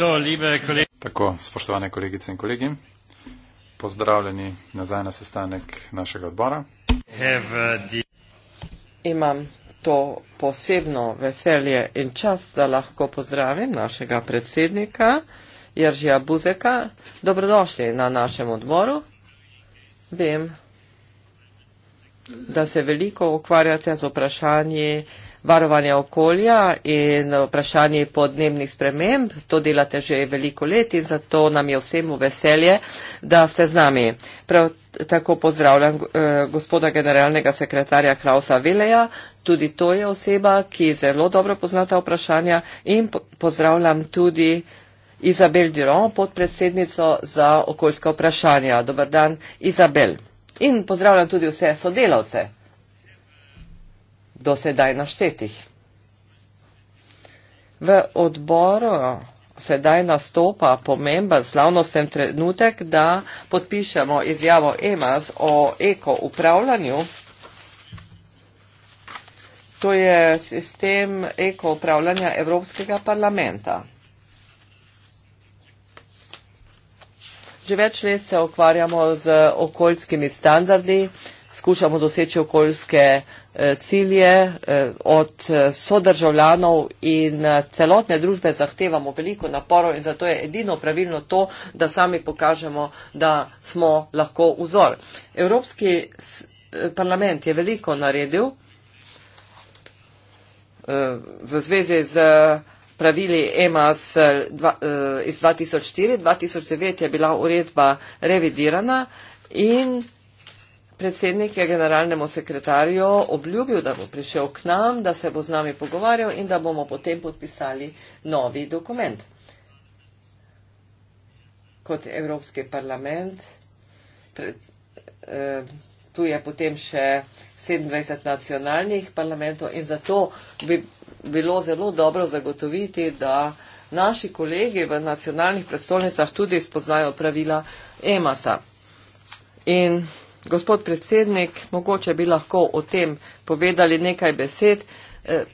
so, Tako, spoštovane kolegice in kolegi, pozdravljeni nazaj na sestanek našega odbora. Uh, Imam to posebno veselje in čas, da lahko pozdravim našega predsednika Jeržija Buzeka. Dobrodošli na našem odboru. Vem, da se veliko ukvarjate z vprašanji varovanja okolja in vprašanji podnebnih sprememb. To delate že veliko let in zato nam je vsem v veselje, da ste z nami. Prav tako pozdravljam eh, gospoda generalnega sekretarja Krausa Veleja. Tudi to je oseba, ki zelo dobro pozna ta vprašanja in pozdravljam tudi Izabel Diron, podpredsednico za okoljska vprašanja. Dobar dan, Izabel. In pozdravljam tudi vse sodelavce do sedaj naštetih. V odboru sedaj nastopa pomemben slavnosten trenutek, da podpišemo izjavo EMAS o eko upravljanju. To je sistem eko upravljanja Evropskega parlamenta. Že več let se okvarjamo z okoljskimi standardi, skušamo doseči okoljske standarde, Eh, cilje, eh, od eh, sodržavljanov in celotne družbe zahtevamo veliko naporov in zato je edino pravilno to, da sami pokažemo, da smo lahko vzor. Evropski parlament je veliko naredil v zvezi z pravili EMA iz 2004. 2009 je bila uredba revidirana in Predsednik je generalnemu sekretarju obljubil, da bo prišel k nam, da se bo z nami pogovarjal in da bomo potem podpisali novi dokument. Kot Evropski parlament, eh, tu je potem še 27 nacionalnih parlamentov in zato bi bilo zelo dobro zagotoviti, da naši kolegi v nacionalnih prestolnicah tudi spoznajo pravila EMAS-a. In Gospod predsednik, mogoče bi lahko o tem povedali nekaj besed, eh,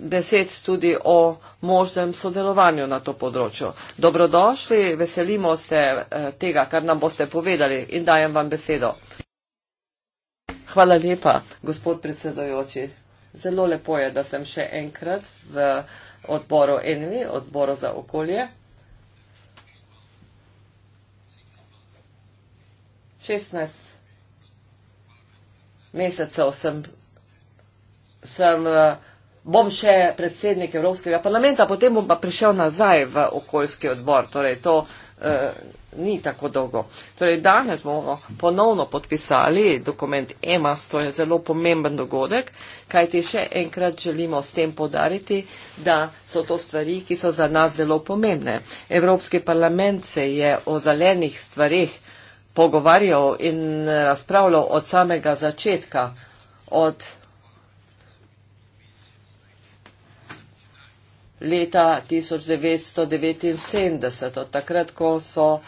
besed tudi o možnem sodelovanju na to področju. Dobrodošli, veselimo se eh, tega, kar nam boste povedali in dajem vam besedo. Hvala lepa, gospod predsedojoči. Zelo lepo je, da sem še enkrat v odboru ENVI, odboru za okolje. 16 mesecev sem, sem, eh, bom še predsednik Evropskega parlamenta, potem bom pa prišel nazaj v okoljski odbor. Torej, to eh, ni tako dolgo. Torej, danes bomo ponovno podpisali dokument EMAS, to je zelo pomemben dogodek, kajti še enkrat želimo s tem podariti, da so to stvari, ki so za nas zelo pomembne. Evropski parlament se je o zelenih stvarih pogovarjal in razpravljal od samega začetka, od leta 1979, od takrat, ko so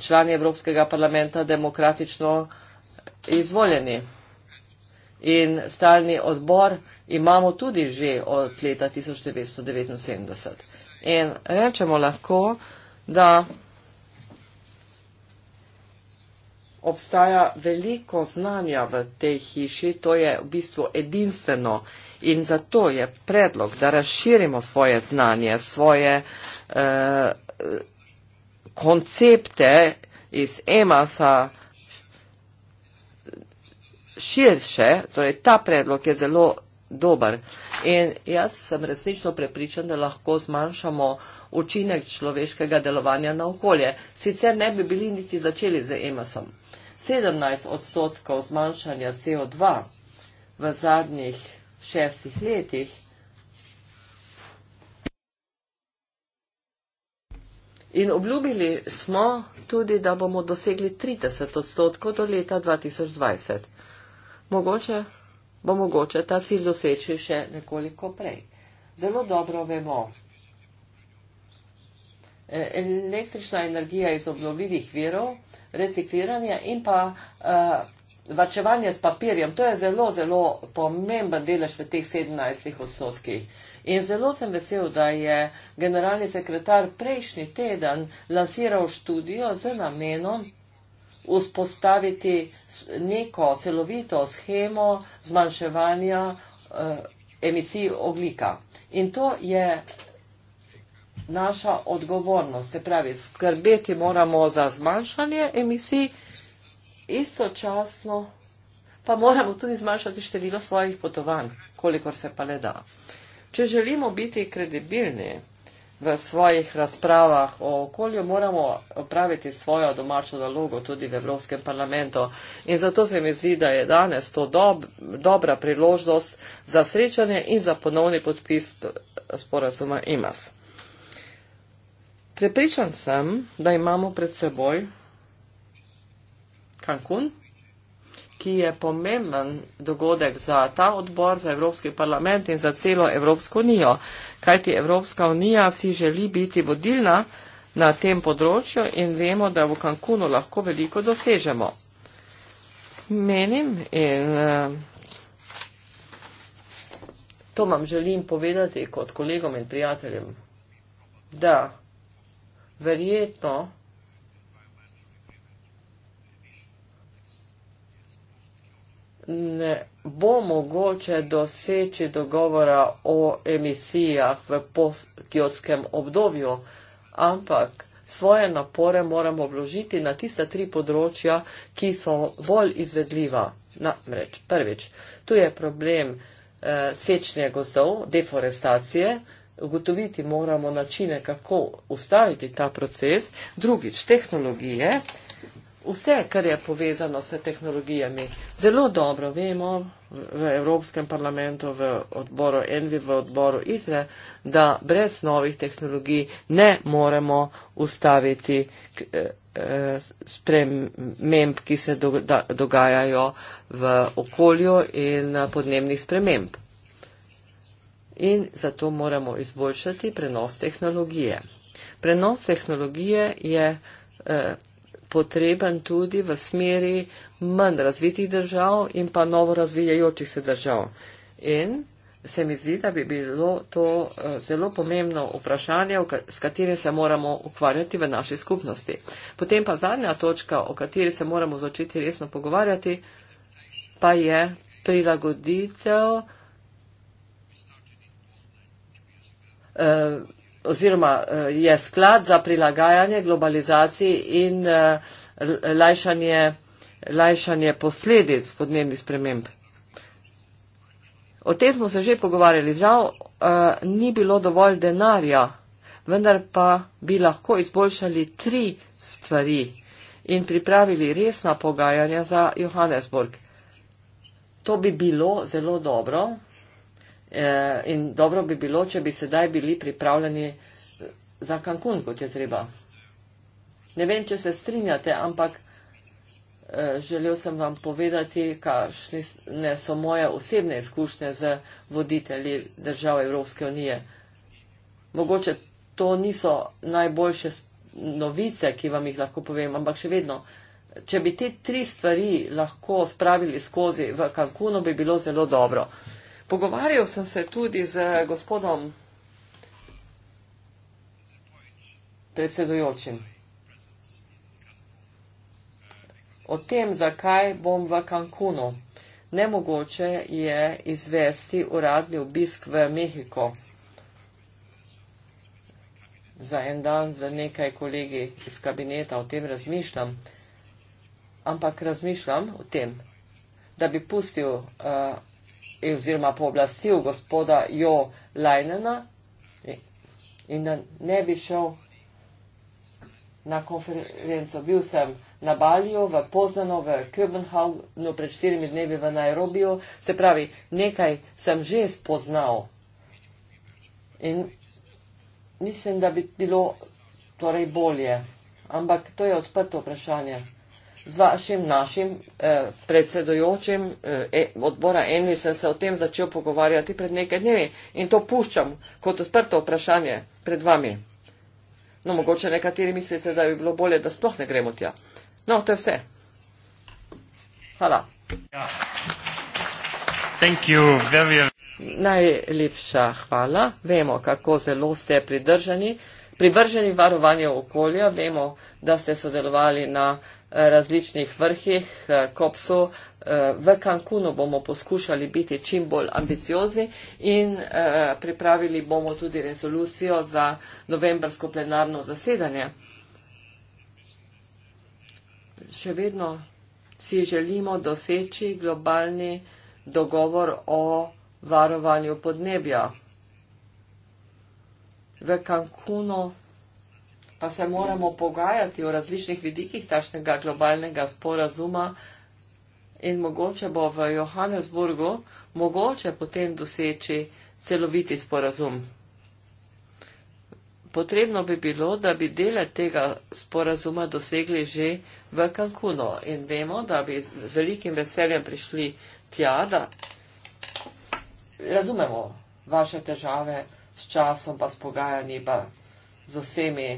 člani Evropskega parlamenta demokratično izvoljeni. In stalni odbor imamo tudi že od leta 1979. In rečemo lahko, da obstaja veliko znanja v tej hiši, to je v bistvu edinstveno in zato je predlog, da razširimo svoje znanje, svoje eh, koncepte iz EMAS-a širše, torej ta predlog je zelo dober. In jaz sem resnično prepričan, da lahko zmanjšamo učinek človeškega delovanja na okolje. Sicer ne bi bili niti začeli z EMAS-om. 17 odstotkov zmanjšanja CO2 v zadnjih šestih letih in obljubili smo tudi, da bomo dosegli 30 odstotkov do leta 2020. Mogoče bo mogoče ta cilj doseči še nekoliko prej. Zelo dobro vemo. E, električna energija iz obnovljivih virov recikliranje in pa uh, eh, vrčevanje s papirjem. To je zelo, zelo pomemben delež v teh 17 odstotkih. In zelo sem vesel, da je generalni sekretar prejšnji teden lansiral študijo z namenom vzpostaviti neko celovito schemo zmanjševanja uh, emisij oglika. In to je naša odgovornost. Se pravi, skrbeti moramo za zmanjšanje emisij, istočasno pa moramo tudi zmanjšati število svojih potovanj, kolikor se pa le da. Če želimo biti kredibilni v svojih razpravah o okolju, moramo opraviti svojo domačo nalogo tudi v Evropskem parlamentu. In zato se mi zdi, da je danes to dob, dobra priložnost za srečanje in za ponovni podpis sporazuma IMAS. Prepričan sem, da imamo pred seboj Cancun, ki je pomemben dogodek za ta odbor, za Evropski parlament in za celo Evropsko unijo. Kajti Evropska unija si želi biti vodilna na tem področju in vemo, da v Cancunu lahko veliko dosežemo. Menim in eh, to vam želim povedati kot kolegom in prijateljem, da verjetno ne bo mogoče doseči dogovora o emisijah v postkjotskem obdobju, ampak svoje napore moramo vložiti na tista tri področja, ki so bolj izvedljiva. Namreč, prvič, tu je problem eh, sečnje gozdov, deforestacije, ugotoviti moramo načine, kako ustaviti ta proces. Drugič, tehnologije. Vse, kar je povezano s tehnologijami, zelo dobro vemo v Evropskem parlamentu, v odboru Envi, v odboru ITRE, da brez novih tehnologij ne moremo ustaviti eh, eh, sprememb, ki se dogajajo v okolju in eh, podnebnih sprememb in zato moramo izboljšati prenos tehnologije. Prenos tehnologije je eh, potreben tudi v smeri manj razvitih držav in pa novo razvijajočih se držav. In se mi zdi, da bi bilo to eh, zelo pomembno vprašanje, s katerim se moramo ukvarjati v naši skupnosti. Potem pa zadnja točka, o kateri se moramo začeti resno pogovarjati, pa je prilagoditev Eh, oziroma eh, je sklad za prilagajanje globalizaciji in eh, lajšanje, lajšanje posledic podnebnih sprememb. O tem smo se že pogovarjali. Žal ni bilo dovolj denarja, vendar pa bi lahko izboljšali tri stvari in pripravili resna pogajanja za Johannesburg. To bi bilo zelo dobro. Eh, in dobro bi bilo, če bi sedaj bili pripravljeni za Cancun, kot je treba. Ne vem, če se strinjate, ampak eh, želel sem vam povedati, kakšne so moje osebne izkušnje z voditelji držav Evropske unije. Mogoče to niso najboljše novice, ki vam jih lahko povem, ampak še vedno, če bi te tri stvari lahko spravili skozi v Cancunu, bi bilo zelo dobro. Pogovarjal sem se tudi z gospodom predsedujočim o tem, zakaj bom v Cancunu. Nemogoče je izvesti uradni obisk v Mehiko za en dan za nekaj kolegi iz kabineta. O tem razmišljam. Ampak razmišljam o tem, da bi pustil. Uh, oziroma pooblastil gospoda Jo Lajnena in da ne bi šel na konferenco. Bil sem na Balijo, v Poznano, v Köbenhavnu pred štirimi dnevi v Nairobiju. Se pravi, nekaj sem že spoznal in mislim, da bi bilo torej bolje. Ampak to je odprto vprašanje z vašim našim eh, predsedojočim eh, e, odbora Envi sem se o tem začel pogovarjati pred nekaj dnevi in to puščam kot odprto vprašanje pred vami. No, mogoče nekateri mislite, da bi bilo bolje, da sploh ne gremo tja. No, to je vse. Hvala. Ja. Najlepša hvala. Vemo, kako zelo ste pridržani, privrženi varovanju okolja. Vemo, da ste sodelovali na različnih vrhih kopsu. Eh, eh, v Cancunu bomo poskušali biti čim bolj ambiciozni in eh, pripravili bomo tudi rezolucijo za novembrsko plenarno zasedanje. Še vedno si želimo doseči globalni dogovor o varovanju podnebja. V Cancunu pa se moramo pogajati o različnih vidikih takšnega globalnega sporazuma in mogoče bo v Johannesburgu mogoče potem doseči celoviti sporazum. Potrebno bi bilo, da bi dele tega sporazuma dosegli že v Cancuno in vemo, da bi z velikim veseljem prišli tja, da razumemo vaše težave s časom, pa s pogajanji, pa z vsemi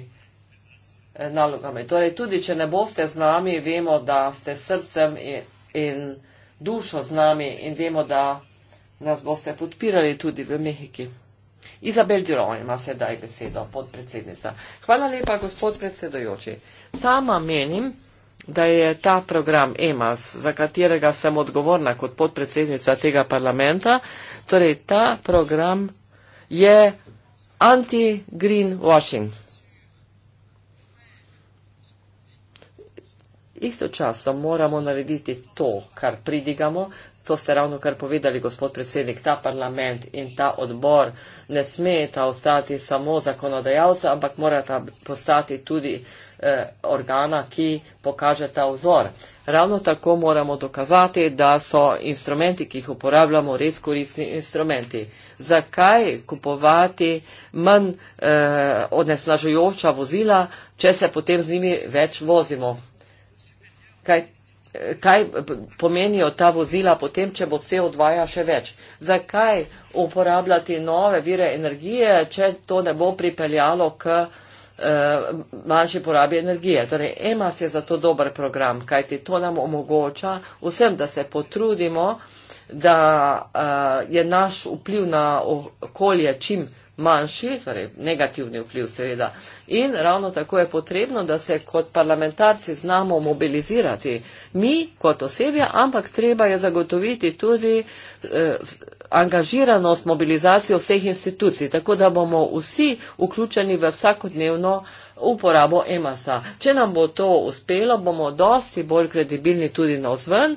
Eh, nalogami. Torej, tudi če ne boste z nami, vemo, da ste srcem in dušo z nami in vemo, da nas boste podpirali tudi v Mehiki. Izabel Diro ima sedaj besedo, podpredsednica. Hvala lepa, gospod predsedojoči. Sama menim, da je ta program EMAS, za katerega sem odgovorna kot podpredsednica tega parlamenta, torej ta program je anti-greenwashing. Istočasno moramo narediti to, kar pridigamo, to ste ravno kar povedali, gospod predsednik, ta parlament in ta odbor ne smeta ostati samo zakonodajalca, ampak morata postati tudi eh, organa, ki pokaže ta vzor. Ravno tako moramo dokazati, da so instrumenti, ki jih uporabljamo, res koristni instrumenti. Zakaj kupovati manj eh, odnesnažujoča vozila, če se potem z njimi več vozimo? kaj, kaj pomenijo ta vozila potem, če bo CO2 ja še več. Zakaj uporabljati nove vire energije, če to ne bo pripeljalo k eh, manjši porabi energije. Torej, EMAS je zato dober program, kajti to nam omogoča vsem, da se potrudimo, da uh, je naš vpliv na okolje čim manjši, torej negativni vpliv seveda. In ravno tako je potrebno, da se kot parlamentarci znamo mobilizirati. Mi kot osebje, ampak treba je zagotoviti tudi eh, angažiranost, mobilizacijo vseh institucij, tako da bomo vsi vključeni v vsakodnevno uporabo EMAS-a. Če nam bo to uspelo, bomo dosti bolj kredibilni tudi na vzven.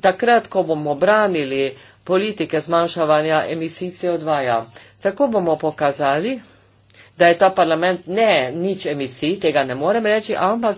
Takrat, ko bomo branili politike zmanjševanja emisij CO2. -ja. Tako bomo pokazali, da je ta parlament ne nič emisij, tega ne morem reči, ampak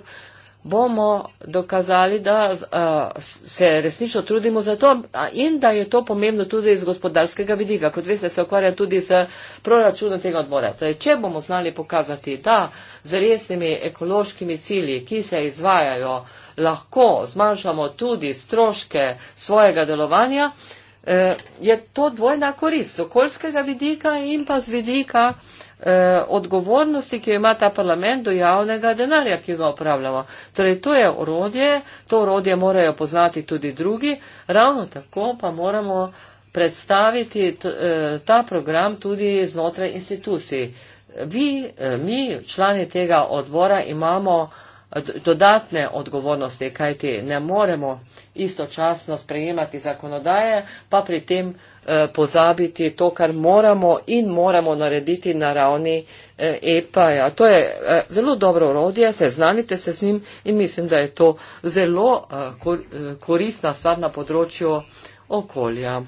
bomo dokazali, da uh, se resnično trudimo za to in da je to pomembno tudi iz gospodarskega vidika. Kot veste, se ukvarjam tudi z proračunom tega odbora. Torej, če bomo znali pokazati, da z resnimi ekološkimi cilji, ki se izvajajo, lahko zmanjšamo tudi stroške svojega delovanja, uh, Eh, je to dvojna korist z okoljskega vidika in pa z vidika eh, odgovornosti, ki jo ima ta parlament do javnega denarja, ki ga upravljamo. Torej, to je orodje, to orodje morajo poznati tudi drugi, ravno tako pa moramo predstaviti eh, ta program tudi znotraj institucij. Vi, mi, člani tega odbora imamo dodatne odgovornosti, kajti ne moremo istočasno sprejemati zakonodaje, pa pri tem eh, pozabiti to, kar moramo in moramo narediti na ravni EPA. Eh, e -ja. To je eh, zelo dobro urodje, seznanite se z njim in mislim, da je to zelo koristna stvar na področju okolja.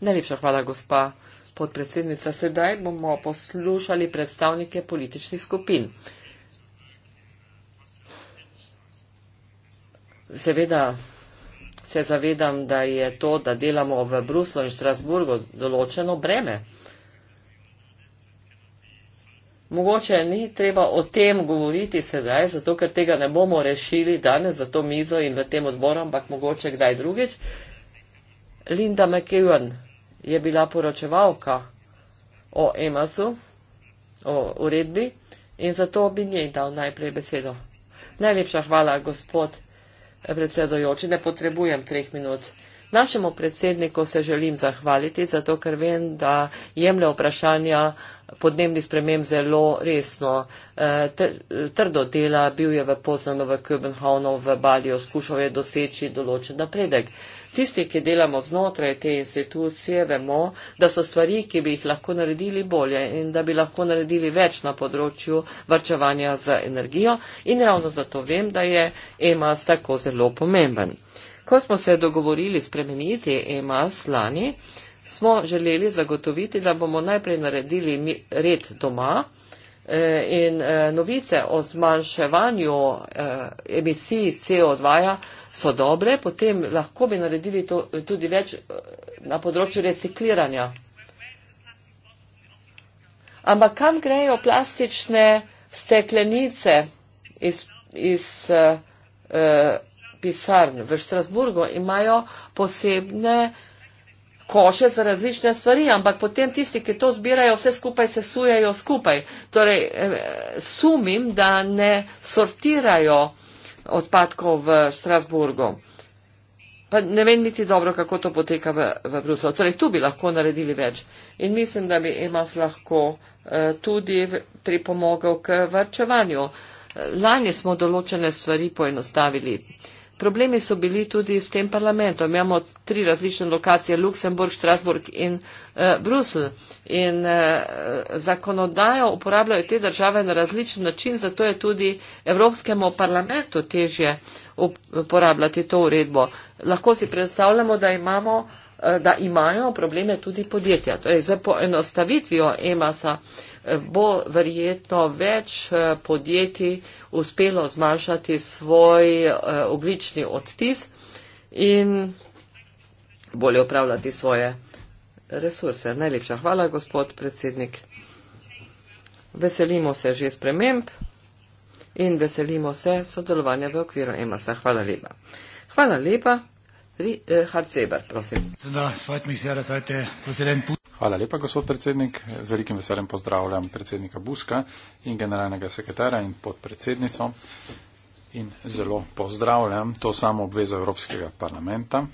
Najlepša hvala, gospa podpredsednica. Sedaj bomo poslušali predstavnike političnih skupin. Seveda se zavedam, da je to, da delamo v Bruslu in Štrasburgu, določeno breme. Mogoče ni treba o tem govoriti sedaj, zato ker tega ne bomo rešili danes za to mizo in v tem odboru, ampak mogoče kdaj drugič. Linda McEwen je bila poročevalka o EMAS-u, o uredbi in zato bi njej dal najprej besedo. Najlepša hvala, gospod predsedojoči, ne potrebujem treh minut. Našemu predsedniku se želim zahvaliti, zato ker vem, da jemlje vprašanja podnebnih sprememb zelo resno. E, trdo dela bil je v Poznano, v Köbenhavnu, v Balijo, skušal je doseči določen napredek. Tisti, ki delamo znotraj te institucije, vemo, da so stvari, ki bi jih lahko naredili bolje in da bi lahko naredili več na področju varčevanja za energijo in ravno zato vem, da je EMAS tako zelo pomemben. Ko smo se dogovorili spremeniti EMAS lani, smo želeli zagotoviti, da bomo najprej naredili red doma eh, in eh, novice o zmanjševanju eh, emisij CO2-ja so dobre, potem lahko bi naredili to, eh, tudi več eh, na področju recikliranja. Ampak kam grejo plastične steklenice iz, iz uh, uh, pisarn? V Štrasburgu imajo posebne koše za različne stvari, ampak potem tisti, ki to zbirajo, vse skupaj se sujejo skupaj. Torej, sumim, da ne sortirajo uh, odpadkov v Štrasburgu. Pa ne vem niti dobro, kako to poteka v, v Bruslu. Torej, tu bi lahko naredili več. In mislim, da bi EMAS lahko eh, tudi pripomogel k vrčevanju. Lani smo določene stvari poenostavili. Eh, Problemi so bili tudi s tem parlamentom. Imamo tri različne lokacije, Luksemburg, Strasburg in uh, eh, Brusel. In uh, zakonodajo uporabljajo te države na različen način, zato je tudi Evropskemu parlamentu težje uporabljati to uredbo. Lahko si predstavljamo, da, imamo, uh, da imajo probleme tudi podjetja. Torej, z poenostavitvijo EMAS-a bo verjetno več uh, podjetij uspelo zmanjšati svoj eh, oglični odtis in bolje upravljati svoje resurse. Najlepša hvala, gospod predsednik. Veselimo se že sprememb in veselimo se sodelovanja v okviru EMAS-a. Hvala lepa. Hvala lepa. Hrceber, eh, prosim. Hvala lepa, gospod predsednik. Z velikim veseljem pozdravljam predsednika Buska in generalnega sekretara in podpredsednico. In zelo pozdravljam to samo obvezo Evropskega parlamenta.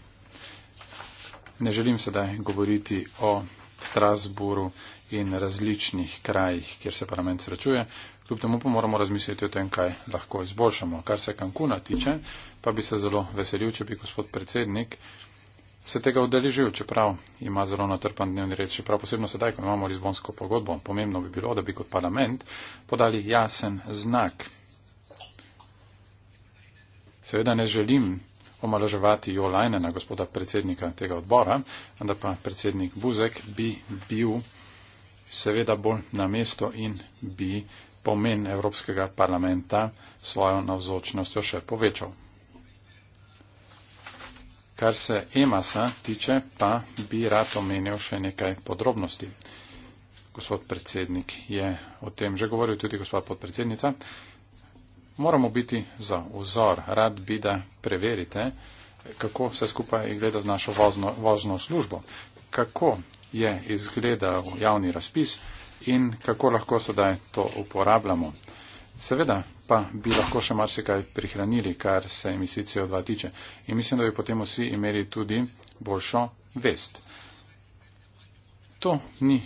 Ne želim sedaj govoriti o Strasburu in različnih krajih, kjer se parlament srečuje. Kljub temu pa moramo razmisliti o tem, kaj lahko izboljšamo. Kar se Kankuna tiče, pa bi se zelo veselil, če bi gospod predsednik se tega udeležil, čeprav ima zelo natrpan dnevni red, čeprav posebno sedaj, ko imamo Lizbonsko pogodbo, pomembno bi bilo, da bi kot parlament podali jasen znak. Seveda ne želim omalaževati Jo Lajnena, gospoda predsednika tega odbora, vendar pa predsednik Buzek bi bil seveda bolj na mesto in bi pomen Evropskega parlamenta svojo navzočnostjo še povečal. Kar se EMAS-a tiče, pa bi rad omenil še nekaj podrobnosti. Gospod predsednik je o tem že govoril, tudi gospod podpredsednica. Moramo biti za vzor. Rad bi, da preverite, kako se skupaj gleda z našo vozno, vozno službo, kako je izgledal javni razpis in kako lahko sedaj to uporabljamo. Seveda pa bi lahko še marsikaj prihranili, kar se emisicije od dva tiče. In mislim, da bi potem vsi imeli tudi boljšo vest. To ni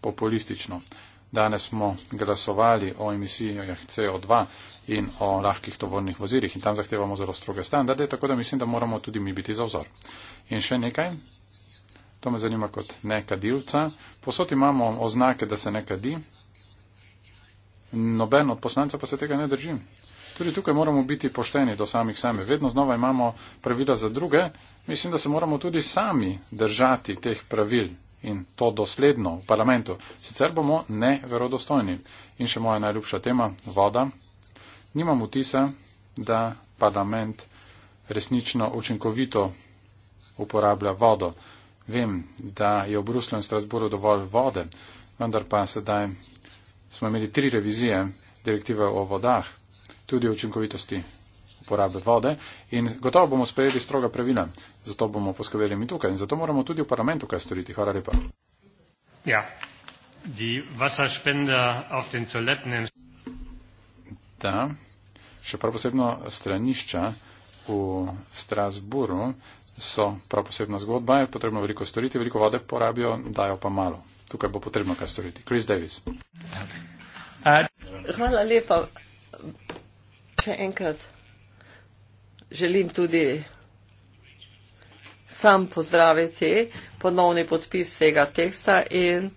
populistično. Danes smo glasovali o emisijah CO2 in o lahkih tovornih vozilih in tam zahtevamo zelo stroge standarde, tako da mislim, da moramo tudi mi biti za vzor. In še nekaj, to me zanima kot nekadilca. Posod imamo oznake, da se nekadi, Noben od poslancev pa se tega ne drži. Tudi tukaj moramo biti pošteni do samih sebe. Vedno znova imamo pravila za druge. Mislim, da se moramo tudi sami držati teh pravil in to dosledno v parlamentu. Sicer bomo neverodostojni. In še moja najljubša tema, voda. Nimam vtisa, da parlament resnično učinkovito uporablja vodo. Vem, da je v Bruslju in Strasburu dovolj vode, vendar pa sedaj smo imeli tri revizije direktive o vodah, tudi o učinkovitosti uporabe vode in gotovo bomo sprejeli stroga pravila. Zato bomo poskrbeli mi tukaj in zato moramo tudi v parlamentu kaj storiti. Hvala lepa. Ja. Da, še prav posebno stranišča v Strasburu so prav posebna zgodba, je potrebno veliko storiti, veliko vode porabijo, dajo pa malo tukaj bo potrebno kaj storiti. Chris Davis. Hvala lepa. Še enkrat želim tudi sam pozdraviti ponovni podpis tega teksta in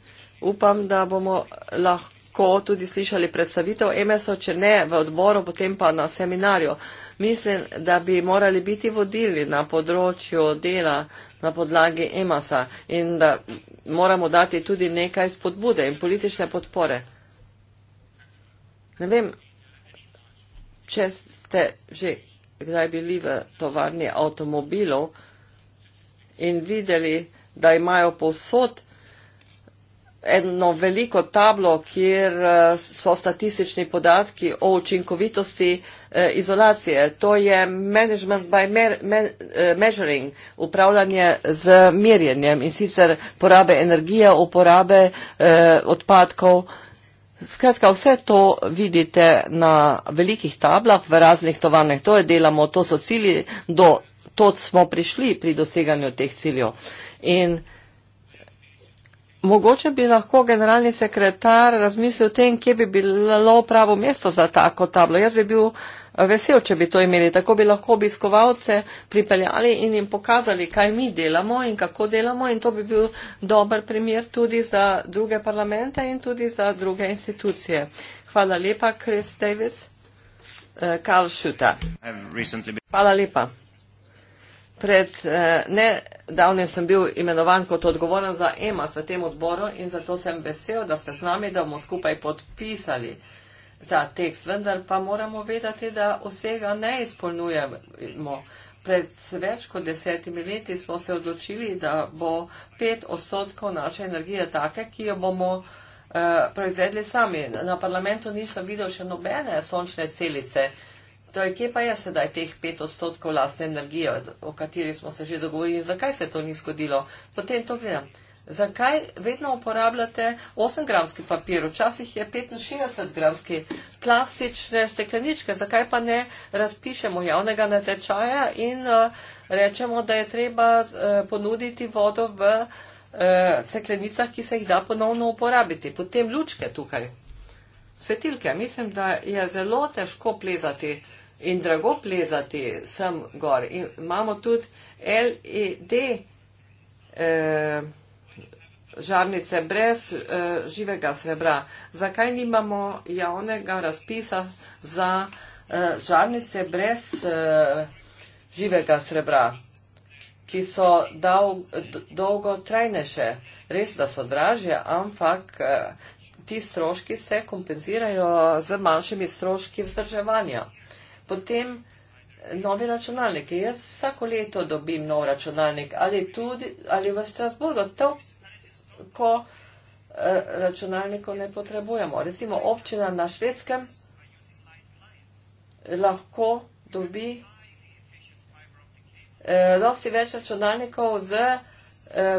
upam, da bomo lahko tudi slišali predstavitev MSO, če ne v odboru, potem pa na seminarju. Mislim, da bi morali biti vodili na področju dela na podlagi EMAS-a in da moramo dati tudi nekaj spodbude in politične podpore. Ne vem, če ste že kdaj bili v tovarni avtomobilov in videli, da imajo povsod eno veliko tablo, kjer eh, so statistični podatki o učinkovitosti eh, izolacije. To je management by eh, measuring, upravljanje z merjenjem in sicer porabe energije, uporabe odpadkov. Skratka, vse to vidite na velikih tablah v raznih tovarnah. To je delamo, to so cilji, do to smo prišli pri doseganju teh ciljev. In Mogoče bi lahko generalni sekretar razmislil o tem, kje bi bilo pravo mesto za tako tablo. Jaz bi bil eh, vesel, če bi to imeli. Tako bi lahko obiskovalce pripeljali in jim pokazali, kaj mi delamo in kako delamo. In to bi bil dober primer tudi za druge parlamente in tudi za druge institucije. Hvala lepa, Chris Davis. Uh, Karl Šuta. Hvala lepa pred eh, nedavnim sem bil imenovan kot odgovoren za EMAS v tem odboru in zato sem vesel, da ste z nami, da bomo skupaj podpisali ta tekst. Vendar pa moramo vedeti, da vsega ne izpolnjujemo. Pred več kot desetimi leti smo se odločili, da bo pet odstotkov naše energije take, ki jo bomo uh, proizvedli sami. Na parlamentu nisem videl še nobene sončne celice. Uh, Torej, kje pa je sedaj teh pet odstotkov lastne energije, o kateri smo se že dogovorili in zakaj se to ni zgodilo? Potem to gledam. Zakaj vedno uporabljate 8-gramski papir, včasih je 65-gramski plastične stekleničke, zakaj pa ne razpišemo javnega natečaja in uh, rečemo, da je treba uh, ponuditi vodo v uh, steklenicah, ki se jih da ponovno uporabiti. Potem lučke tukaj, svetilke. Mislim, da je zelo težko plezati uh, in drago plezati sem gor. In imamo tudi LED eh, žarnice brez eh, živega srebra. Zakaj nimamo javnega razpisa za eh, žarnice brez eh, živega srebra, ki so dal, dolgo trajnejše? Res, da so dražje, ampak. Eh, Ti stroški se kompenzirajo z manjšimi stroški vzdrževanja potem eh, nove računalnike. Jaz vsako leto dobim nov računalnik ali, tudi, ali v Strasburgu, to, ko eh, računalnikov ne potrebujemo. Recimo občina na švedskem lahko dobi eh, dosti več računalnikov z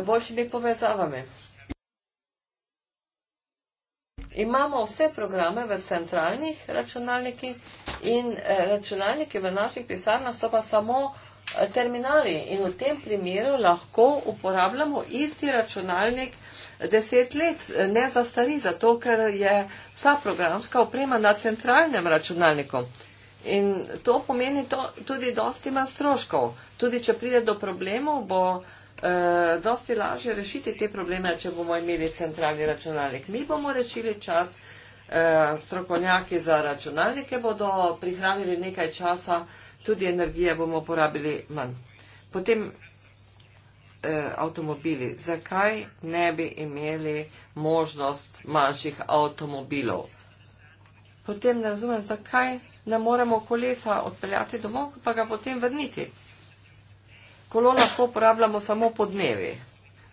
boljšimi povezavami imamo vse programe v centralnih računalniki in eh, računalniki v naših pisarnah so pa samo eh, terminali in v tem primeru lahko uporabljamo isti računalnik deset let, eh, ne za stari, zato ker je vsa programska oprema na centralnem računalniku. In to pomeni to, tudi dosti manj stroškov. Tudi če pride do problemov, bo uh, Eh, dosti lažje rešiti te probleme, če bomo imeli centralni računalnik. Mi bomo rešili čas, eh, strokovnjaki za računalnike bodo prihranili nekaj časa, tudi energije bomo porabili manj. Potem eh, avtomobili. Zakaj ne bi imeli možnost manjših avtomobilov? Potem ne razumem, zakaj ne moremo kolesa odpeljati domov, pa ga potem vrniti kolo lahko uporabljamo samo po dnevi.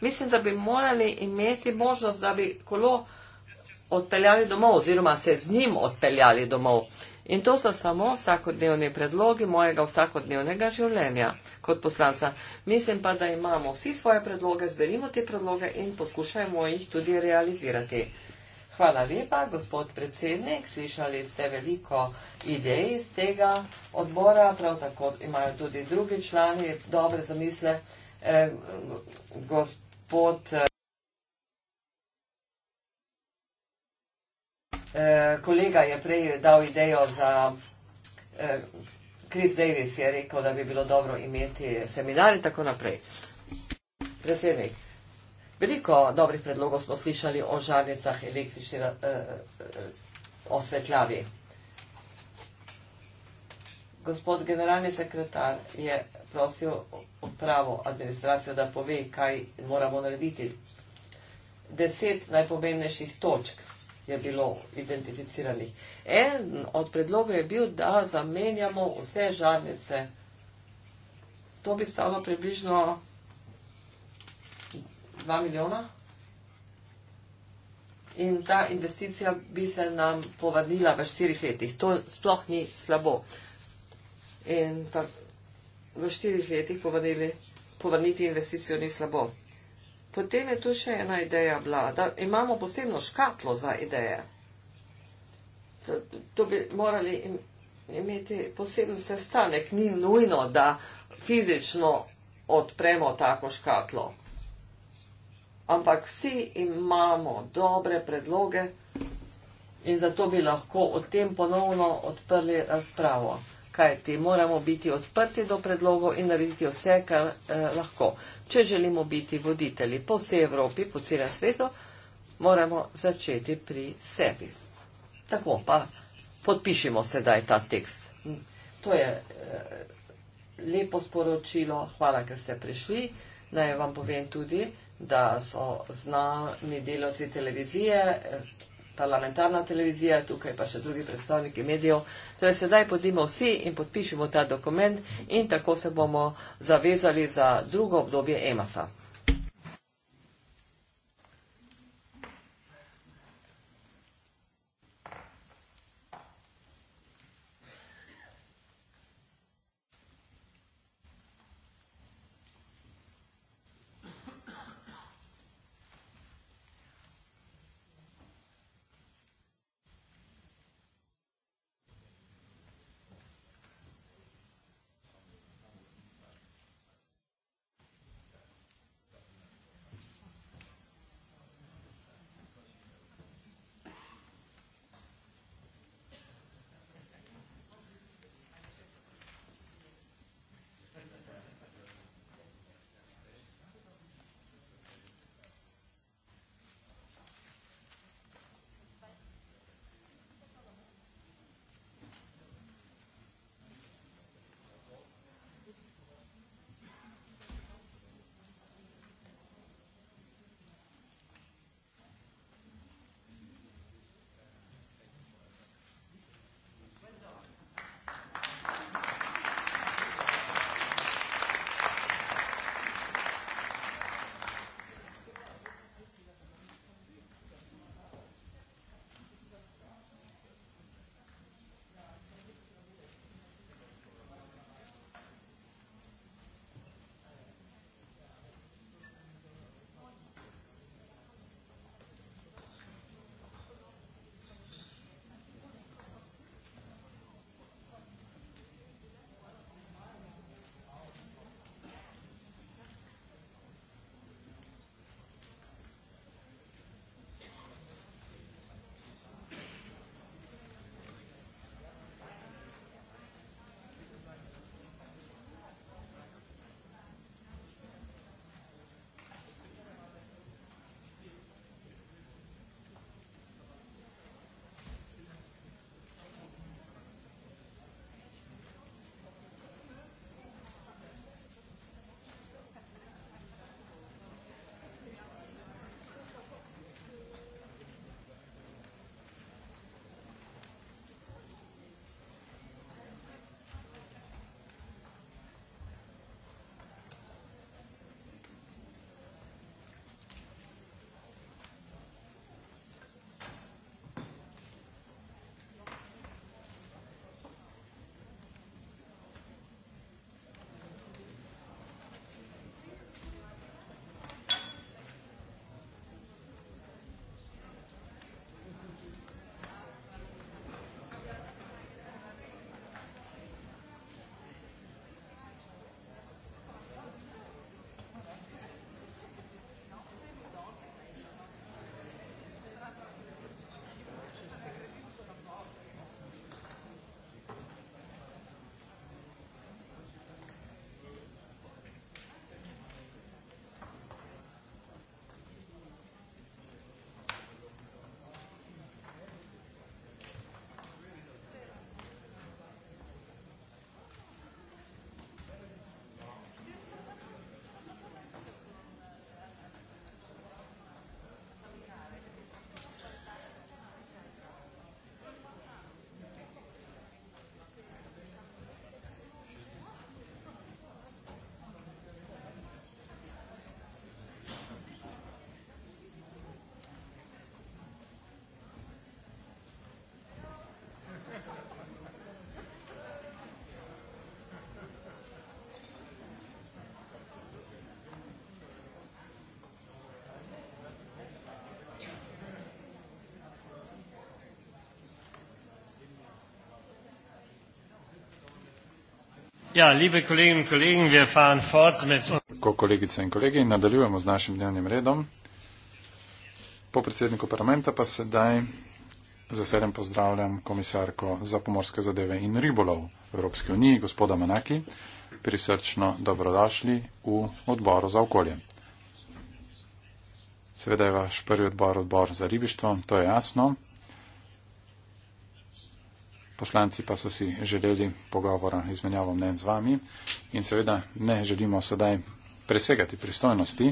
Mislim, da bi morali imeti možnost, da bi kolo odpeljali domov oziroma se z njim odpeljali domov. In to so samo vsakodnevni predlogi mojega vsakodnevnega življenja kot poslanca. Mislim pa, da imamo vsi svoje predloge, zberimo te predloge in poskušajmo jih tudi realizirati. Hvala lepa, gospod predsednik. Slišali ste veliko idej iz tega odbora, prav tako imajo tudi drugi člani dobre zamisle. Eh, gospod eh, kolega je prej dal idejo za. Eh, Chris Davis je rekel, da bi bilo dobro imeti seminar in tako naprej. Predsednik. Veliko dobrih predlogov smo slišali o žarnicah električne eh, eh osvetljavi. Gospod generalni sekretar je prosil upravo administracijo, da pove, kaj moramo narediti. Deset najpomembnejših točk je bilo identificiranih. En od predlogov je bil, da zamenjamo vse žarnice. To bi stalo približno 2 milijona. In ta investicija bi se nam povadila v 4 letih. To sploh ni slabo. In ta, v 4 letih povadili, povrniti investicijo ni slabo. Potem je tu še ena ideja bila, da imamo posebno škatlo za ideje. To, to bi morali imeti poseben sestanek. Ni nujno, da fizično odpremo tako škatlo ampak vsi imamo dobre predloge in zato bi lahko o tem ponovno odprli razpravo. Kaj ti moramo biti odprti do predlogov in narediti vse, kar eh, lahko. Če želimo biti voditelji po vsej Evropi, po celem svetu, moramo začeti pri sebi. Tako pa podpišimo sedaj ta tekst. Hm. To je eh, lepo sporočilo. Hvala, ker ste prišli. Naj vam povem tudi da so znani deloci televizije, parlamentarna televizija, tukaj pa še drugi predstavniki medijev. Torej, sedaj podimo vsi in podpišemo ta dokument in tako se bomo zavezali za drugo obdobje EMAS-a. Ja, kolegin, kolegin, med... Ko kolegice in kolegi, nadaljujemo z našim dnevnim redom. Po predsedniku parlamenta pa sedaj z veseljem pozdravljam komisarko za pomorske zadeve in ribolov v Evropski uniji, gospoda Manaki. Prisrčno dobrodošli v odboru za okolje. Seveda je vaš prvi odbor odbor za ribištvo, to je jasno poslanci pa so si želeli pogovora, izmenjavo mnen z vami in seveda ne želimo sedaj presegati pristojnosti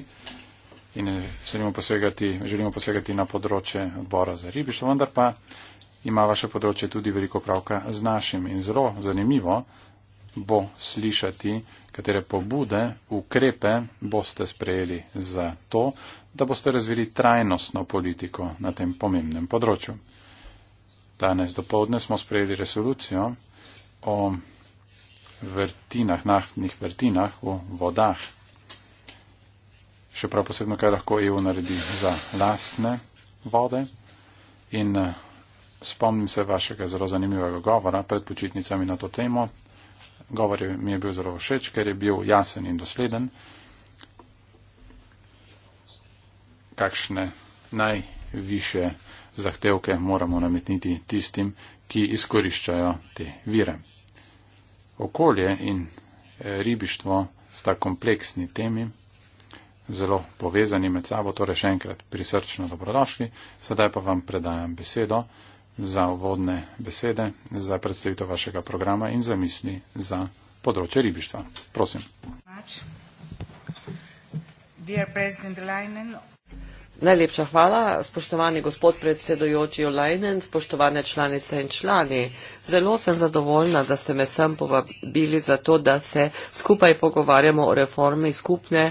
in želimo posegati, želimo posegati na področje odbora za ribištvo, vendar pa ima vaše področje tudi veliko pravka z našim in zelo zanimivo bo slišati, katere pobude, ukrepe boste sprejeli za to, da boste razvili trajnostno politiko na tem pomembnem področju. Danes dopovdne smo sprejeli resolucijo o vrtinah, naftnih vrtinah v vodah. Še prav posebno, kaj lahko EU naredi za lastne vode. In eh, spomnim se vašega zelo zanimivega govora pred počitnicami na to temo. Govor je, mi je bil zelo všeč, ker je bil jasen in dosleden, kakšne najviše zahtevke moramo nametniti tistim, ki izkoriščajo te vire. Okolje in eh, ribištvo sta kompleksni temi, zelo povezani med sabo, torej še enkrat prisrčno dobrodošli. Sedaj pa vam predajam besedo za uvodne besede, za predstavitev vašega programa in za misli za področje ribištva. Prosim. Dear President Leinen, Najlepša hvala, spoštovani gospod predsedojoči Olajnen, spoštovane članice in člani. Zelo sem zadovoljna, da ste me sem povabili za to, da se skupaj pogovarjamo o reformi skupne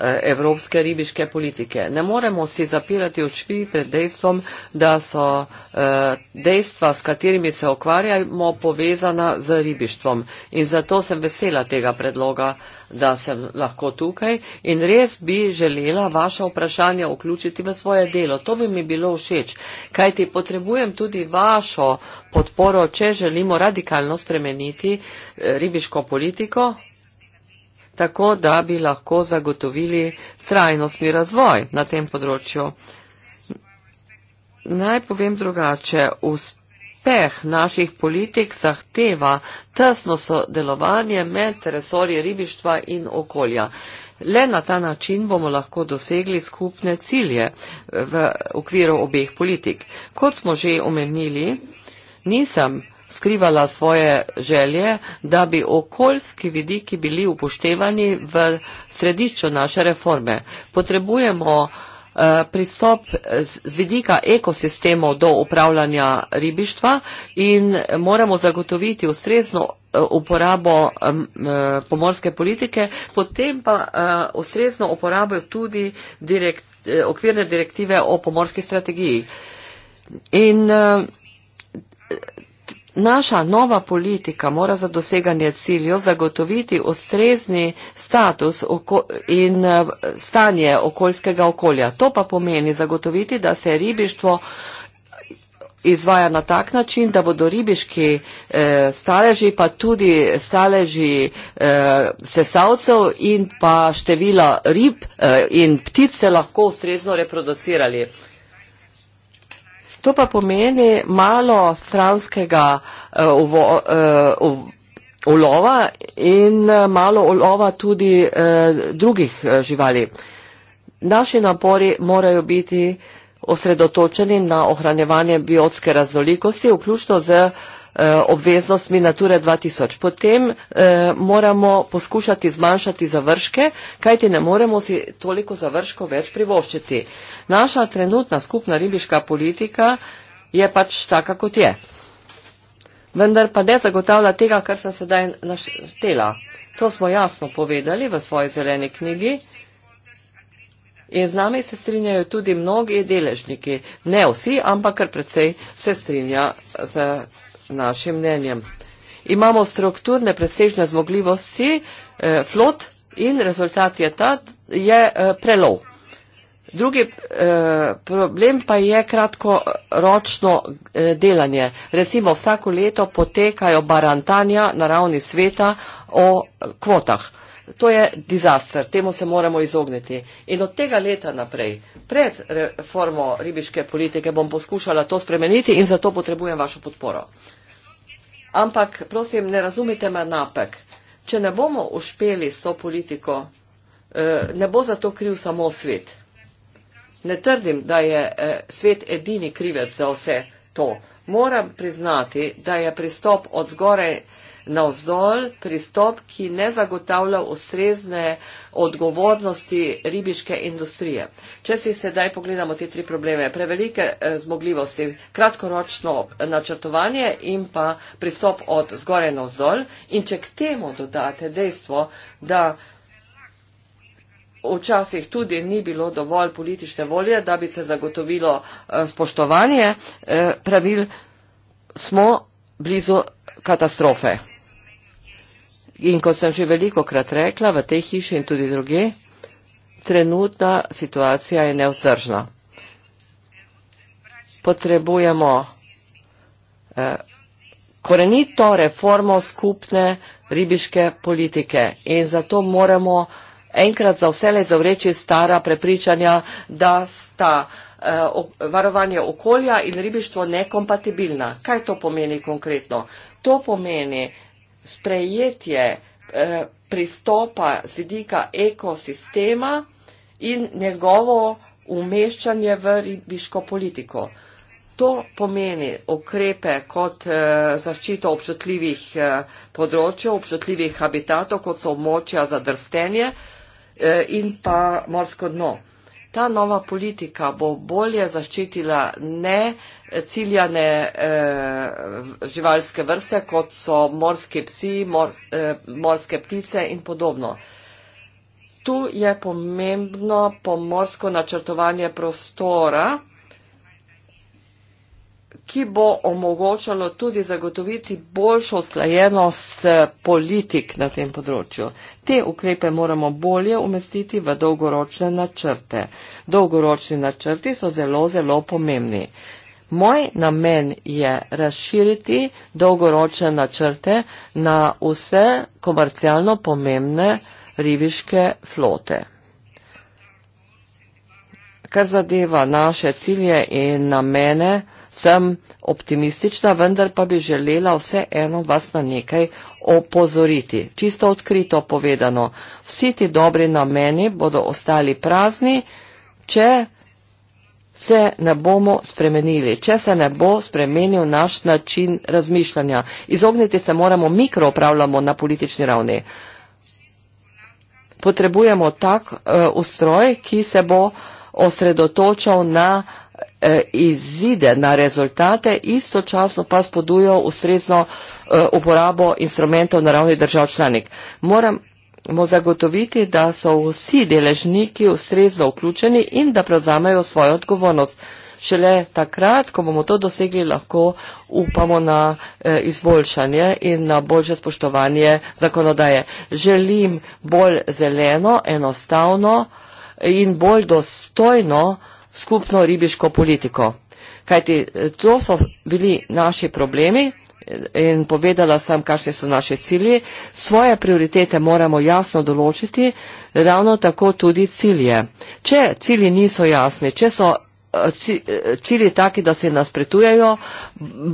Eh, evropske ribiške politike. Ne moremo si zapirati očvi pred dejstvom, da so eh, dejstva, s katerimi se okvarjamo, povezana z ribištvom. In zato sem vesela tega predloga, da sem lahko tukaj in res bi želela vaše vprašanje vključiti v svoje delo. To bi mi bilo všeč, kajti potrebujem tudi vašo podporo, če želimo radikalno spremeniti eh, ribiško politiko tako da bi lahko zagotovili trajnostni razvoj na tem področju. Naj povem drugače, uspeh naših politik zahteva tesno sodelovanje med resorji ribištva in okolja. Le na ta način bomo lahko dosegli skupne cilje v okviru obeh politik. Kot smo že omenili, nisem skrivala svoje želje, da bi okoljski vidiki bili upoštevani v središču naše reforme. Potrebujemo eh, pristop z vidika ekosistemov do upravljanja ribištva in moramo zagotoviti ustrezno eh, uporabo eh, pomorske politike, potem pa ustrezno uporabo tudi direkt, okvirne direktive o pomorski strategiji. In naša nova politika mora za doseganje ciljev zagotoviti ustrezni status oko in eh, stanje okoljskega okolja. To pa pomeni zagotoviti, da se ribištvo izvaja na tak način, da bodo ribiški e, staleži, pa tudi staleži e, eh, sesavcev in pa števila rib e, in ptice lahko ustrezno reproducirali. To pa pomeni malo stranskega ulova eh, eh, in eh, malo ulova tudi drugih živali. Naši napori morajo biti osredotočeni na ohranjevanje biotske raznolikosti, vključno z ohranjevanjem Eh, obveznostmi Nature 2000. Potem eh, moramo poskušati zmanjšati završke, kajti ne moremo si toliko završkov več privoščiti. Naša trenutna skupna ribiška politika je pač taka, kot je. Vendar pa ne zagotavlja tega, kar sem sedaj naštela. To smo jasno povedali v svoji zeleni knjigi. In z nami se strinjajo tudi mnogi deležniki. Ne vsi, ampak kar precej se strinja z našim mnenjem. Imamo strukturne presežne zmogljivosti eh, flot in rezultat je ta, je eh, prelov. Drugi eh, problem pa je kratkoročno eh, delanje. Recimo vsako leto potekajo barantanja na ravni sveta o kvotah. To je dizaster, temu se moramo izogniti. In od tega leta naprej, pred reformo ribiške politike, bom poskušala to spremeniti in zato potrebujem vašo podporo. Ampak, prosim, ne razumite me napek. Če ne bomo ušpeli s to politiko, eh, ne bo za to kriv samo svet. Ne trdim, da je eh, svet edini krivec za vse to. Moram priznati, da je pristop od zgorej navzdol pristop, ki ne zagotavlja ustrezne odgovornosti ribiške industrije. Če si sedaj pogledamo te tri probleme, prevelike eh, zmogljivosti, kratkoročno načrtovanje in pa pristop od zgore navzdol in če k temu dodate dejstvo, da včasih tudi ni bilo dovolj politične volje, da bi se zagotovilo eh, spoštovanje eh, pravil, smo blizu katastrofe. In kot sem že veliko krat rekla, v tej hiši in tudi druge, trenutna situacija je nevzdržna. Potrebujemo eh, korenito reformo skupne ribiške politike in zato moramo enkrat za vse le zavreči stara prepričanja, da sta eh, varovanje okolja in ribištvo nekompatibilna. Kaj to pomeni konkretno? To pomeni, sprejetje eh, pristopa z vidika ekosistema in njegovo umeščanje v ribiško politiko. To pomeni ukrepe kot e, zaščito občutljivih e, eh, področjev, občutljivih habitatov, kot so območja za drstenje e, in pa morsko dno. Ta nova politika bo bolje zaščitila ne e, ciljane eh, živalske vrste, kot so morski psi, mor, eh, morske ptice in podobno. Tu je pomembno pomorsko načrtovanje prostora, ki bo omogočalo tudi zagotoviti boljšo usklajenost eh, politik na tem področju. Te ukrepe moramo bolje umestiti v dolgoročne načrte. Dolgoročni načrti so zelo, zelo pomembni. Moj namen je razširiti dolgoročne načrte na vse komercialno pomembne ribiške flote. Kar zadeva naše cilje in namene, sem optimistična, vendar pa bi želela vseeno vas na nekaj opozoriti. Čisto odkrito povedano, vsi ti dobri nameni bodo ostali prazni, če se ne bomo spremenili, če se ne bo spremenil naš način razmišljanja. Izogniti se moramo mikro upravljamo na politični ravni. Potrebujemo tak uh, ustroj, ki se bo osredotočal na uh, izide, na rezultate, istočasno pa spodujo ustrezno uh, uporabo instrumentov na ravni držav članik. Moram moramo zagotoviti, da so vsi deležniki ustrezno vključeni in da prevzamejo svojo odgovornost. Šele takrat, ko bomo to dosegli, lahko upamo na eh, izboljšanje in na boljše spoštovanje zakonodaje. Želim bolj zeleno, enostavno in bolj dostojno skupno ribiško politiko. Kajti eh, to so bili naši problemi in povedala sem, kakšne so naše cilje. Svoje prioritete moramo jasno določiti, ravno tako tudi cilje. Če cilji niso jasni, če so eh, eh, cilji taki, da se nasprotujejo,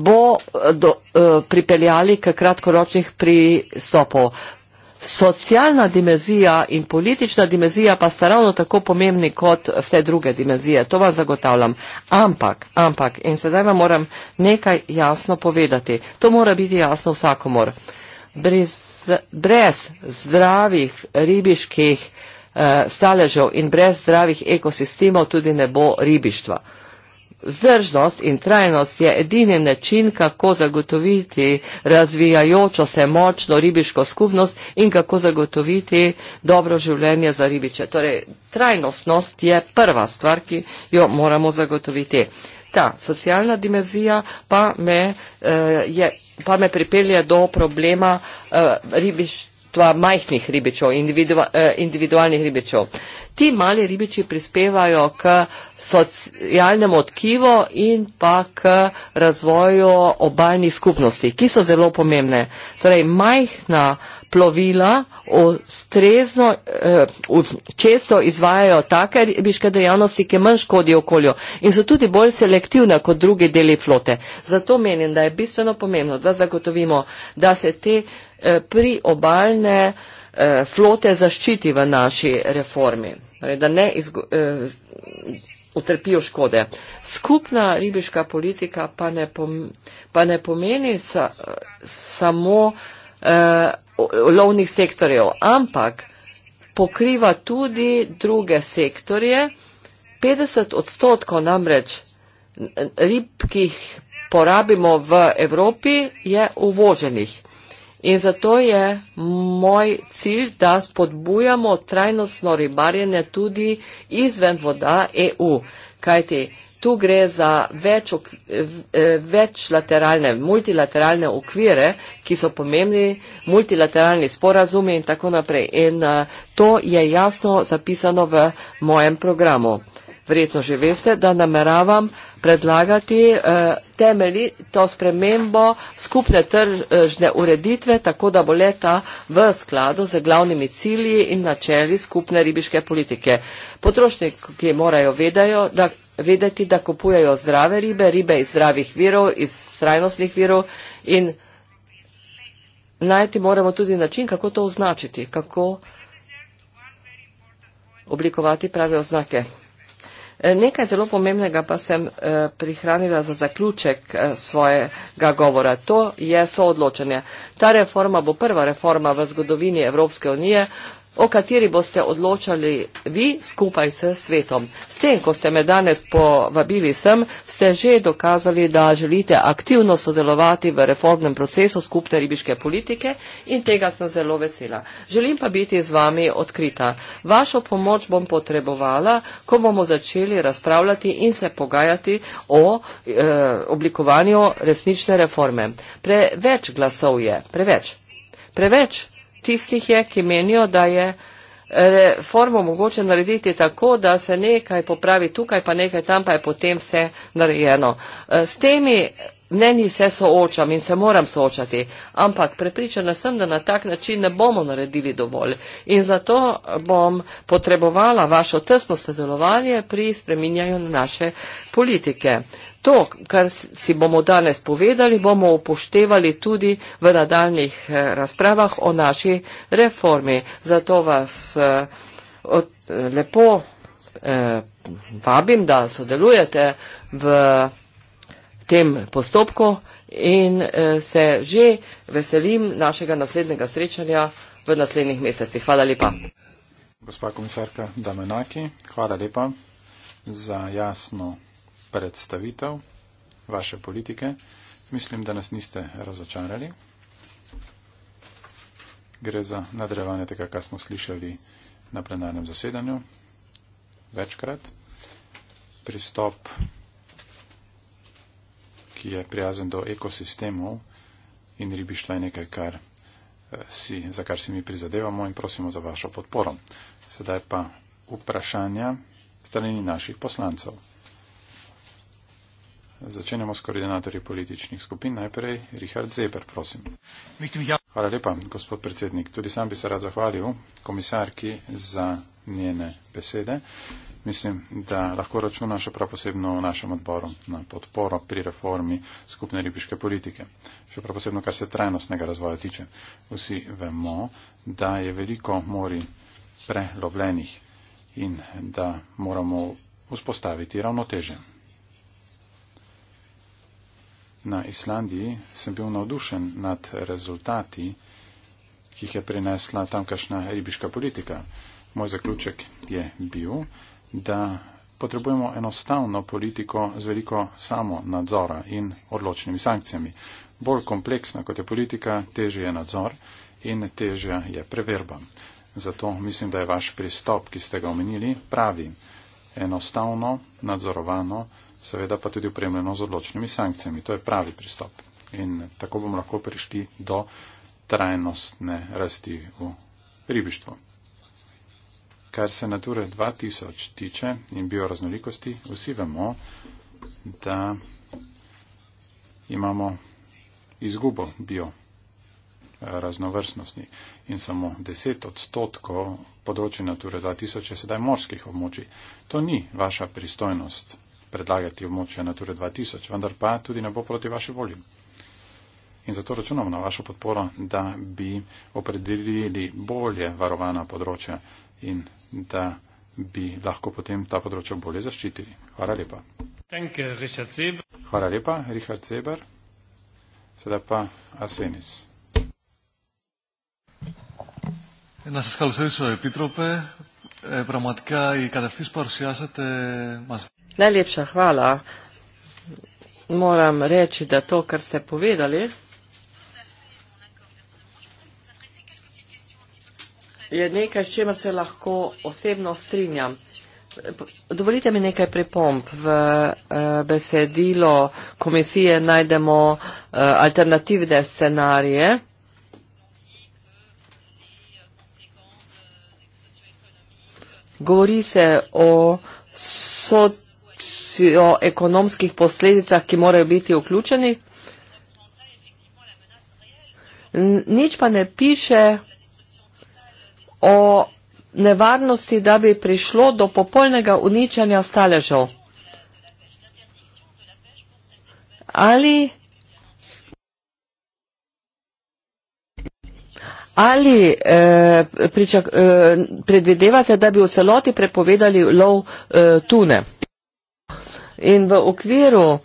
bo do, eh, pripeljali k kratkoročnih pristopov socialna dimenzija in politična dimenzija pa sta ravno tako pomembni kot vse druge dimenzije. To vam zagotavljam. Ampak, ampak, in sedaj vam moram nekaj jasno povedati. To mora biti jasno vsakomor. Brez, brez zdravih ribiških uh, staležev in brez zdravih ekosistemov tudi ne bo ribištva. Uh, Vzdržnost in trajnost je edini način, kako zagotoviti razvijajočo se močno ribiško skupnost in kako zagotoviti dobro življenje za ribiče. Torej, trajnostnost je prva stvar, ki jo moramo zagotoviti. Ta socialna dimenzija pa me, eh, je, pa me pripelje do problema eh, ribištva majhnih ribičev, individua, eh, individualnih ribičev. Eh, ti mali ribiči prispevajo k socialnemu odkivu in pa k razvoju obaljnih skupnosti, ki so zelo pomembne. Torej, majhna plovila ustrezno, eh, često izvajajo take ribiške dejavnosti, ki manj škodijo okolju in so tudi bolj selektivne kot druge deli flote. Zato menim, da je bistveno pomembno, da zagotovimo, da se te eh, priobaljne eh, flote zaščiti v naši reformi torej, da ne izgo, eh, utrpijo škode. Skupna ribiška politika pa ne, pom, pa ne pomeni sa, samo eh, lovnih sektorjev, ampak pokriva tudi druge sektorje. 50 odstotkov namreč rib, ki jih porabimo v Evropi, je uvoženih. In zato je moj cilj, da spodbujamo trajnostno ribarjenje tudi izven voda EU. Kajti tu gre za več, eh, več lateralne, multilateralne okvire, ki so pomembni, multilateralni sporazumi in tako naprej. In eh, to je jasno zapisano v mojem programu. Verjetno že veste, da nameravam predlagati eh, temelji to spremembo skupne tržne ureditve, tako da bo leta v skladu z glavnimi cilji in načeli skupne ribiške politike. Potrošniki morajo vedajo, da, vedeti, da kupujejo zdrave ribe, ribe iz zdravih virov, iz trajnostnih virov in najti moramo tudi način, kako to označiti, kako oblikovati prave oznake. Nekaj zelo pomembnega pa sem eh, prihranila za zaključek eh, svojega govora. To je soodločenje. Ta reforma bo prva reforma v zgodovini Evropske unije, o kateri boste odločali vi skupaj s svetom. S tem, ko ste me danes povabili sem, ste že dokazali, da želite aktivno sodelovati v reformnem procesu skupne ribiške politike in tega sem zelo vesela. Želim pa biti z vami odkrita. Vašo pomoč bom potrebovala, ko bomo začeli razpravljati in se pogajati o e, oblikovanju resnične reforme. Preveč glasov je, preveč. Preveč tistih je, ki menijo, da je eh, reformo mogoče narediti tako, da se nekaj popravi tukaj, pa nekaj tam, pa je potem vse narejeno. Eh, s temi mnenji se soočam in se moram soočati, ampak prepričana sem, da na tak način ne bomo naredili dovolj. In zato bom potrebovala vašo tesno sodelovanje pri spreminjanju naše politike. To, kar si bomo danes povedali, bomo upoštevali tudi v nadaljnih eh, razpravah o naši reformi. Zato vas eh, od, eh, lepo eh, vabim, da sodelujete v tem postopku in eh, se že veselim našega naslednjega srečanja v naslednjih mesecih. Hvala lepa. Gospa komisarka Damenaki, hvala lepa za jasno predstavitev vaše politike. Mislim, da nas niste razočarali. Gre za nadrevanje tega, kar smo slišali na plenarnem zasedanju večkrat. Pristop, ki je prijazen do ekosistemov in ribištva je nekaj, kar eh, si, za kar si mi prizadevamo in prosimo za vašo podporo. Sedaj pa vprašanja strani naših poslancev. Začenjamo s koordinatorji političnih skupin. Najprej Richard Zeper, prosim. Hvala lepa, gospod predsednik. Tudi sam bi se rad zahvalil komisarki za njene besede. Mislim, da lahko računa še prav posebno v našem odboru na podporo pri reformi skupne ribiške politike. Še prav posebno, kar se trajnostnega razvoja tiče. Vsi vemo, da je veliko mori prelovljenih in da moramo vzpostaviti ravnoteže. Na Islandiji sem bil navdušen nad rezultati, ki jih je prinesla tamkajšnja ribiška politika. Moj zaključek je bil, da potrebujemo enostavno politiko z veliko samo nadzora in odločnimi sankcijami. Bolj kompleksna kot je politika, težje je nadzor in težja je preverba. Zato mislim, da je vaš pristop, ki ste ga omenili, pravi. Enostavno, nadzorovano, seveda pa tudi upremljeno z odločnimi sankcijami. To je pravi pristop. In tako bomo lahko prišli do trajnostne rasti v ribištvu. Kar se nature 2000 tiče in bioraznolikosti, vsi vemo, da imamo izgubo bio raznovrstnosti in samo 10 odstotkov področja nature 2000 je sedaj morskih območij. To ni vaša pristojnost predlagati območja Nature 2000, vendar pa tudi ne bo proti vaši volji. In zato računamo na vašo podporo, da bi opredelili bolje varovana področja in da bi lahko potem ta področja bolje zaščitili. Hvala lepa. Hvala lepa, Richard Zeber. Sedaj pa Asenis. Να σας καλωσορίσω επίτροπε, πραγματικά η κατευθύνση που παρουσιάσατε μας Najlepša hvala. Moram reči, da to, kar ste povedali, je nekaj, s čemer se lahko osebno strinjam. Dovolite mi nekaj pripomp. V eh, besedilo komisije najdemo eh, alternativne scenarije. Govori se o sod socioekonomskih posledicah, ki morajo biti vključeni. Nič pa ne piše o nevarnosti, da bi prišlo do popolnega uničanja staležev. Ali, ali eh, pričak, eh, predvidevate, da bi v celoti prepovedali lov eh, tune? In v okviru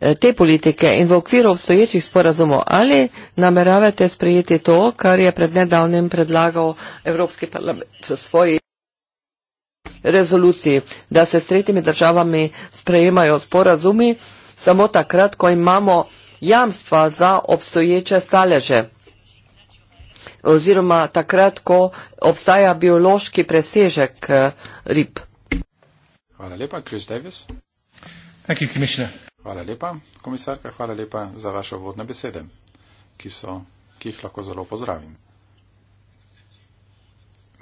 eh, te politike in v okviru obstoječih sporazumov, ali nameravate sprejeti to, kar je pred nedavnim predlagal Evropski parlament v svoji rezoluciji, da se s tretjimi državami sprejemajo sporazumi samo takrat, ko imamo jamstva za obstoječe staleže oziroma takrat, ko obstaja biološki presežek eh, rib. Hvala lepa, Chris Davis. Thank you, hvala lepa, komisarka, hvala lepa za vaše vodne besede, ki, so, ki jih lahko zelo pozdravim.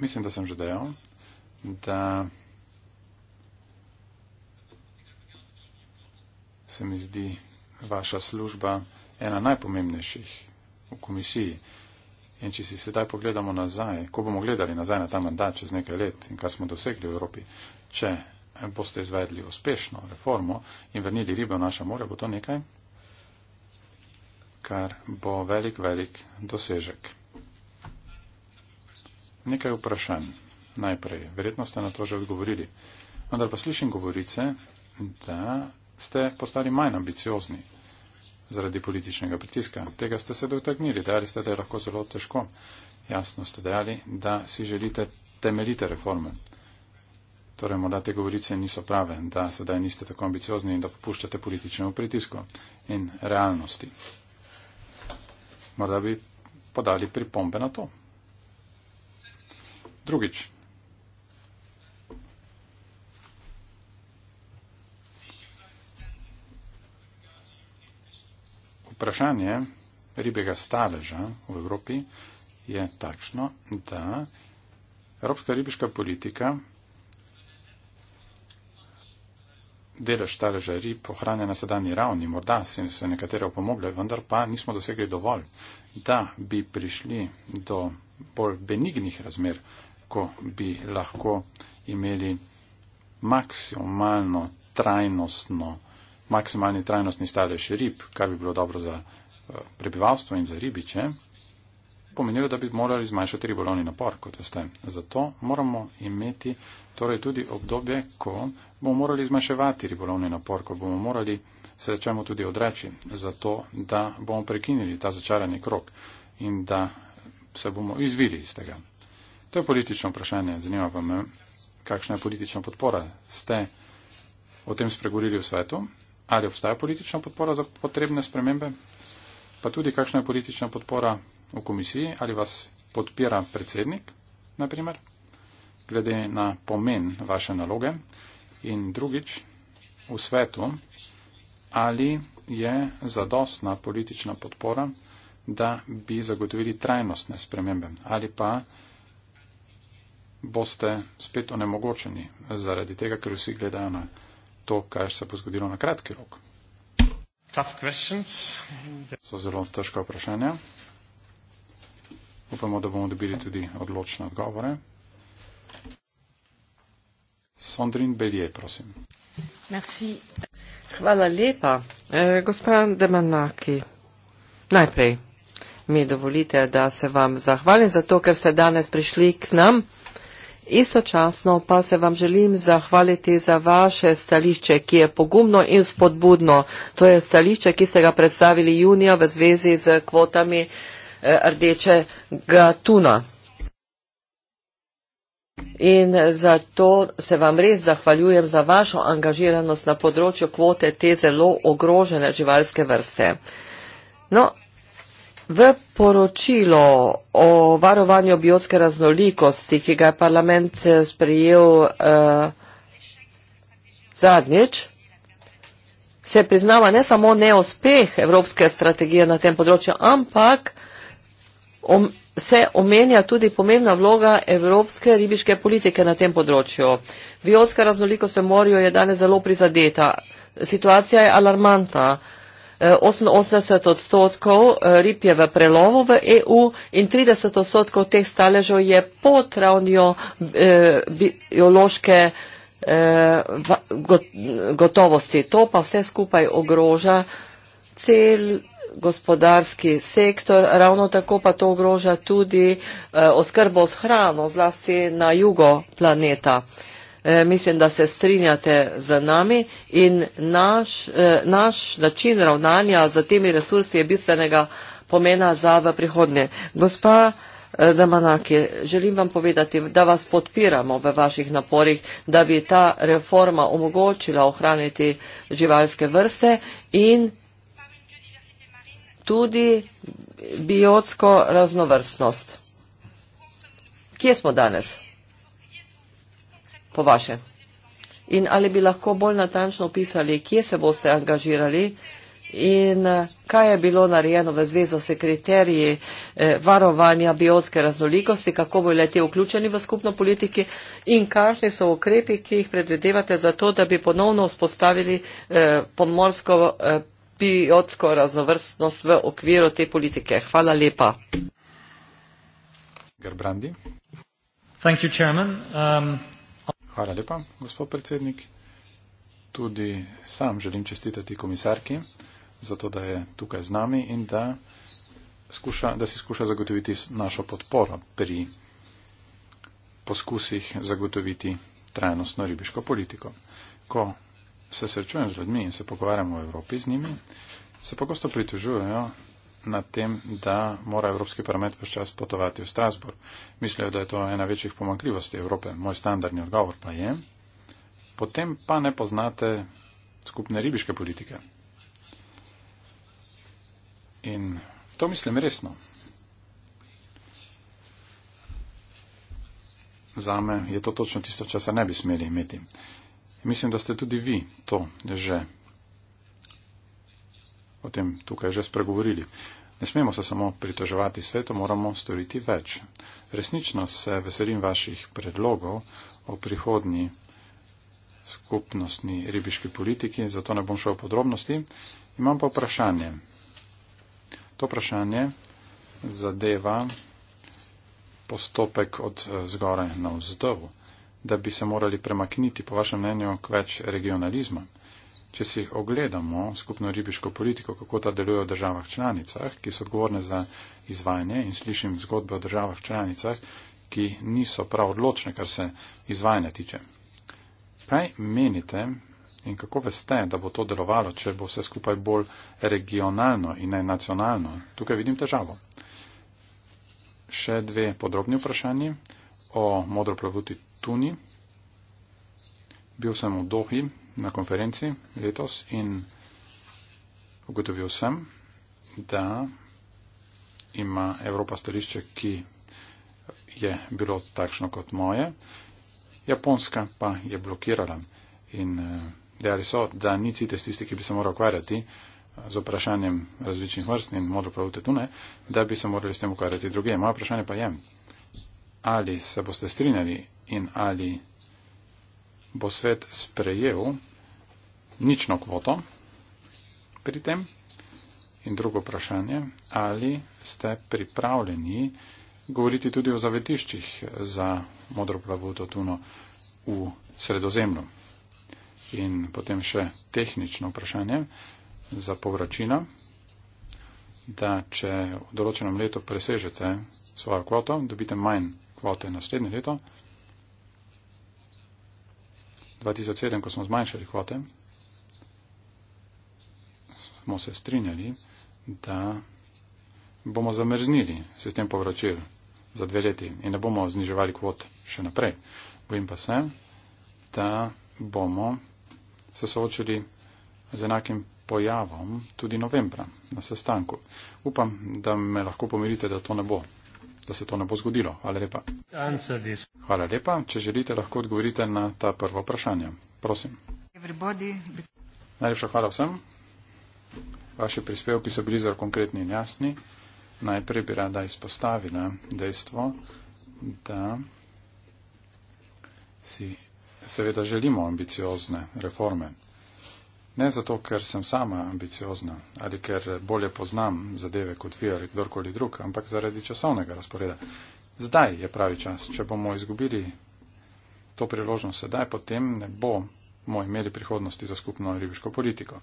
Mislim, da sem že dejal, da se mi zdi vaša služba ena najpomembnejših v komisiji. In če si sedaj pogledamo nazaj, ko bomo gledali nazaj na ta mandat čez nekaj let in kar smo dosegli v Evropi, če boste izvedli uspešno reformo in vrnili ribe v naše more, bo to nekaj, kar bo velik, velik dosežek. Nekaj vprašanj najprej. Verjetno ste na to že odgovorili. Vendar pa slišim govorice, da ste postali manj ambiciozni zaradi političnega pritiska. Tega ste se dotaknili, dejali ste, da je lahko zelo težko. Jasno ste dejali, da si želite temeljite reforme. Torej, morda te govorice niso prave, da sedaj niste tako ambiciozni in da popuščate političnemu pritisku in realnosti. Morda bi podali pripombe na to. Drugič. Vprašanje ribjega staleža v Evropi je takšno, da evropska ribiška politika delež ta ležari pohranja na sedanji ravni, morda se, se nekatere opomogle, vendar pa nismo dosegli dovolj, da bi prišli do bolj benignih razmer, ko bi lahko imeli maksimalno trajnostno, maksimalni trajnostni stalež rib, kar bi bilo dobro za eh, prebivalstvo in za ribiče pomenilo, da bi morali zmanjšati ribolovni napor, kot veste. Zato moramo imeti torej tudi obdobje, ko bomo morali zmanjševati ribolovni napor, ko bomo morali se začemo tudi odreči, zato da bomo prekinili ta začarani krok in da se bomo izvili iz tega. To je politično vprašanje. Zanima pa me, kakšna je politična podpora. Ste o tem spregovorili v svetu? Ali obstaja politična podpora za potrebne spremembe? Pa tudi, kakšna je politična podpora v komisiji, ali vas podpira predsednik, naprimer, glede na pomen vaše naloge in drugič v svetu, ali je zadostna politična podpora, da bi zagotovili trajnostne spremembe ali pa boste spet onemogočeni zaradi tega, ker vsi gledajo na to, kar se bo zgodilo na kratki rok. So zelo težka vprašanja. Upamo, da bomo dobili tudi odločne odgovore. Sondrin Belje, prosim. Merci. Hvala lepa. E, gospa Demanaki, najprej mi dovolite, da se vam zahvalim za to, ker ste danes prišli k nam. Istočasno pa se vam želim zahvaliti za vaše stališče, ki je pogumno in spodbudno. To je stališče, ki ste ga predstavili junija v zvezi z kvotami. Eh, rdečega tuna. In zato se vam res zahvaljujem za vašo angažiranost na področju kvote te zelo ogrožene živalske vrste. No, v poročilo o varovanju biotske raznolikosti, ki ga je parlament eh, sprejel uh, zadnjič, se priznava ne samo neuspeh Evropske strategije na tem področju, ampak om, se omenja tudi pomembna vloga evropske ribiške politike na tem področju. Biotska raznolikost v morju je danes zelo prizadeta. Situacija je alarmantna. 88 eh, odstotkov eh, rib je v prelovu v EU in 30 odstotkov teh staležev je pod ravnjo eh, biološke gotovosti. To pa vse skupaj ogroža cel gospodarski sektor, ravno tako pa to ogroža tudi eh, oskrbo s hrano, zlasti na jugo planeta. Eh, mislim, da se strinjate z nami in naš, eh, naš način ravnanja z temi resursi je bistvenega pomena za v prihodnje. Gospa eh, Damanaki, želim vam povedati, da vas podpiramo v vaših naporih, da bi ta reforma omogočila ohraniti živalske vrste in tudi biotsko raznovrstnost. Kje smo danes? Po vaše. In ali bi lahko bolj natančno opisali, kje se boste angažirali in eh, kaj je bilo narejeno v zvezo s kriteriji eh, varovanja biotske raznolikosti, kako bo leti vključeni v skupno politiki in kakšni so ukrepi, ki jih predvidevate za to, da bi ponovno vzpostavili eh, pomorsko biotsko raznovrstnost v okviru te politike. Hvala lepa. Gerbrandi. Um, Hvala lepa, gospod predsednik. Tudi sam želim čestitati komisarki za to, da je tukaj z nami in da, skuša, da si skuša zagotoviti našo podporo pri poskusih zagotoviti trajnostno ribiško politiko. Ko se srečujem z ljudmi in se pogovarjam o Evropi z njimi, se pogosto pritožujejo nad tem, da mora Evropski parlament vse čas potovati v Strasbourg. Mislijo, da je to ena večjih pomankljivosti Evrope. Moj standardni odgovor pa je, potem pa ne poznate skupne ribiške politike. In to mislim resno. Zame je to točno tisto, česar ne bi smeli imeti. In mislim, da ste tudi vi to že o tem tukaj že spregovorili. Ne smemo se samo pritoževati svetu, moramo storiti več. Resnično se veselim vaših predlogov o prihodnji skupnostni ribiški politiki, zato ne bom šel v podrobnosti. Imam pa vprašanje. To vprašanje zadeva postopek od eh, zgore na vzdolu da bi se morali premakniti, po vašem mnenju, k več regionalizma. Če si ogledamo skupno ribiško politiko, kako ta deluje v državah članicah, ki so odgovorne za izvajanje in slišim zgodbe o državah članicah, ki niso prav odločne, kar se izvajanja tiče. Kaj menite in kako veste, da bo to delovalo, če bo vse skupaj bolj regionalno in ne nacionalno? Tukaj vidim težavo. Še dve podrobni vprašanji o modroplavuti Tuni. Bil sem v Dohi na konferenci letos in ugotovil sem, da ima Evropa stališče, ki je bilo takšno kot moje. Japonska pa je blokirala in eh, dejali so, da ni CITES tisti, ki bi se moral ukvarjati eh, z vprašanjem različnih vrst in modro pravite tune, da bi se morali s tem ukvarjati druge. Moje vprašanje pa je, ali se boste strinjali in ali bo svet sprejel nično kvoto pri tem. In drugo vprašanje, ali ste pripravljeni govoriti tudi o zavetiščih za modro plavuto tuno v sredozemlju. In potem še tehnično vprašanje za povračina, da če v določenem letu presežete svojo kvoto, dobite manj kvote naslednje leto. 2007, ko smo zmanjšali kvote, smo se strinjali, da bomo zamrznili sistem povračil za dve leti in da bomo zniževali kvot še naprej. Bojim pa se, da bomo se soočili z enakim pojavom tudi novembra na sestanku. Upam, da me lahko pomirite, da to ne bo da se to ne bo zgodilo. Hvala lepa. Hvala lepa. Če želite, lahko odgovorite na ta prvo vprašanje. Prosim. Najlepša hvala vsem. Vaši prispevki so bili zelo konkretni in jasni. Najprej bi rada izpostavila dejstvo, da si seveda želimo ambiciozne reforme. Ne zato, ker sem sama ambiciozna ali ker bolje poznam zadeve kot vi ali kdorkoli drug, ampak zaradi časovnega razporeda. Zdaj je pravi čas. Če bomo izgubili to priložnost sedaj, potem ne bomo imeli prihodnosti za skupno ribiško politiko.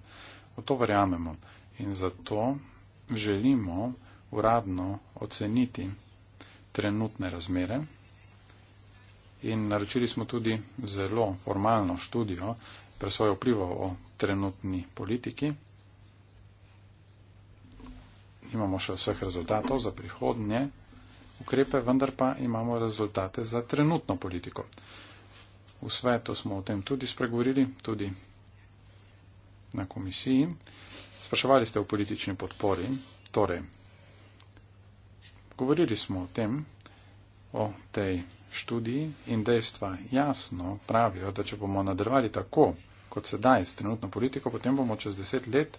V to verjamemo in zato želimo uradno oceniti trenutne razmere. In naročili smo tudi zelo formalno študijo presojo vplivov o trenutni politiki. Imamo še vseh rezultatov za prihodnje ukrepe, vendar pa imamo rezultate za trenutno politiko. V svetu smo o tem tudi spregovorili, tudi na komisiji. Spraševali ste o politični podpori, torej, govorili smo o tem, o tej študiji in dejstva jasno pravijo, da če bomo nadaljevali tako, kot sedaj s trenutno politiko, potem bomo čez deset let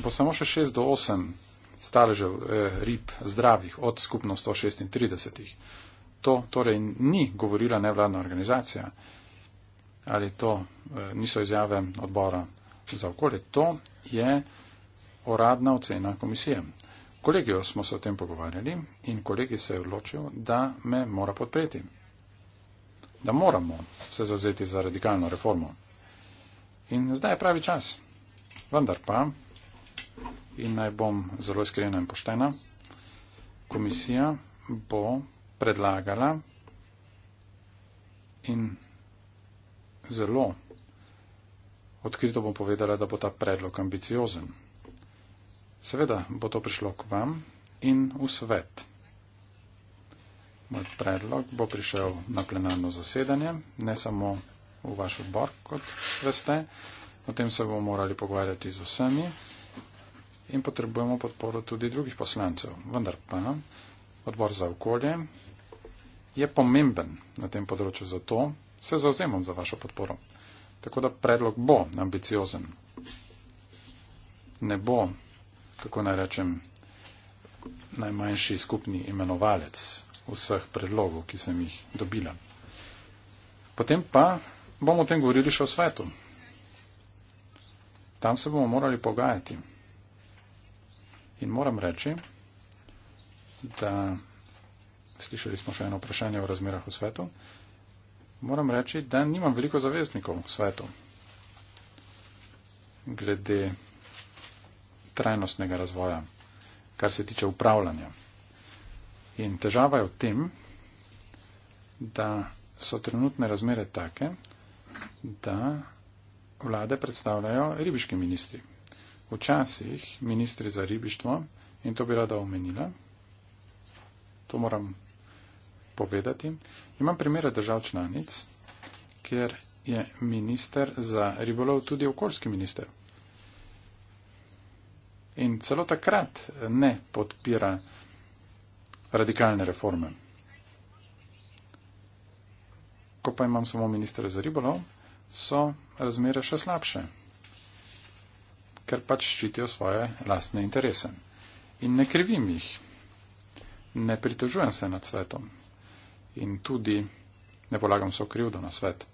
bo samo še šest do osem staležev eh, rib zdravih od skupno 136. To torej ni govorila nevladna organizacija ali to eh, niso izjave odbora za okolje. To je uradna ocena komisije. Kolegijo smo se o tem pogovarjali in kolegi se je odločil, da me mora podpreti. Da moramo se zauzeti za radikalno reformo. In zdaj je pravi čas. Vendar pa, in naj bom zelo iskrena in poštena, komisija bo predlagala in zelo odkrito bom povedala, da bo ta predlog ambiciozen. Seveda bo to prišlo k vam in v svet. Moj predlog bo prišel na plenarno zasedanje, ne samo v vaš odbor, kot veste. O tem se bomo morali pogovarjati z vsemi in potrebujemo podporo tudi drugih poslancev. Vendar pa odbor za okolje je pomemben na tem področju, zato se zauzemam za vašo podporo. Tako da predlog bo ambiciozen. Ne bo kako naj rečem, najmanjši skupni imenovalec vseh predlogov, ki sem jih dobila. Potem pa bomo o tem govorili še v svetu. Tam se bomo morali pogajati. In moram reči, da slišali smo še eno vprašanje o razmerah v svetu, moram reči, da nimam veliko zaveznikov v svetu glede trajnostnega razvoja, kar se tiče upravljanja. In težava je v tem, da so trenutne razmere take, da vlade predstavljajo ribiški ministri. Včasih ministri za ribištvo, in to bi rada omenila, to moram povedati, imam primere držav članic, kjer je minister za ribolov tudi okoljski minister in celo takrat ne podpira radikalne reforme. Ko pa imam samo ministra za ribolov, so razmere še slabše, ker pač ščitijo svoje lastne interese. In ne krivim jih, ne pritožujem se nad svetom in tudi ne polagam so krivdo na svet.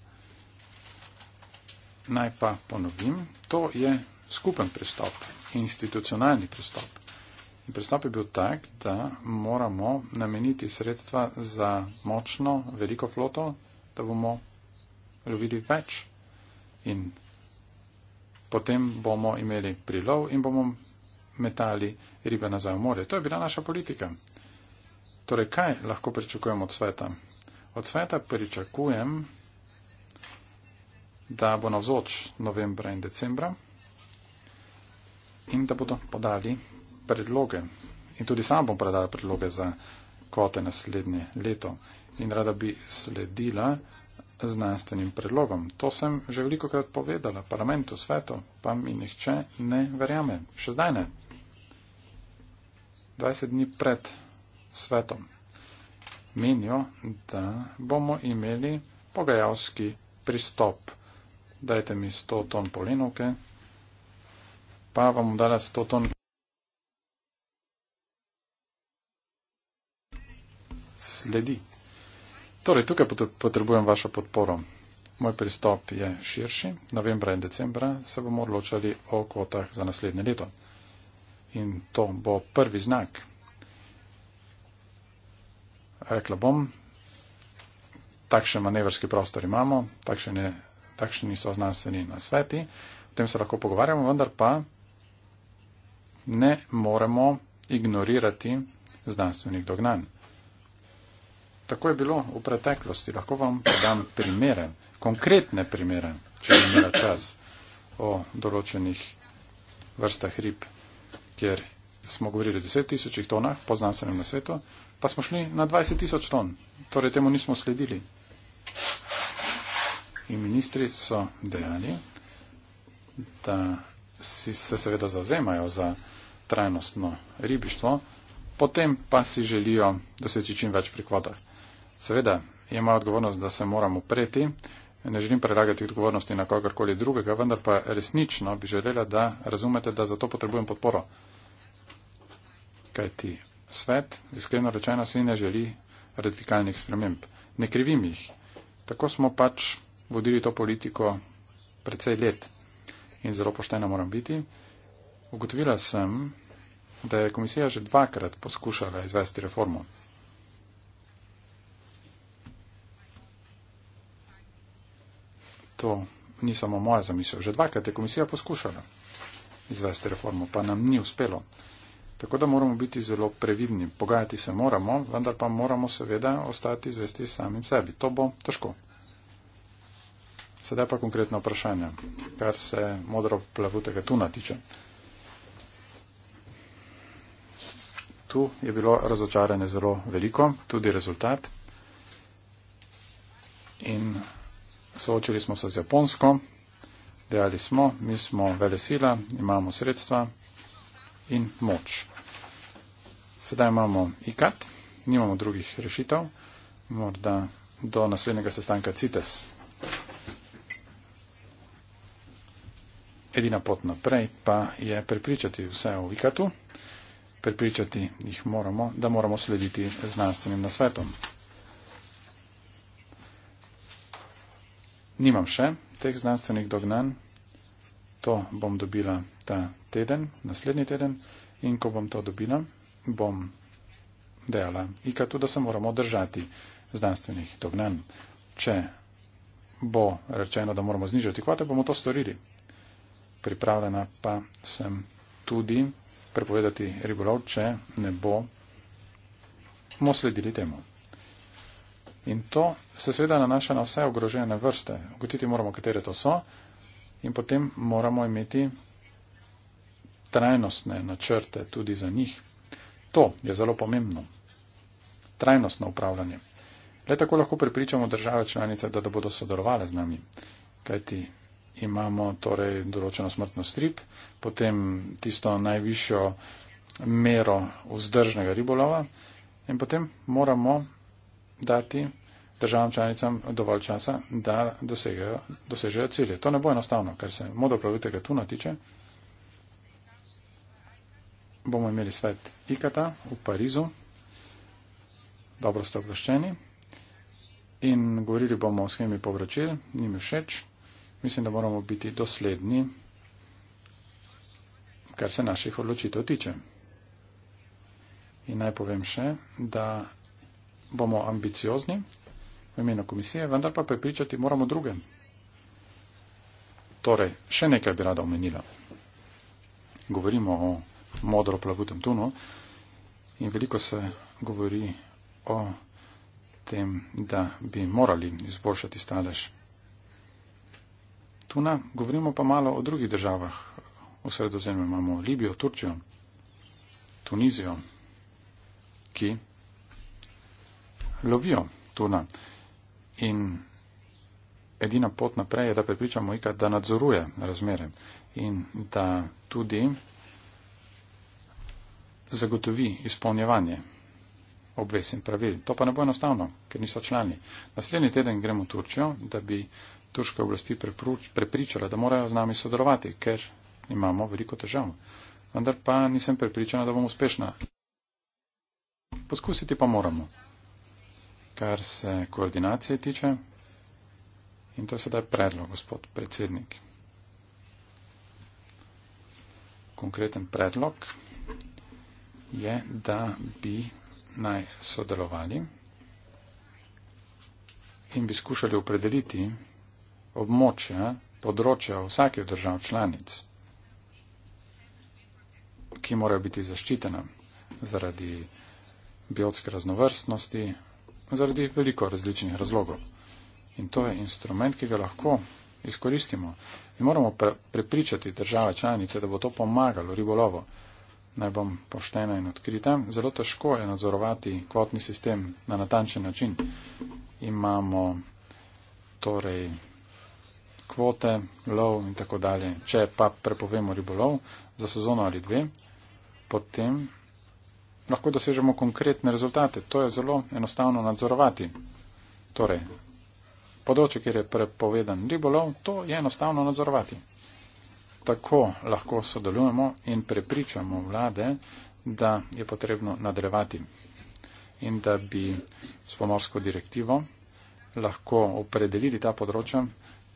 Naj pa ponovim, to je skupen pristop, institucionalni pristop. In pristop je bil tak, da moramo nameniti sredstva za močno, veliko floto, da bomo lovili več. In potem bomo imeli prilov in bomo metali ribe nazaj v morje. To je bila naša politika. Torej, kaj lahko pričakujem od sveta? Od sveta pričakujem, da bo navzoč novembra in decembra in da bodo podali predloge. In tudi sam bom predala predloge za kvote naslednje leto in rada bi sledila znanstvenim predlogom. To sem že veliko krat povedala parlamentu, svetu, pa mi nihče ne verjame. Še zdaj ne. 20 dni pred svetom menijo, da bomo imeli pogajalski pristop. Dajte mi 100 ton polenovke, pa vam danas Toton. Sledi. Torej, tukaj potrebujem vašo podporo. Moj pristop je širši. Novembra in decembra se bomo odločali o kvotah za naslednje leto. In to bo prvi znak. Rekla bom, takšen manevrski prostor imamo, takšni, takšni so znanstveni nasveti, o tem se lahko pogovarjamo, vendar pa ne moremo ignorirati znanstvenih dognanj. Tako je bilo v preteklosti. Lahko vam dam primere, konkretne primere, če vam je čas, o določenih vrstah rib, kjer smo govorili o 10 tisočih tonah po znanstvenem nasvetu, pa smo šli na 20 tisoč ton. Torej temu nismo sledili. In ministri so dejali, da si se seveda zauzemajo za trajnostno ribištvo, potem pa si želijo doseči čim več pri kvotah. Seveda je moja odgovornost, da se moram upreti, ne želim prelagati odgovornosti na kogarkoli drugega, vendar pa resnično bi želela, da razumete, da za to potrebujem podporo. Kaj ti svet, iskreno rečeno, si ne želi radikalnih sprememb. Ne krivim jih. Tako smo pač vodili to politiko precej let. In zelo poštena moram biti. Ugotovila sem, da je komisija že dvakrat poskušala izvesti reformo. To ni samo moja zamisel. Že dvakrat je komisija poskušala izvesti reformo, pa nam ni uspelo. Tako da moramo biti zelo previdni. Pogajati se moramo, vendar pa moramo seveda ostati zvesti samim sebi. To bo težko. Sedaj pa konkretno vprašanje, kar se modro plavutega tuna tiče. tu je bilo razočaranje zelo veliko, tudi rezultat. In soočili smo se z Japonsko, dejali smo, mi smo vele sila, imamo sredstva in moč. Sedaj imamo IKAT, nimamo drugih rešitev, morda do naslednjega sestanka CITES. Edina pot naprej pa je prepričati vse o IKAT-u prepričati jih moramo, da moramo slediti znanstvenim nasvetom. Nimam še teh znanstvenih dognanj, to bom dobila ta teden, naslednji teden in ko bom to dobila, bom dejala IKA tu, da se moramo držati znanstvenih dognanj. Če bo rečeno, da moramo znižati kvote, bomo to storili. Pripravljena pa sem tudi prepovedati ribolov, če ne bomo sledili temu. In to se seveda nanaša na vse ogrožene vrste. Ugotiti moramo, katere to so in potem moramo imeti trajnostne načrte tudi za njih. To je zelo pomembno. Trajnostno upravljanje. Le tako lahko pripričamo države članice, da, da bodo sodelovali z nami. Kajti imamo torej določeno smrtno strip, potem tisto najvišjo mero vzdržnega ribolova in potem moramo dati državam članicam dovolj časa, da dosegejo, dosežejo cilje. To ne bo enostavno, kar se modo plovitega tuna tiče. Bomo imeli svet IKATA v Parizu, dobro ste obveščeni in govorili bomo o schemi povračil, njim všeč. Mislim, da moramo biti dosledni, kar se naših odločitev tiče. In naj povem še, da bomo ambiciozni v imenu komisije, vendar pa prepričati moramo druge. Torej, še nekaj bi rada omenila. Govorimo o modro plavutem tunu in veliko se govori o tem, da bi morali izboljšati stalež Tuna, govorimo pa malo o drugih državah. V sredozemlju imamo Libijo, Turčijo, Tunizijo, ki lovijo tuna. In edina pot naprej je, da prepričamo IKA, da nadzoruje razmere in da tudi zagotovi izpolnjevanje obvez in pravil. To pa ne bo enostavno, ker niso člani. Naslednji teden gremo v Turčijo, da bi turške oblasti prepričala, da morajo z nami sodelovati, ker imamo veliko težav. Vendar pa nisem prepričana, da bom uspešna. Poskusiti pa moramo, kar se koordinacije tiče. In to je sedaj predlog, gospod predsednik. Konkreten predlog je, da bi naj sodelovali in bi skušali opredeliti območja, področja vsake od držav članic, ki morajo biti zaščitena zaradi biotske raznovrstnosti, zaradi veliko različnih razlogov. In to je instrument, ki ga lahko izkoristimo. In moramo prepričati države članice, da bo to pomagalo ribolovo. Naj bom poštena in odkrita. Zelo težko je nadzorovati kvotni sistem na natančen način. Imamo torej kvote, lov in tako dalje. Če pa prepovemo ribolov za sezono ali dve, potem lahko dosežemo konkretne rezultate. To je zelo enostavno nadzorovati. Torej, področje, kjer je prepovedan ribolov, to je enostavno nadzorovati. Tako lahko sodelujemo in prepričamo vlade, da je potrebno nadaljevati in da bi s pomorsko direktivo lahko opredelili ta področja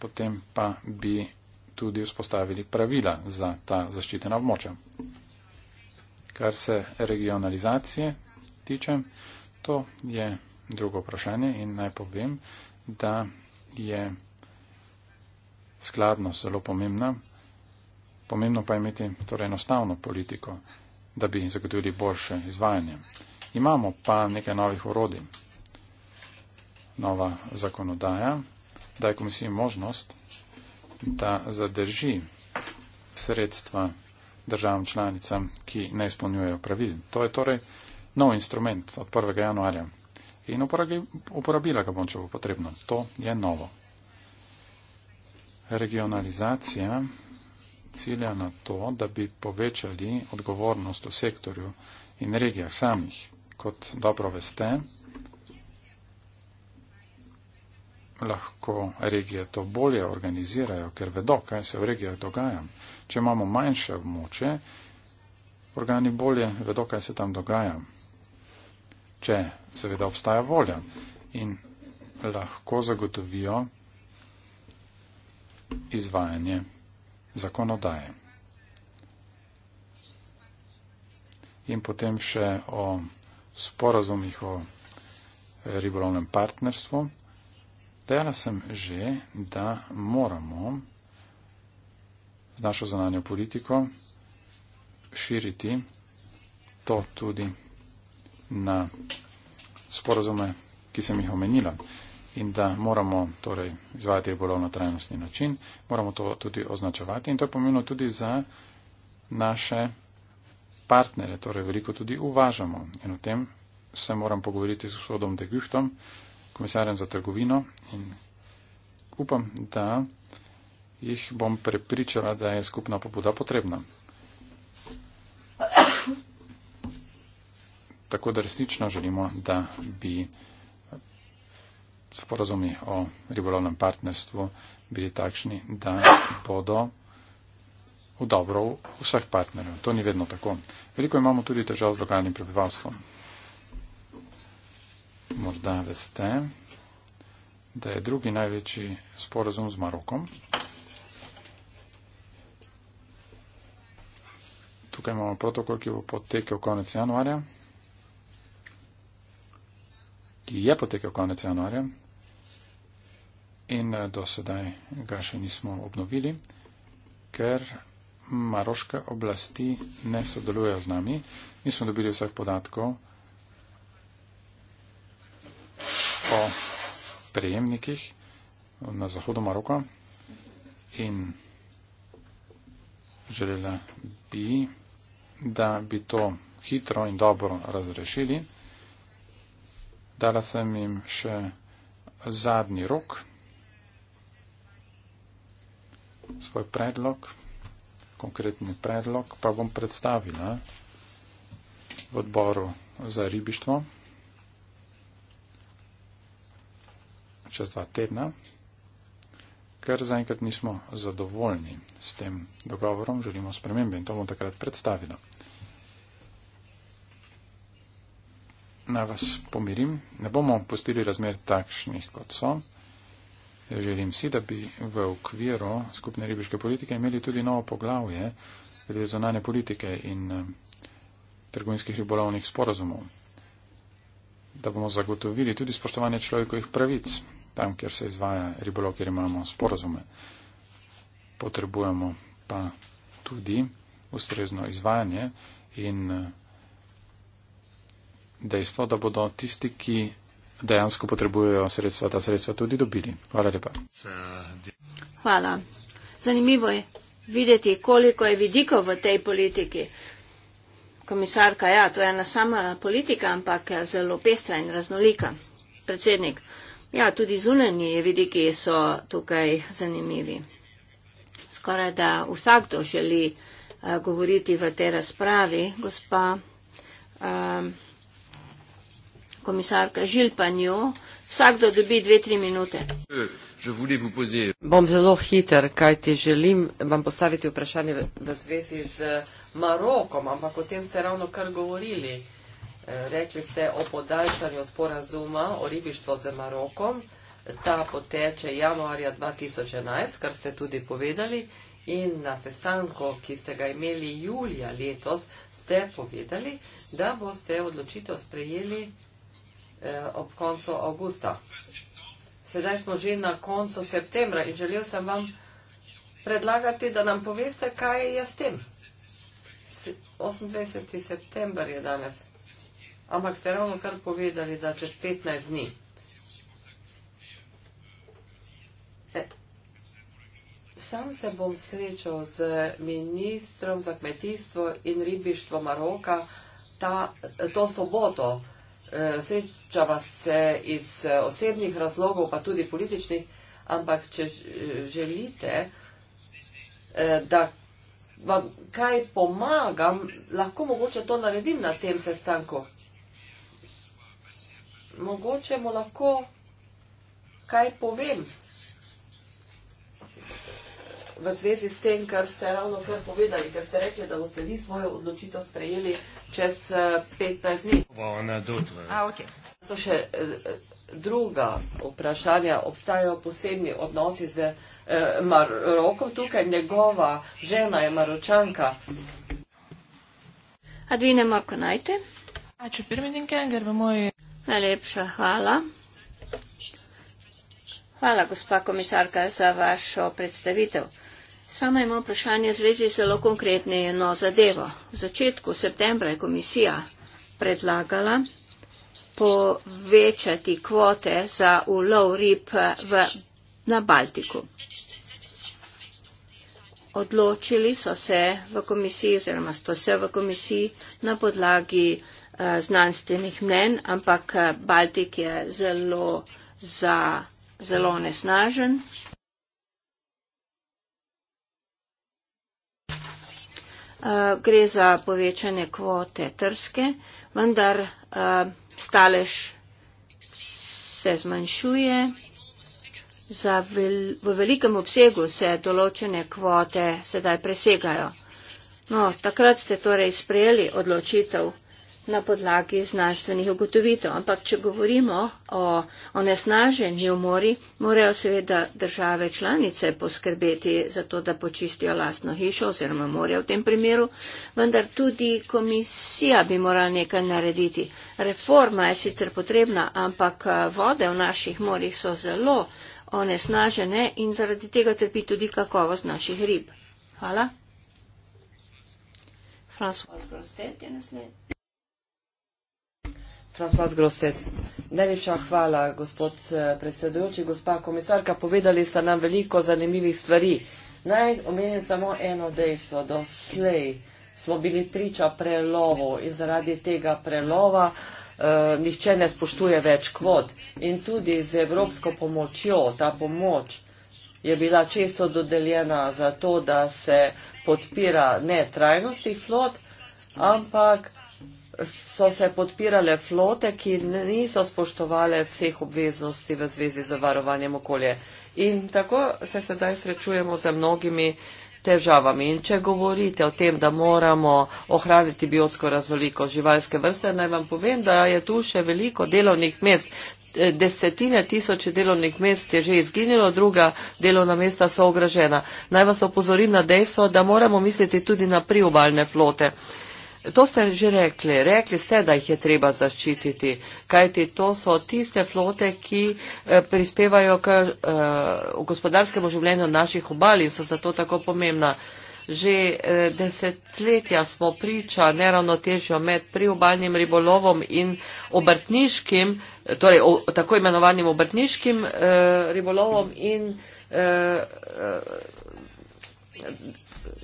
potem pa bi tudi vzpostavili pravila za ta zaščitena območja. Kar se regionalizacije tiče, to je drugo vprašanje in naj povem, da je skladnost zelo pomembna. Pomembno pa je imeti torej enostavno politiko, da bi zagotovili boljše izvajanje. Imamo pa nekaj novih orodij. Nova zakonodaja daje komisiji možnost, da zadrži sredstva državam članicam, ki ne izpolnjujejo pravil. To je torej nov instrument od 1. januarja in uporabila ga bom, če bo potrebno. To je novo. Regionalizacija cilja na to, da bi povečali odgovornost v sektorju in regijah samih. Kot dobro veste, lahko regije to bolje organizirajo, ker vedo, kaj se v regijah dogaja. Če imamo manjše območje, organi bolje vedo, kaj se tam dogaja. Če seveda obstaja volja in lahko zagotovijo izvajanje zakonodaje. In potem še o sporazumih o ribolovnem partnerstvu. Vtela sem že, da moramo z našo zananjo politiko širiti to tudi na sporozume, ki sem jih omenila in da moramo torej, izvajati ribolov na trajnostni način, moramo to tudi označevati in to je pomembno tudi za naše partnere, torej veliko tudi uvažamo in o tem se moram pogovoriti s gospodom de Guchtom, komisarjem za trgovino in upam, da jih bom prepričala, da je skupna pobuda potrebna. Tako da resnično želimo, da bi sporozumi o ribolovnem partnerstvu bili takšni, da bodo v dobro vseh partnerjev. To ni vedno tako. Veliko imamo tudi težav z lokalnim prebivalstvom morda veste, da je drugi največji sporazum z Marokom. Tukaj imamo protokol, ki bo potekel konec januarja. Ki je potekel konec januarja in eh, do sedaj ga še nismo obnovili, ker maroške oblasti ne sodelujejo z nami. Nismo dobili vseh podatkov. po prejemnikih na zahodu Maroka in želela bi, da bi to hitro in dobro razrešili. Dala sem jim še zadnji rok, svoj predlog, konkretni predlog, pa bom predstavila v odboru za ribištvo. čez dva tedna, ker zaenkrat nismo zadovoljni s tem dogovorom, želimo spremembe in to bom takrat predstavila. Naj vas pomirim, ne bomo pustili razmer takšnih, kot so. Želim si, da bi v okviru skupne ribiške politike imeli tudi novo poglavje glede zonane politike in eh, trgovinskih ribolovnih sporazumov, da bomo zagotovili tudi spoštovanje človekovih pravic, tam, kjer se izvaja ribolov, kjer imamo sporozume. Potrebujemo pa tudi ustrezno izvajanje in eh, dejstvo, da bodo tisti, ki dejansko potrebujejo sredstva, ta sredstva tudi dobili. Hvala lepa. Hvala. Zanimivo je videti, koliko je vidikov v tej politiki. Komisarka, ja, to je ena sama politika, ampak eh, zelo pestra in raznolika. Predsednik. Ja, tudi zunanji vidiki so tukaj zanimivi. Skoraj da vsakdo želi uh, govoriti v tej razpravi, gospa uh, komisarka Žilpanju, vsakdo dobi dve, tri minute. Bom zelo hiter, kaj ti želim vam postaviti vprašanje v, v zvezi z Marokom, ampak o tem ste ravno kar govorili. Uh, rekli ste o podaljšanju sporazuma o ribištvo z Marokom. Ta poteče januarja 2011, kar ste tudi povedali. In na sestanku, ki ste ga imeli julija letos, ste povedali, da boste odločitev sprejeli eh, ob koncu avgusta. Sedaj smo že na koncu septembra in želel sem vam predlagati, da nam poveste, kaj je s tem. 28. september je danes. Ampak ste ravno kar povedali, da čez 15 dni. E, sam se bom srečal z ministrom za kmetijstvo in ribištvo Maroka ta, to soboto. E, srečava se iz e, osebnih razlogov, pa tudi političnih, ampak če želite, da vam kaj pomagam, lahko mogoče to naredim na tem sestanku mogoče mu lahko kaj povem v zvezi s tem, kar ste ravno kar povedali, ker ste rekli, da boste vi svojo odločitev sprejeli čez 15 eh, dni. Ah, okay. So še eh, druga vprašanja, obstajajo posebni odnosi z eh, Marokom, tukaj njegova žena je Maročanka. Adine Marko najte. Ačiū pirmininkė, gerbiamoji Najlepša hvala. Hvala, gospa komisarka, za vašo predstavitev. Samo imamo vprašanje zvezi z zelo konkretno zadevo. V začetku septembra je komisija predlagala povečati kvote za ulov rib v, na Baltiku. Odločili so se v komisiji oziroma so se v komisiji na podlagi Eh, znanstvenih mnen, ampak eh, Baltik je zelo, za, zelo nesnažen. Eh, gre za povečanje kvote trske, vendar stalež se zmanjšuje. Za vel, v velikem obsegu se določene kvote sedaj presegajo. No, takrat ste torej sprejeli odločitev na podlagi znanstvenih ugotovitev. Ampak, če govorimo o onesnaženju mori, morajo seveda države članice poskrbeti za to, da počistijo lastno hišo oziroma morje v tem primeru, vendar tudi komisija bi morala nekaj narediti. Reforma je sicer potrebna, ampak eh, vode v naših morjih so zelo onesnažene in zaradi tega trpi tudi kakovost naših rib. Hvala. François Grosdet je naslednji. Franz Grosted. Najlepša hvala, gospod eh, predsedujoči, gospa komisarka. Povedali ste nam veliko zanimivih stvari. Naj omenim samo eno dejstvo. Doslej smo bili priča prelovu in zaradi tega prelova eh, nihče ne spoštuje več kvot. In tudi z evropsko pomočjo ta pomoč je bila često dodeljena za to, da se podpira ne trajnosti flot, ampak so se podpirale flote, ki niso spoštovale vseh obveznosti v zvezi z varovanjem okolje. In tako se sedaj srečujemo z mnogimi težavami. In če govorite o tem, da moramo ohraniti biotsko razoliko živalske vrste, naj vam povem, da je tu še veliko delovnih mest. E, desetine tisoče delovnih mest je že izginilo, druga delovna mesta so ogrožena. Naj vas opozorim na dejstvo, da moramo misliti tudi na priobalne flote. To ste že rekli. Rekli ste, da jih je treba zaščititi, kajti to so tiste flote, ki eh, prispevajo k uh, gospodarskemu življenju naših obali in so zato tako pomembna. Že uh, desetletja smo priča neravnotežjo med priobalnim ribolovom in obrtniškim, torej o, tako imenovanim obrtniškim uh, ribolovom in. Uh, uh,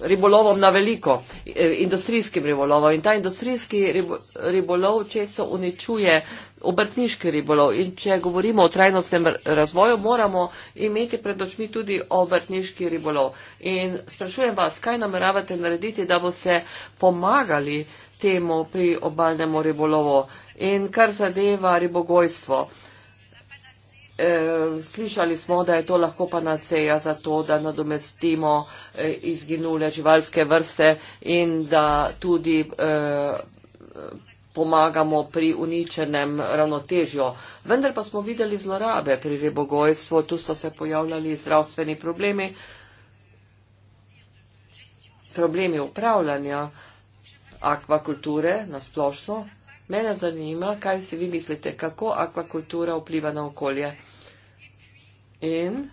ribolovom na veliko, eh, industrijskim ribolovom. In ta industrijski ribolov često uničuje obrtniški ribolov. In če govorimo o trajnostnem razvoju, moramo imeti pred očmi tudi obrtniški ribolov. In sprašujem vas, kaj nameravate narediti, da boste pomagali temu pri obalnemu ribolovu in kar zadeva ribogojstvo eh, slišali smo, da je to lahko pa naseja za to, da nadomestimo eh, izginule živalske vrste in da tudi eh, pomagamo pri uničenem ravnotežju. Vendar pa smo videli zlorabe pri ribogojstvu, tu so se pojavljali zdravstveni problemi, problemi upravljanja akvakulture na splošno Mene zanima, kaj si vi mislite, kako akvakultura vpliva na okolje. In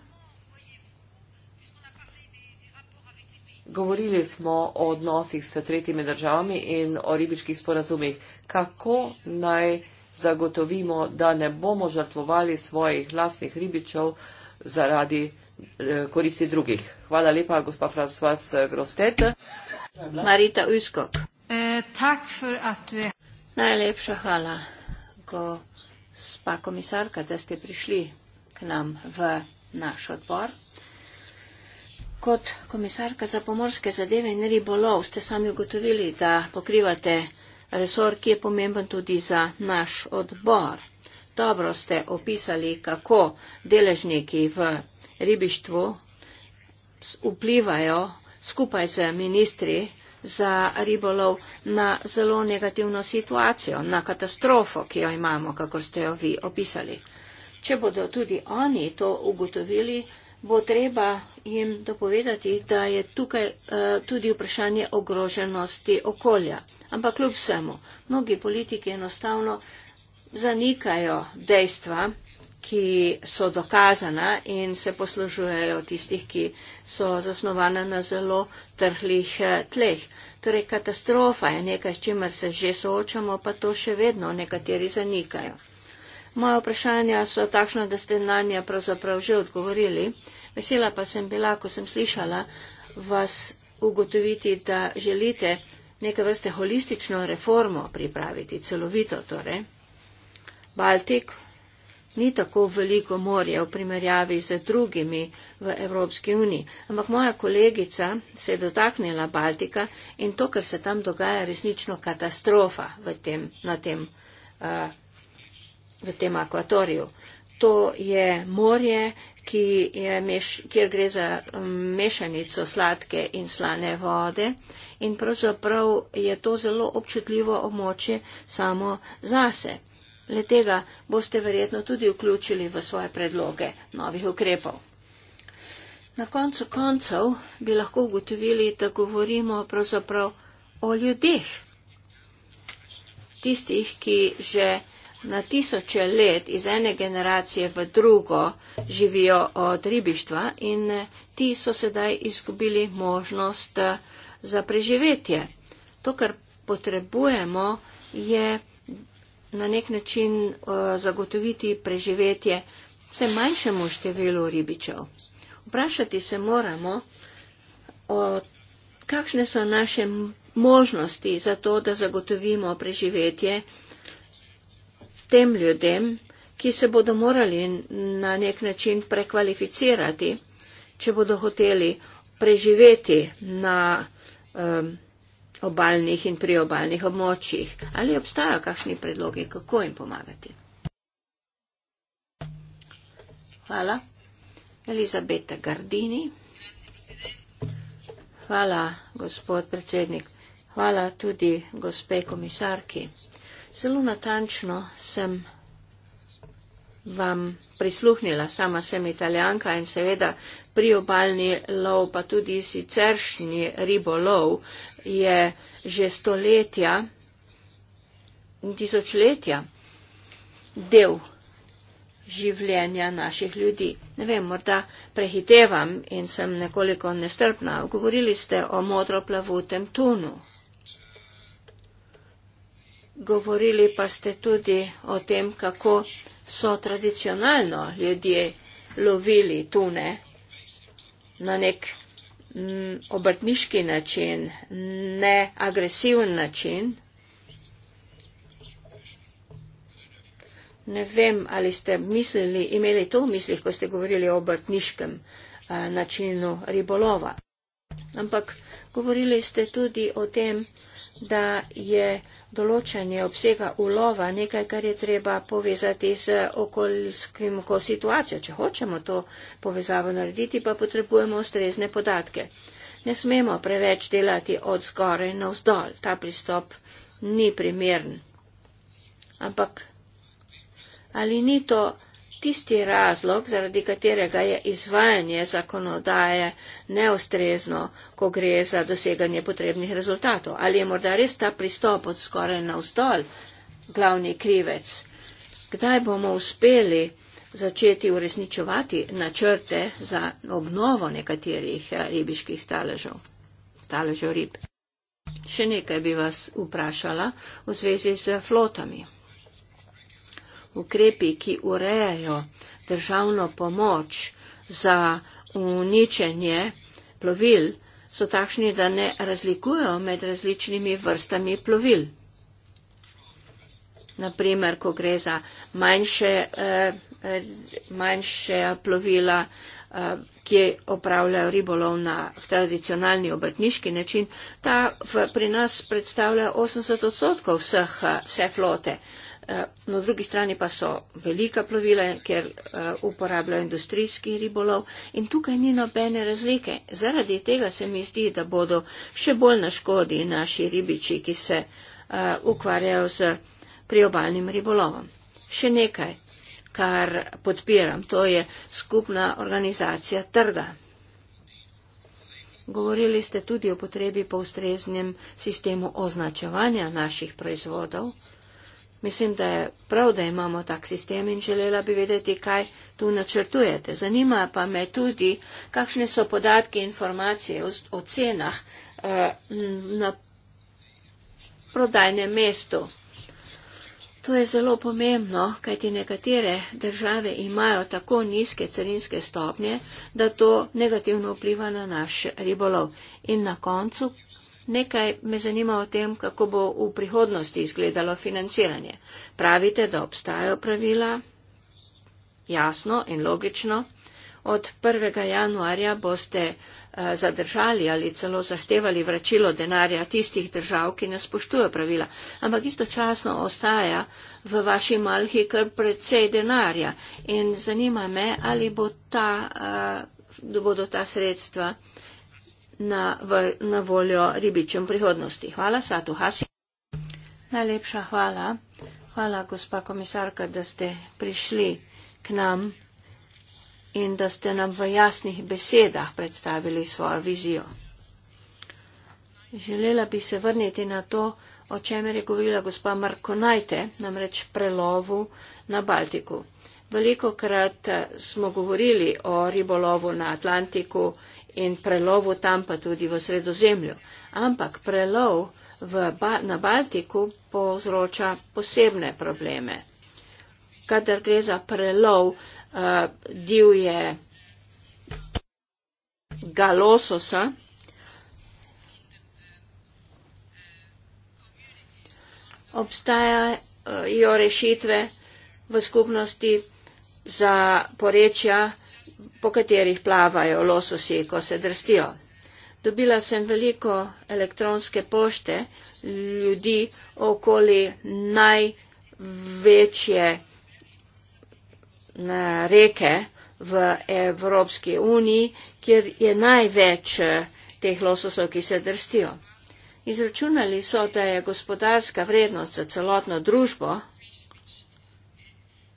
govorili smo o odnosih s tretjimi državami in o ribičkih sporazumih. Kako naj zagotovimo, da ne bomo žrtvovali svojih lastnih ribičev zaradi eh, koristi drugih. Hvala lepa, gospa Françoise Grostet. Marita Uskok. Eh, tak for at vi... Najlepša hvala, gospa komisarka, da ste prišli k nam v naš odbor. Kot komisarka za pomorske zadeve in ribolov ste sami ugotovili, da pokrivate resor, ki je pomemben tudi za naš odbor. Dobro ste opisali, kako deležniki v ribištvu vplivajo skupaj z ministri za ribolov na zelo negativno situacijo, na katastrofo, ki jo imamo, kako ste jo vi opisali. Če bodo tudi oni to ugotovili, bo treba jim dopovedati, da je tukaj uh, tudi vprašanje ogroženosti okolja. Ampak kljub vsemu, mnogi politiki enostavno zanikajo dejstva, ki so dokazana in se poslužujejo tistih, ki so zasnovana na zelo trhlih eh, tleh. Torej, katastrofa je nekaj, s čimer se že soočamo, pa to še vedno nekateri zanikajo. Moje vprašanja so takšna, da ste na nje pravzaprav že odgovorili. Vesela pa sem bila, ko sem slišala vas ugotoviti, da želite neke vrste holistično reformo pripraviti, celovito torej. Baltik ni tako veliko morje v primerjavi z drugimi v Evropski uniji. Ampak moja kolegica se je dotaknila Baltika in to, kar se tam dogaja, je resnično katastrofa v tem, na tem, uh, v tem akvatoriju. To je morje, ki je meš, kjer gre za um, mešanico sladke in slane vode in pravzaprav je to zelo občutljivo območje samo zase. Le tega boste verjetno tudi vključili v svoje predloge novih ukrepov. Na koncu koncev bi lahko ugotovili, da govorimo pravzaprav o ljudeh. Tistih, ki že na tisoče let iz ene generacije v drugo živijo od ribištva in ti so sedaj izgubili možnost eh, za preživetje. To, kar potrebujemo, je na nek način eh, zagotoviti preživetje vse manjšemu številu ribičev. Vprašati se moramo, kakšne so naše možnosti za to, da zagotovimo preživetje tem ljudem, ki se bodo morali na nek način prekvalificirati, če bodo hoteli preživeti na. Um, obaljnih in priobaljnih območjih. Ali obstajajo kakšni predlogi, kako jim pomagati? Hvala. Elizabeta Gardini. Hvala, gospod predsednik. Hvala tudi gospe komisarki. Zelo natančno sem vam prisluhnila. Sama sem italijanka in seveda priobalni lov, pa tudi siceršnji ribolov je že stoletja in tisočletja del življenja naših ljudi. Ne vem, morda prehitevam in sem nekoliko nestrpna. Govorili ste o modroplavutem tunu. Govorili pa ste tudi o tem, kako so tradicionalno ljudje lovili tune na nek Mm, obrtniški način, ne agresiven način. Ne vem, ali ste mislili, imeli to v mislih, ko ste govorili o obrtniškem eh, načinu ribolova. Ampak govorili ste tudi o tem, da je določanje obsega ulova, nekaj, kar je treba povezati z okoljskim ko situacijo. Če hočemo to povezavo narediti, pa potrebujemo ustrezne podatke. Ne smemo preveč delati od zgore na vzdolj. Ta pristop ni primern. Ampak ali ni to tisti razlog, zaradi katerega je izvajanje zakonodaje neustrezno, ko gre za doseganje potrebnih rezultatov. Ali je morda res ta pristop od skoraj na vzdolj glavni krivec? Kdaj bomo uspeli začeti uresničevati načrte za obnovo nekaterih eh, ribiških staležev, staležev rib? Še nekaj bi vas vprašala v zvezi z flotami ukrepi, ki urejajo državno pomoč za uničenje plovil, so takšni, da ne razlikujo med različnimi vrstami plovil. Naprimer, ko gre za manjše, eh, manjše plovila, eh, ki opravljajo ribolov na tradicionalni obrtniški način, ta pri nas predstavlja 80 odstotkov vseh, eh, vse flote. Eh, na drugi strani pa so velika plovila, ker eh, uporabljajo industrijski ribolov in tukaj ni nobene razlike. Zaradi tega se mi zdi, da bodo še bolj na škodi naši ribiči, ki se eh, ukvarjajo z priobalnim ribolovom. Še nekaj, kar podpiram, to je skupna organizacija trga. Govorili ste tudi o potrebi po ustreznem sistemu označevanja naših proizvodov. Mislim, da je prav, da imamo tak sistem in želela bi vedeti, kaj tu načrtujete. Zanima pa me tudi, kakšne so podatke, informacije o, o cenah eh, na prodajnem mestu. To je zelo pomembno, kajti nekatere države imajo tako nizke carinske stopnje, da to negativno vpliva na naš ribolov. In na koncu, Nekaj me zanima o tem, kako bo v prihodnosti izgledalo financiranje. Pravite, da obstajajo pravila? Jasno in logično. Od 1. januarja boste eh, zadržali ali celo zahtevali vračilo denarja tistih držav, ki ne spoštujejo pravila. Ampak istočasno ostaja v vaši malhi kar precej denarja. In zanima me, ali bo ta, eh, bodo ta sredstva na, v, na voljo ribičem prihodnosti. Hvala, Satu Hasi. Najlepša hvala. Hvala, gospa komisarka, da ste prišli k nam in da ste nam v jasnih besedah predstavili svojo vizijo. Želela bi se vrniti na to, o čemer je govorila gospa Markonajte, namreč prelovu na Baltiku. Veliko krat eh, smo govorili o ribolovu na Atlantiku in prelovu tam pa tudi v sredozemlju. Ampak prelov v, na Baltiku povzroča posebne probleme. Kadar gre za prelov uh, divje galososa, obstajajo rešitve v skupnosti za porečja, po katerih plavajo lososi, ko se drstijo. Dobila sem veliko elektronske pošte ljudi okoli največje reke v Evropski uniji, kjer je največ eh, teh lososov, ki se drstijo. Izračunali so, da je gospodarska vrednost za celotno družbo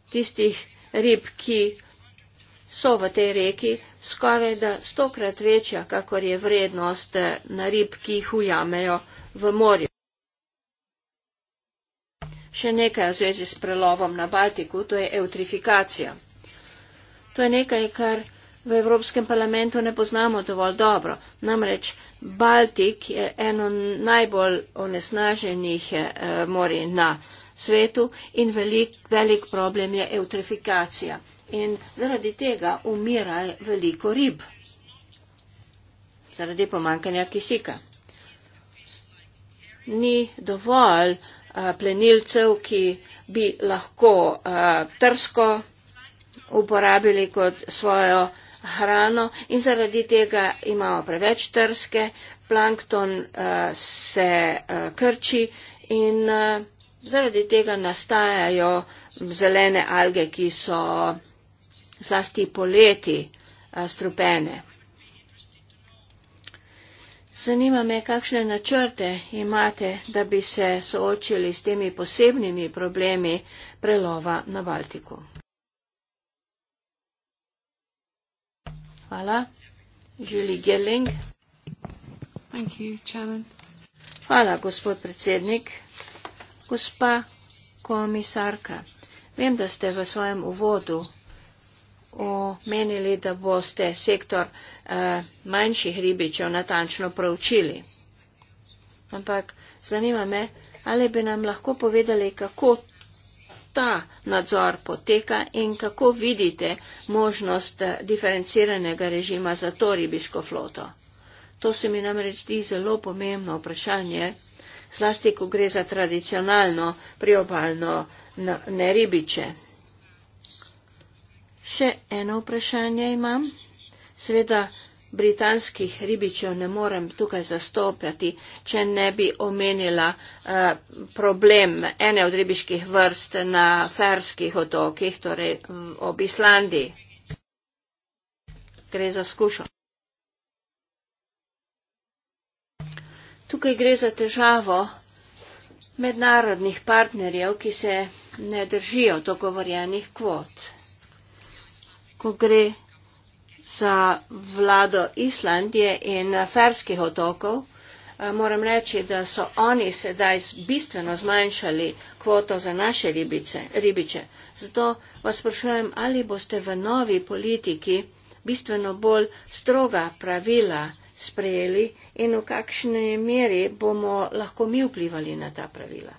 tistih rib, ki so v tej reki, skoraj da stokrat večja, kakor je vrednost eh, na rib, ki jih ujamejo v morju. Še nekaj v zvezi s prelovom na Baltiku, to je eutrifikacija. To je nekaj, kar v Evropskem parlamentu ne poznamo dovolj dobro. Namreč Baltik je eno najbolj onesnaženih eh, morij na Baltiku svetu in velik, velik problem je eutrofikacija. In zaradi tega umira veliko rib, zaradi pomankanja kisika. Ni dovolj a, plenilcev, ki bi lahko a, trsko uporabili kot svojo hrano in zaradi tega imamo preveč trske, plankton a, se a, krči in. A, Zaradi tega nastajajo zelene alge, ki so zlasti poleti strupene. Zanima me, kakšne načrte imate, da bi se soočili s temi posebnimi problemi prelova na Baltiku. Hvala. Julie Gelling. Thank you, Hvala, gospod predsednik gospa komisarka, vem, da ste v svojem uvodu omenili, da boste sektor uh, manjših ribičev natančno proučili. Ampak zanima me, ali bi nam lahko povedali, kako ta nadzor poteka in kako vidite možnost eh, diferenciranega režima za to ribiško floto. To se mi namreč zdi zelo pomembno vprašanje, zlasti, ko gre za tradicionalno priobalno neribiče. Še eno vprašanje imam. Sveda britanskih ribičev ne morem tukaj zastopjati, če ne bi omenila uh, problem ene od ribiških vrst na ferskih otokih, torej mm, ob Islandiji. Gre za skušo. Tukaj gre za težavo mednarodnih partnerjev, ki se ne držijo dogovorjenih kvot. Ko gre za vlado Islandije in Ferskih otokov, eh, moram reči, da so oni sedaj bistveno zmanjšali kvoto za naše ribice, ribiče. Zato vas sprašujem, ali boste v novi politiki bistveno bolj stroga pravila sprejeli in v kakšne meri bomo lahko mi vplivali na ta pravila.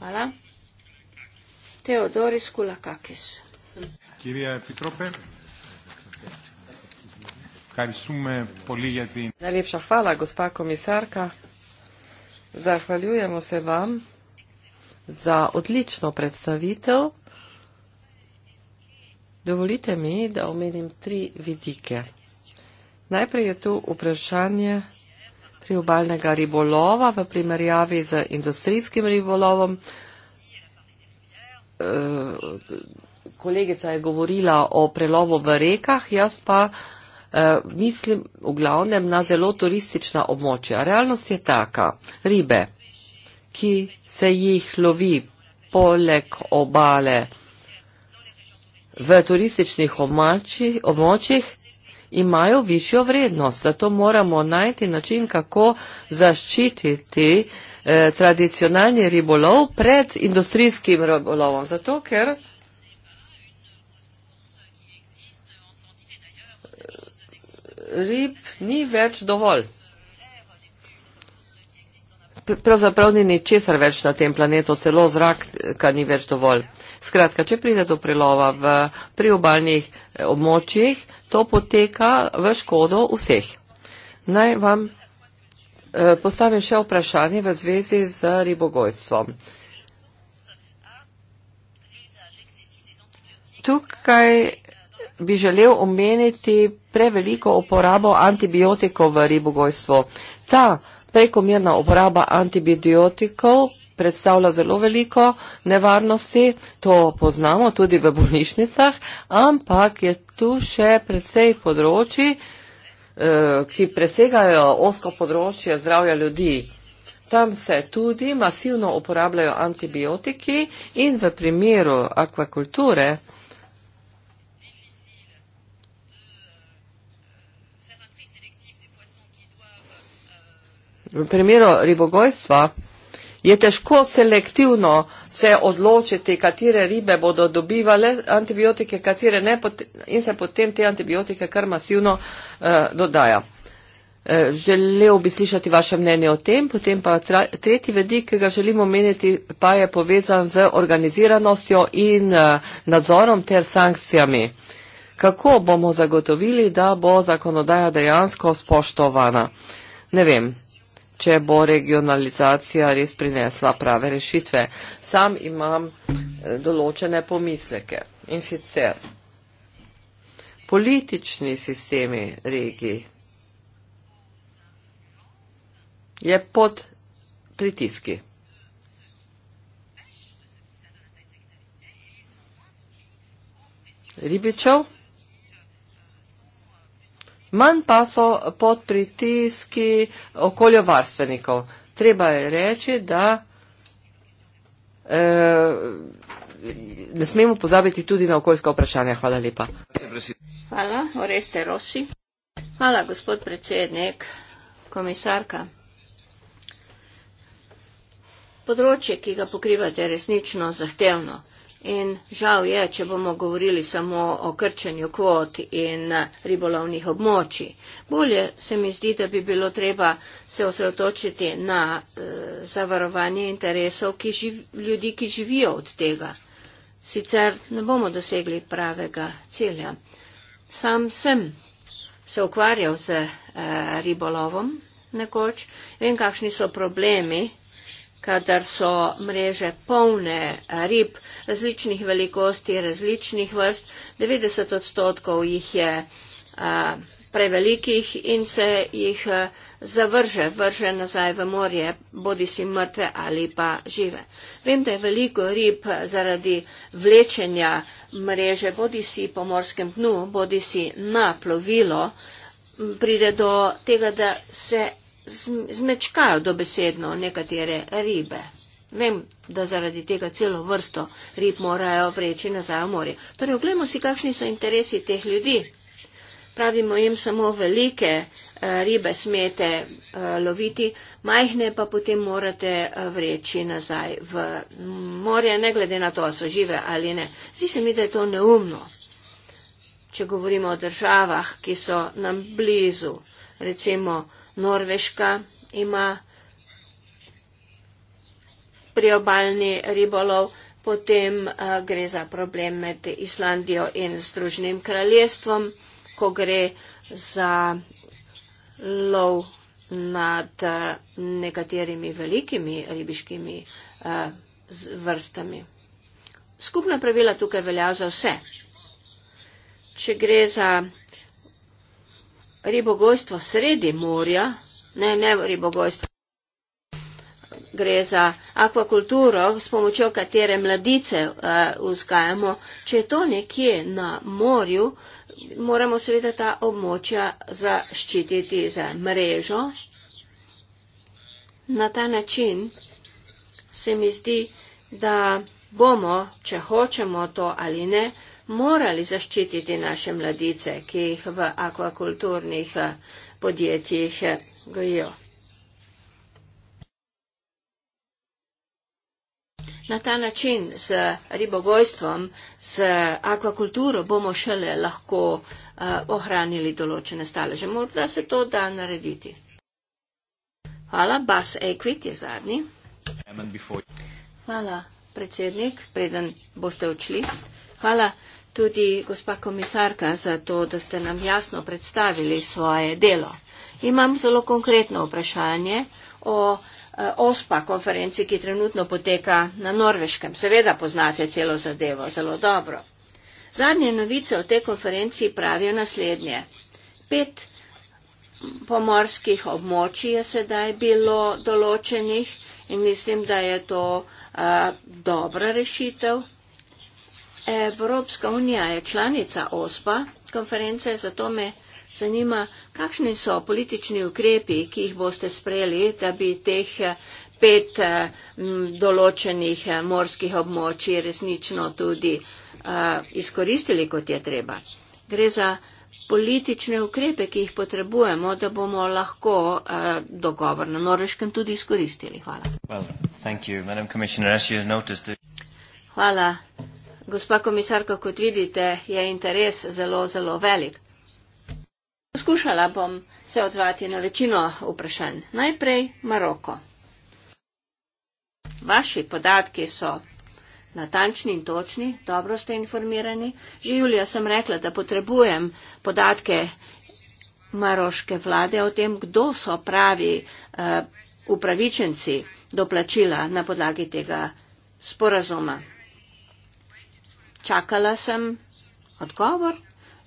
Hvala. Teodoris Kulakakis. Kyrie Petrope. Najlepša hvala, gospa komisarka. Zahvaljujemo se vam za odlično predstavitev. Dovolite mi, da omenim tri vidike. Najprej je tu vprašanje priobalnega ribolova v primerjavi z industrijskim ribolovom. E, kolegica je govorila o prelovu v rekah, jaz pa e, mislim v glavnem na zelo turistična območja. Realnost je taka, ribe, ki se jih lovi poleg obale v turističnih območjih, imajo višjo vrednost. Zato moramo najti način, kako zaščititi eh, tradicionalni ribolov pred industrijskim ribolovom. Zato, ker eh, rib ni več dovolj. Pravzaprav ni ničesar več na tem planetu, celo zrak, kar eh, ni več dovolj. Skratka, če pride do prilova v priobalnih eh, območjih, to poteka v škodo vseh. Naj vam eh, postavim še vprašanje v zvezi z ribogojstvom. Tukaj bi želel omeniti preveliko uporabo antibiotikov v ribogojstvu. Ta prekomerna uporaba antibiotikov predstavlja zelo veliko nevarnosti, to poznamo tudi v bolnišnicah, ampak je tu še predvsej področji, eh, ki presegajo osko področje zdravja ljudi. Tam se tudi masivno uporabljajo antibiotiki in v primeru akvakulture V primeru ribogojstva je težko selektivno se odločiti, katere ribe bodo dobivale antibiotike, katere ne in se potem te antibiotike kar masivno eh, dodaja. Eh, želel bi slišati vaše mnenje o tem, potem pa tretji vedik, ki ga želim omeniti, pa je povezan z organiziranostjo in eh, nadzorom ter sankcijami. Kako bomo zagotovili, da bo zakonodaja dejansko spoštovana? Ne vem, če bo regionalizacija res prinesla prave rešitve. Sam imam eh, določene pomisleke in sicer politični sistemi regiji je pod pritiski. Ribičev manj pa so pod pritiski okoljovarstvenikov. Treba je reči, da e, ne smemo pozabiti tudi na okoljska vprašanja. Hvala lepa. Hvala, Oreste Rosi. Hvala, gospod predsednik, komisarka. Področje, ki ga pokrivate, je resnično zahtevno. In žal je, če bomo govorili samo o krčenju kvot in eh, ribolovnih območij. Bolje se mi zdi, da bi bilo treba se osredotočiti na e, zavarovanje interesov ki živ, ljudi, ki živijo od tega. Sicer ne bomo dosegli pravega cilja. Sam sem se ukvarjal z e, ribolovom nekoč. Vem, kakšni so problemi kadar so mreže polne rib različnih velikosti, različnih vrst. 90 odstotkov jih je a, prevelikih in se jih a, zavrže, vrže nazaj v morje, bodi si mrtve ali pa žive. Vem, da je veliko rib zaradi vlečenja mreže, bodi si po morskem dnu, bodi si na plovilo, pride do tega, da se zmečkajo dobesedno nekatere ribe. Vem, da zaradi tega celo vrsto rib morajo vreči nazaj v morje. Torej, oglejmo si, kakšni so interesi teh ljudi. Pravimo jim samo velike eh, ribe smete eh, loviti, majhne pa potem morate eh, vreči nazaj v morje, ne glede na to, ali so žive ali ne. Zdi se mi, da je to neumno. Če govorimo o državah, ki so nam blizu, recimo. Norveška ima priobalni ribolov, potem uh, gre za problem med Islandijo in Združenim kraljestvom, ko gre za lov nad uh, nekaterimi velikimi ribiškimi uh, vrstami. Skupna pravila tukaj velja za vse. Če gre za ribogojstvo sredi morja, ne, ne ribogojstvo. Gre za akvakulturo, s pomočjo katere mladice uh, vzgajamo. Če je to nekje na morju, moramo seveda ta območja zaščititi za mrežo. Na ta način se mi zdi, da bomo, če hočemo to ali ne, morali zaščititi naše mladice, ki jih v akvakulturnih eh, podjetjih eh, gojijo. Na ta način z ribogojstvom, z akvakulturo bomo šele lahko uh, ohranili določene staleže. Morda se to da narediti. Hvala. Bas Equit je zadnji. Hvala, predsednik. Preden boste odšli. Hvala tudi gospa komisarka za to, da ste nam jasno predstavili svoje delo. Imam zelo konkretno vprašanje o eh, OSPA konferenci, ki trenutno poteka na Norveškem. Seveda poznate celo zadevo zelo dobro. Zadnje novice o tej konferenciji pravijo naslednje. Pet pomorskih območij je sedaj bilo določenih in mislim, da je to a, eh, dobra rešitev. Evropska unija je članica OSPA konference, zato me zanima, kakšni so politični ukrepi, ki jih boste sprejeli, da bi teh eh, pet eh, določenih eh, morskih območij resnično tudi izkoristili, kot je treba. Gre za politične ukrepe, ki jih potrebujemo, da bomo lahko uh, dogovor na Norveškem tudi izkoristili. Hvala. Well, you, noticed... Hvala. Gospa komisarka, kot vidite, je interes zelo, zelo velik. Poskušala bom se odzvati na večino vprašanj. Najprej Maroko. Vaši podatki so natančni in točni, dobro ste informirani. Že julija sem rekla, da potrebujem podatke maroške vlade o tem, kdo so pravi uh, upravičenci doplačila na podlagi tega sporazuma čakala sem odgovor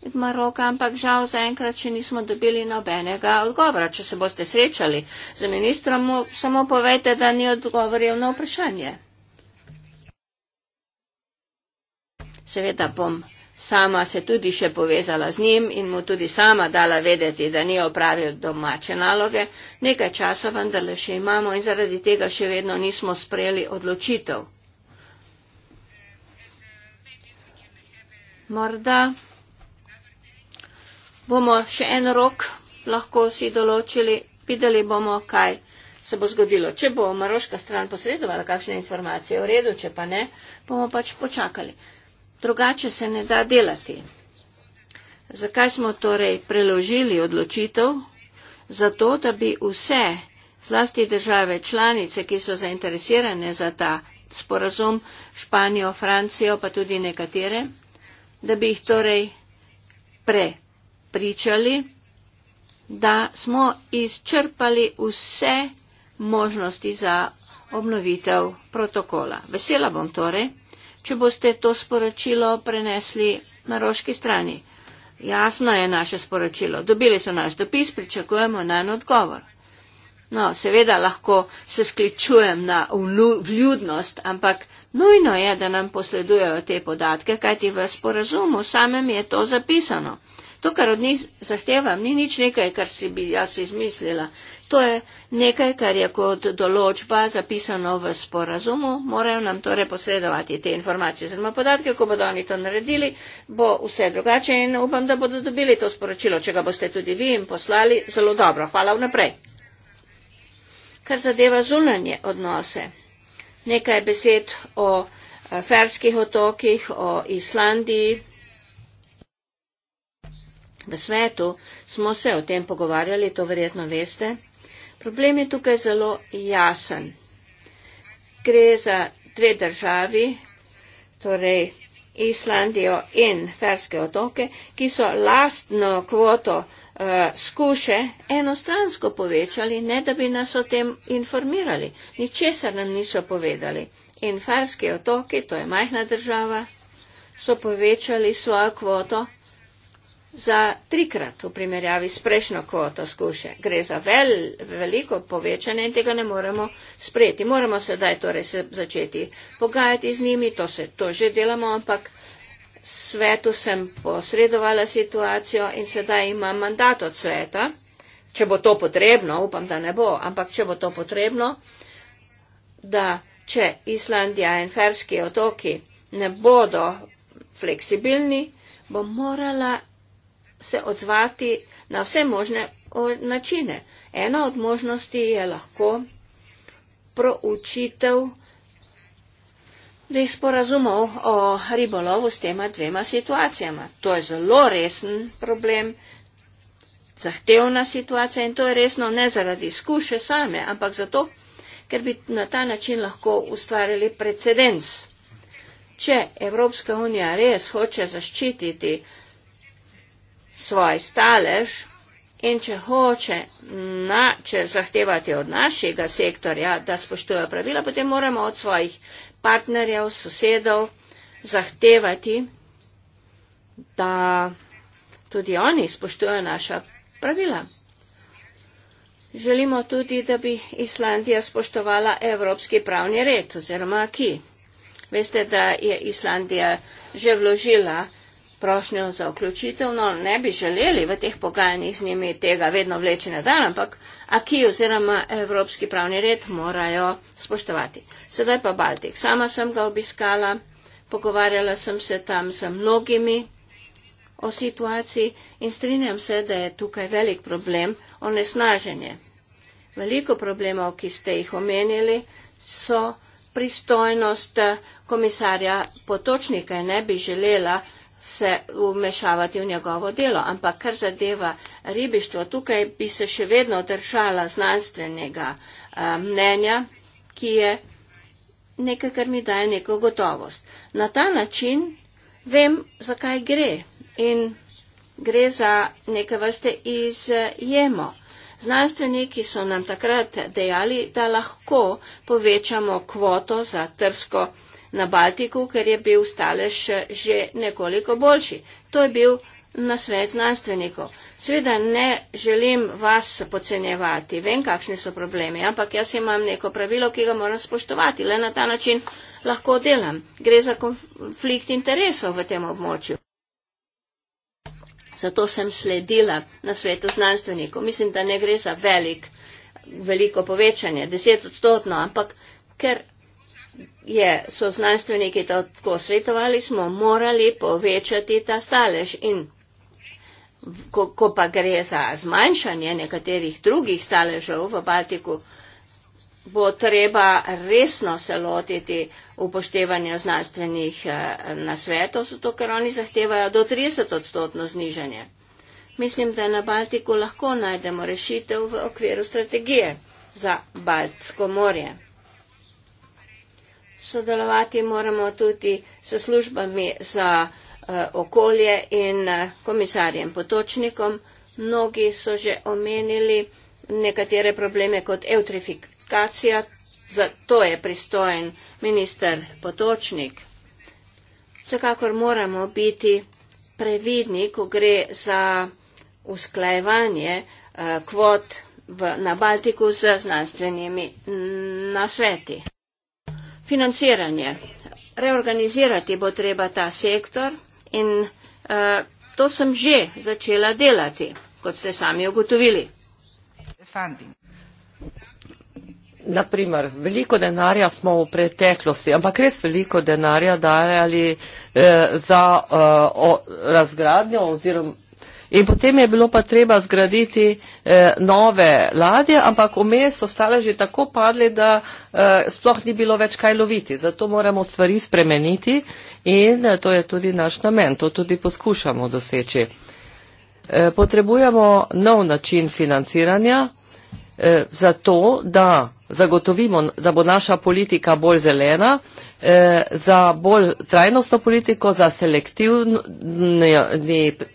od Maroka, ampak žal zaenkrat še nismo dobili nobenega odgovora. Če se boste srečali z ministrom, mu samo povejte, da ni odgovoril na vprašanje. Seveda bom sama se tudi še povezala z njim in mu tudi sama dala vedeti, da ni opravil domače naloge. Nekaj časa vendarle še imamo in zaradi tega še vedno nismo sprejeli odločitev. morda bomo še en rok lahko vsi določili, videli bomo, kaj se bo zgodilo. Če bo maroška stran posredovala kakšne informacije, v redu, če pa ne, bomo pač počakali. Drugače se ne da delati. Zakaj smo torej preložili odločitev? Zato, da bi vse, zlasti države članice, ki so zainteresirane za ta sporazum, Španijo, Francijo, pa tudi nekatere, da bi jih torej prepričali, da smo izčrpali vse možnosti za obnovitev protokola. Vesela bom torej, če boste to sporočilo prenesli na roški strani. Jasno je naše sporočilo. Dobili so naš dopis, pričakujemo na en odgovor. No, seveda lahko se skličujem na vljudnost, ampak nujno je, da nam posredujejo te podatke, kajti v sporazumu samem je to zapisano. To, kar od njih zahtevam, ni nič nekaj, kar si bi jaz izmislila. To je nekaj, kar je kot določba zapisano v sporazumu, morajo nam torej posredovati te informacije. Zdaj, podatke, ko bodo oni to naredili, bo vse drugače in upam, da bodo dobili to sporočilo, če ga boste tudi vi jim poslali, zelo dobro. Hvala vnaprej kar zadeva zunanje odnose. Nekaj besed o eh, Ferskih otokih, o Islandiji. V svetu smo se o tem pogovarjali, to verjetno veste. Problem je tukaj zelo jasen. Gre za dve državi, torej Islandijo in Ferske otoke, ki so lastno kvoto uh, Eh, skuše enostransko povečali, ne da bi nas o tem informirali. Ničesar nam niso povedali. In Farske otoki, to je majhna država, so povečali svojo kvoto za trikrat v primerjavi s prejšnjo kvoto skuše. Gre za vel, veliko povečanje in tega ne moremo sprejeti. Moramo sedaj torej se začeti pogajati z njimi, to, se, to že delamo, ampak svetu sem posredovala situacijo in sedaj imam mandat od sveta, če bo to potrebno, upam, da ne bo, ampak če bo to potrebno, da če Islandija in Ferski otoki ne bodo fleksibilni, bom morala se odzvati na vse možne načine. Ena od možnosti je lahko proučitev, Dveh sporazumov o ribolovu s tema dvema situacijama. To je zelo resen problem, zahtevna situacija in to je resno ne zaradi skuše same, ampak zato, ker bi na ta način lahko ustvarili precedens. Če Evropska unija res hoče zaščititi svoj stalež in če hoče na, če zahtevati od našega sektorja, da spoštujejo pravila, potem moramo od svojih partnerjev, sosedov, zahtevati, da tudi oni spoštujejo naša pravila. Želimo tudi, da bi Islandija spoštovala evropski pravni red oziroma ki. Veste, da je Islandija že vložila prošnjo za vključitev, no ne bi želeli v teh pogajanjih z njimi tega vedno vleči na dan, ampak aki oziroma evropski pravni red morajo spoštovati. Sedaj pa Baltik. Sama sem ga obiskala, pogovarjala sem se tam z mnogimi o situaciji in strinjam se, da je tukaj velik problem onesnaženje. Veliko problemov, ki ste jih omenili, so pristojnost eh, komisarja Potočnika in ne bi želela se vmešavati v njegovo delo. Ampak kar zadeva ribištvo, tukaj bi se še vedno držala znanstvenega eh, mnenja, ki je nekaj, kar mi daje neko gotovost. Na ta način vem, zakaj gre. In gre za neke vrste izjemo. Znanstveniki so nam takrat dejali, da lahko povečamo kvoto za trsko na Baltiku, ker je bil stalež že nekoliko boljši. To je bil na svet znanstvenikov. Sveda ne želim vas pocenjevati, vem, kakšni so problemi, ampak jaz imam neko pravilo, ki ga moram spoštovati. Le na ta način lahko delam. Gre za konflikt interesov v tem območju. Zato sem sledila na svetu znanstvenikov. Mislim, da ne gre za velik, veliko povečanje, deset odstotno, ampak ker je, so znanstveniki tako svetovali, smo morali povečati ta stalež. In ko, ko pa gre za zmanjšanje nekaterih drugih staležev v Baltiku, bo treba resno se lotiti upoštevanja znanstvenih eh, nasvetov, zato ker oni zahtevajo do 30 odstotno znižanje. Mislim, da na Baltiku lahko najdemo rešitev v okviru strategije za Baltsko morje sodelovati moramo tudi s službami za eh, okolje in eh, komisarjem potočnikom. Mnogi so že omenili nekatere probleme kot eutrifikacija, zato je pristojen minister potočnik. Vsekakor moramo biti previdni, ko gre za usklajevanje eh, kvot v, na Baltiku z znanstvenimi nasveti. Financiranje. Reorganizirati bo treba ta sektor in uh, to sem že začela delati, kot ste sami ugotovili. Naprimer, veliko denarja smo v preteklosti, ampak res veliko denarja dajali eh, za eh, o, razgradnjo oziroma In potem je bilo pa treba zgraditi eh, nove ladje, ampak vmes so stale že tako padle, da eh, sploh ni bilo več kaj loviti. Zato moramo stvari spremeniti in eh, to je tudi naš namen, to tudi poskušamo doseči. Eh, potrebujemo nov način financiranja, eh, zato, da zagotovimo, da bo naša politika bolj zelena, eh, za bolj trajnostno politiko, za selektivni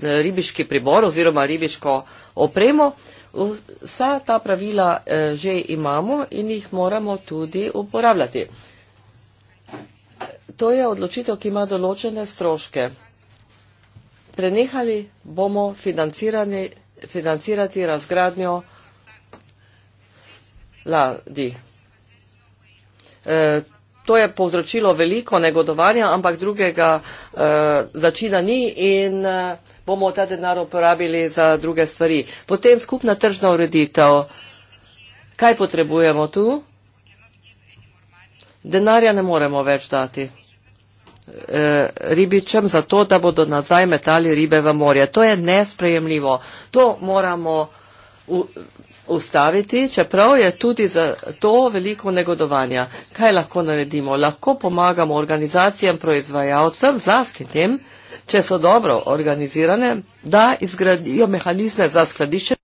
ribiški pribor oziroma ribiško opremo. Vsa ta pravila eh, že imamo in jih moramo tudi uporabljati. To je odločitev, ki ima določene stroške. Prenehali bomo financirati razgradnjo ladi. E, to je povzročilo veliko negodovanja, ampak drugega e, začina ni in e, bomo ta denar uporabili za druge stvari. Potem skupna tržna ureditev. Kaj potrebujemo tu? Denarja ne moremo več dati e, ribičem za to, da bodo nazaj metali ribe v morje. To je nesprejemljivo. To moramo ustaviti, čeprav je tudi za to veliko negodovanja. Kaj lahko naredimo? Lahko pomagamo organizacijam, proizvajalcem, zlasti tem, če so dobro organizirane, da izgradijo mehanizme za skladišče,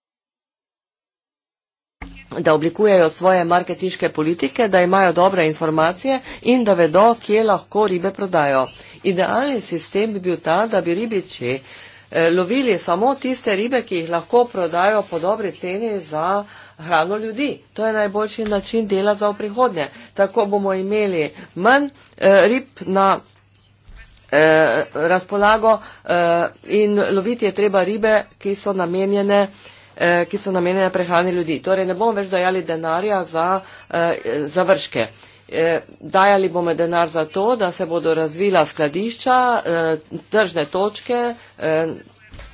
da oblikujejo svoje marketiške politike, da imajo dobre informacije in da vedo, kje lahko ribe prodajo. Idealni sistem bi bil ta, da bi ribiči Eh, lovili samo tiste ribe, ki jih lahko prodajo po dobri ceni za hrano ljudi. To je najboljši način dela za v prihodnje. Tako bomo imeli manj eh, rib na eh, razpolago eh, in loviti je treba ribe, ki so namenjene eh, ki so namenjene prehrani ljudi. Torej ne bomo več dajali denarja za eh, završke. Eh, Eh, dajali bomo denar za to, da se bodo razvila skladišča, eh, tržne točke, eh,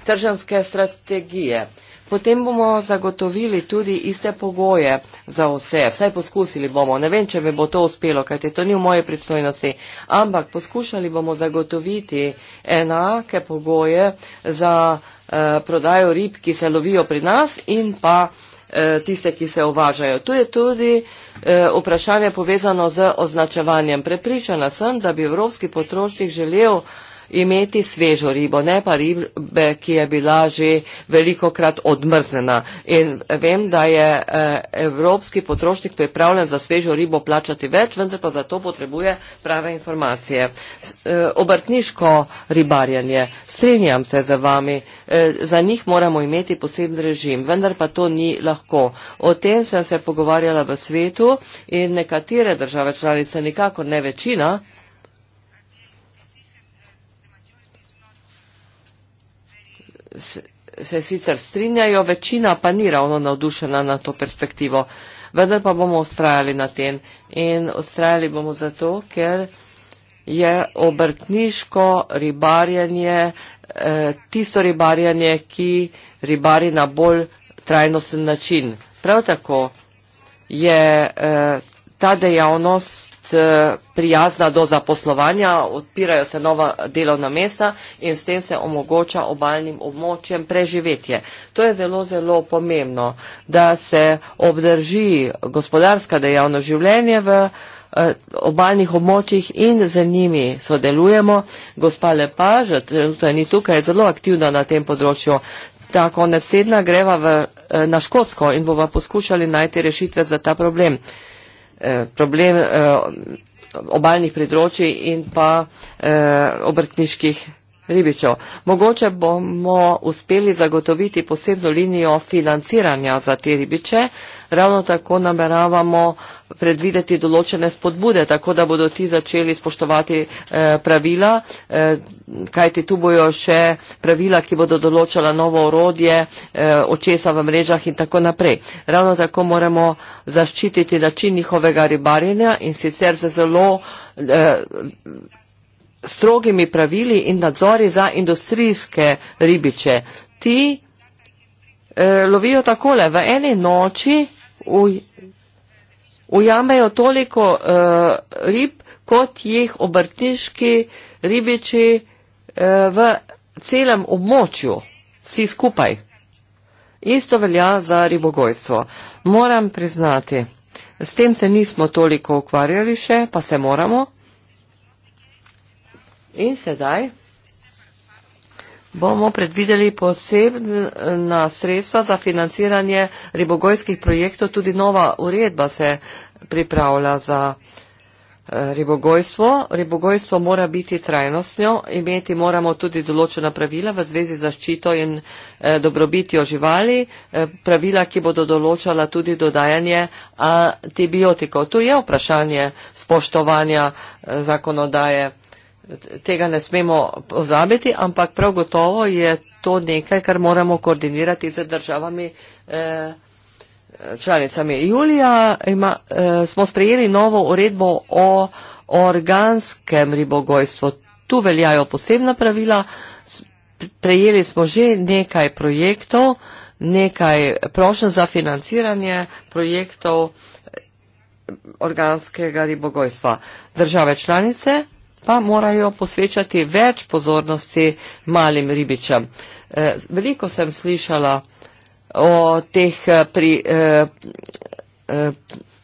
tržanske strategije. Potem bomo zagotovili tudi iste pogoje za vse. Vsaj poskusili bomo. Ne vem, če bi bo to uspelo, kajte to ni v moje pristojnosti. Ampak poskušali bomo zagotoviti enake pogoje za eh, prodajo rib, ki se lovijo pri nas in pa eh, Eh, tiste, ki se uvažajo. Tu je tudi eh, vprašanje povezano z označevanjem. Prepričana sem, da bi evropski potrošnik želel imeti svežo ribo, ne pa ribe, ki je bila že veliko krat odmrznjena. In vem, da je eh, evropski potrošnik pripravljen za svežo ribo plačati več, vendar pa za to potrebuje prave informacije. Eh, obrtniško ribarjanje, strinjam se za vami, eh, za njih moramo imeti poseben režim, vendar pa to ni lahko. O tem sem se pogovarjala v svetu in nekatere države članice, nikakor ne večina, se sicer strinjajo, večina pa ni ravno navdušena na to perspektivo. Vendar pa bomo ustrajali na tem in ustrajali bomo zato, ker je obrtniško ribarjanje eh, tisto ribarjanje, ki ribari na bolj trajnosten način. Prav tako je eh, ta dejavnost eh, prijazna do zaposlovanja, odpirajo se nova delovna mesta in s tem se omogoča obaljnim območjem preživetje. To je zelo, zelo pomembno, da se obdrži gospodarska dejavno življenje v eh, obaljnih območjih in z njimi sodelujemo. Gospa Lepaž, trenutno je ni tukaj, je zelo aktivna na tem področju. Ta konec tedna greva v, eh, na Škotsko in bova poskušali najti rešitve za ta problem. Eh, problem eh, obalnih področij in pa eh, obrtniških Ribičo, mogoče bomo uspeli zagotoviti posebno linijo financiranja za te ribiče, ravno tako nameravamo predvideti določene spodbude, tako da bodo ti začeli spoštovati eh, pravila, eh, kajti tu bojo še pravila, ki bodo določala novo orodje, eh, očesa v mrežah in tako naprej. Ravno tako moramo zaščititi način njihovega ribarjenja in sicer se zelo. Eh, strogimi pravili in nadzori za industrijske ribiče. Ti eh, lovijo takole, v eni noči uj, ujamejo toliko eh, rib, kot jih obrtniški ribiči eh, v celem območju, vsi skupaj. Isto velja za ribogojstvo. Moram priznati, s tem se nismo toliko ukvarjali še, pa se moramo. In sedaj bomo predvideli posebna sredstva za financiranje ribogojskih projektov. Tudi nova uredba se pripravlja za eh, ribogojstvo. Ribogojstvo mora biti trajnostno, imeti moramo tudi določena pravila v zvezi z zaščito in eh, dobrobitjo živali, eh, pravila, ki bodo določala tudi dodajanje antibiotikov. Tu je vprašanje spoštovanja zakonodaje tega ne smemo pozabiti, ampak prav gotovo je to nekaj, kar moramo koordinirati z državami eh, članicami. Julija ima, eh, smo sprejeli novo uredbo o organskem ribogojstvu. Tu veljajo posebna pravila. Prejeli smo že nekaj projektov, nekaj prošen za financiranje projektov eh, organskega ribogojstva. Države članice pa morajo posvečati več pozornosti malim ribičem. Eh, veliko sem slišala o teh eh, pri eh,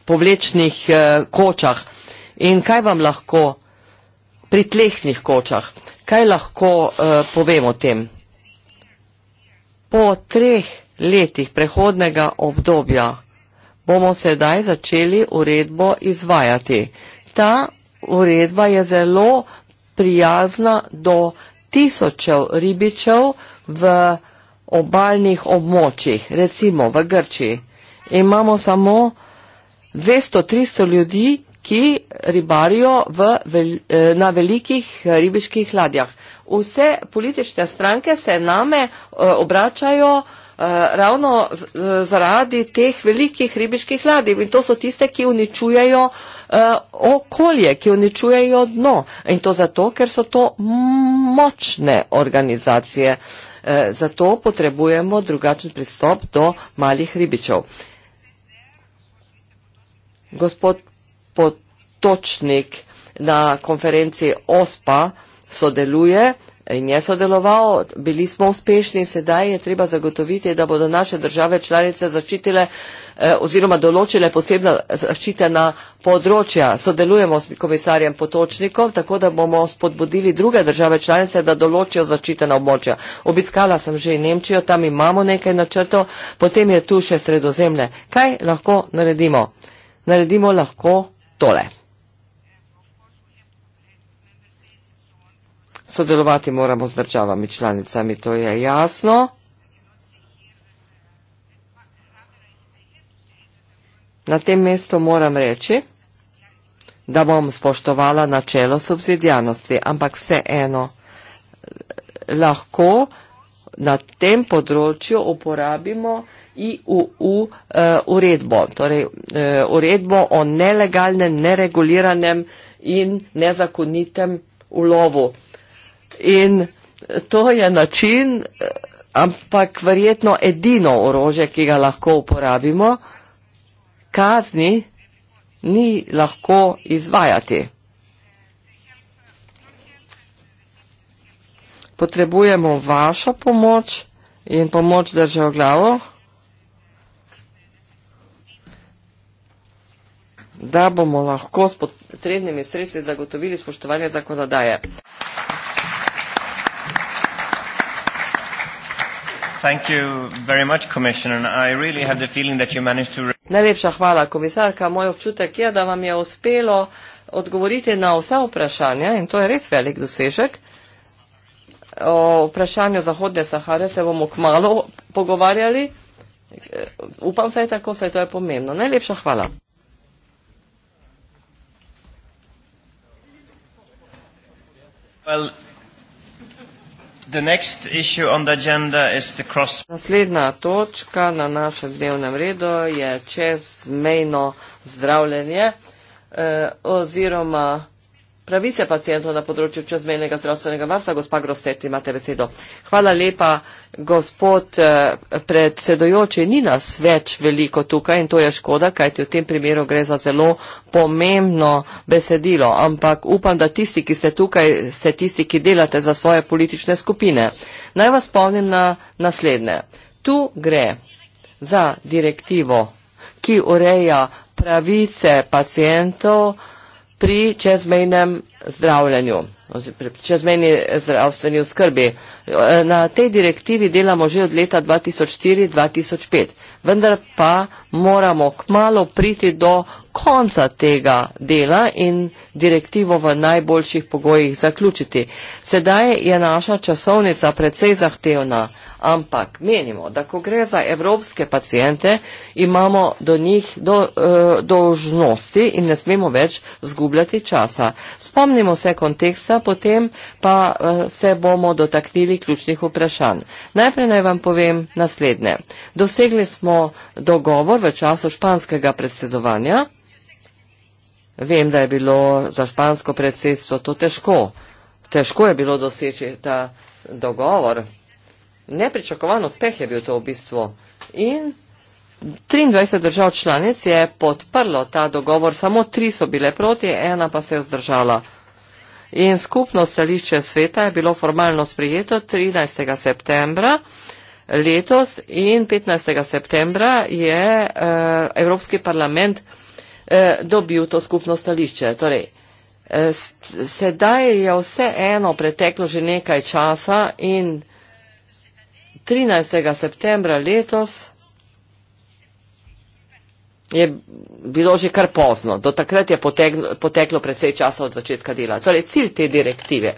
povlečnih kočah in kaj vam lahko pri tlehnih kočah, kaj lahko povem o tem. Po treh letih prehodnega obdobja bomo sedaj začeli uredbo izvajati. Ta uredba je zelo prijazna do tisočev ribičev v obaljnih območjih, recimo v Grčiji. Imamo samo 200-300 ljudi, ki ribarijo v, eh, na velikih ribiških ladjah. Vse politične stranke se name eh, obračajo uh, Eh, ravno eh, zaradi teh velikih ribiških ladij. In to so tiste, ki uničujejo eh, okolje, ki uničujejo dno. In to zato, ker so to močne organizacije. Zato potrebujemo drugačen pristop do malih ribičev. Gospod Potočnik na konferenci OSPA sodeluje in je sodeloval, bili smo uspešni, sedaj je treba zagotoviti, da bodo naše države članice zaščitile eh, oziroma določile posebna zaščitena področja. Sodelujemo s komisarjem Potočnikom, tako da bomo spodbudili druge države članice, da določijo zaščitena območja. Obiskala sem že Nemčijo, tam imamo nekaj načrtov, potem je tu še sredozemlje. Kaj lahko naredimo? Naredimo lahko tole. sodelovati moramo z državami članicami, to je jasno. Na tem mestu moram reči, da bom spoštovala načelo subsidijanosti, ampak vseeno lahko na tem področju uporabimo IUU eh, uredbo, torej eh, uredbo o nelegalnem, nereguliranem in nezakonitem ulovu. In to je način, ampak verjetno edino orože, ki ga lahko uporabimo, kazni ni lahko izvajati. Potrebujemo vašo pomoč in pomoč držav glavo, da bomo lahko s potrebnimi sredstvi zagotovili spoštovanje zakonodaje. Najlepša hvala, komisarka. Moj občutek je, da vam je uspelo odgovoriti na vsa vprašanja in to je res velik dosežek. O vprašanju Zahodne Sahare se bomo kmalo pogovarjali. E, upam se je tako, saj to je pomembno. Najlepša hvala. Well, Naslednja točka na našem dnevnem redu je čezmejno zdravljenje eh, oziroma pravice pacijentov na področju čezmejnega zdravstvenega varstva. Gospa Grosset, imate besedo. Hvala lepa, gospod eh, predsedojoči. Ni nas več veliko tukaj in to je škoda, kajti v tem primeru gre za zelo pomembno besedilo. Ampak upam, da tisti, ki ste tukaj, ste tisti, ki delate za svoje politične skupine. Naj vas spomnim na naslednje. Tu gre za direktivo, ki ureja pravice pacijentov, pri čezmejnem zdravljenju, pri čezmejni zdravstveni oskrbi. E, na tej direktivi delamo že od leta 2004-2005, vendar pa moramo kmalo priti do konca tega dela in direktivo v najboljših pogojih zaključiti. Sedaj je naša časovnica precej zahtevna ampak menimo, da ko gre za evropske pacijente, imamo do njih do, uh, eh, dožnosti in ne smemo več zgubljati časa. Spomnimo se konteksta, potem pa uh, se bomo dotaknili ključnih vprašanj. Najprej naj vam povem naslednje. Dosegli smo dogovor v času španskega predsedovanja. Vem, da je bilo za špansko predsedstvo to težko. Težko je bilo doseči ta dogovor, Nepričakovan uspeh je bil to v bistvu. In 23 držav članic je podprlo ta dogovor, samo tri so bile proti, ena pa se je vzdržala. In skupno stališče sveta je bilo formalno sprijeto 13. septembra letos in 15. septembra je eh, Evropski parlament eh, dobil to skupno stališče. Torej, eh, sedaj je vse eno preteklo že nekaj časa in 13. septembra letos je bilo že kar pozno. Do takrat je poteklo, poteklo predvsej časa od začetka dela. Torej, cilj te direktive.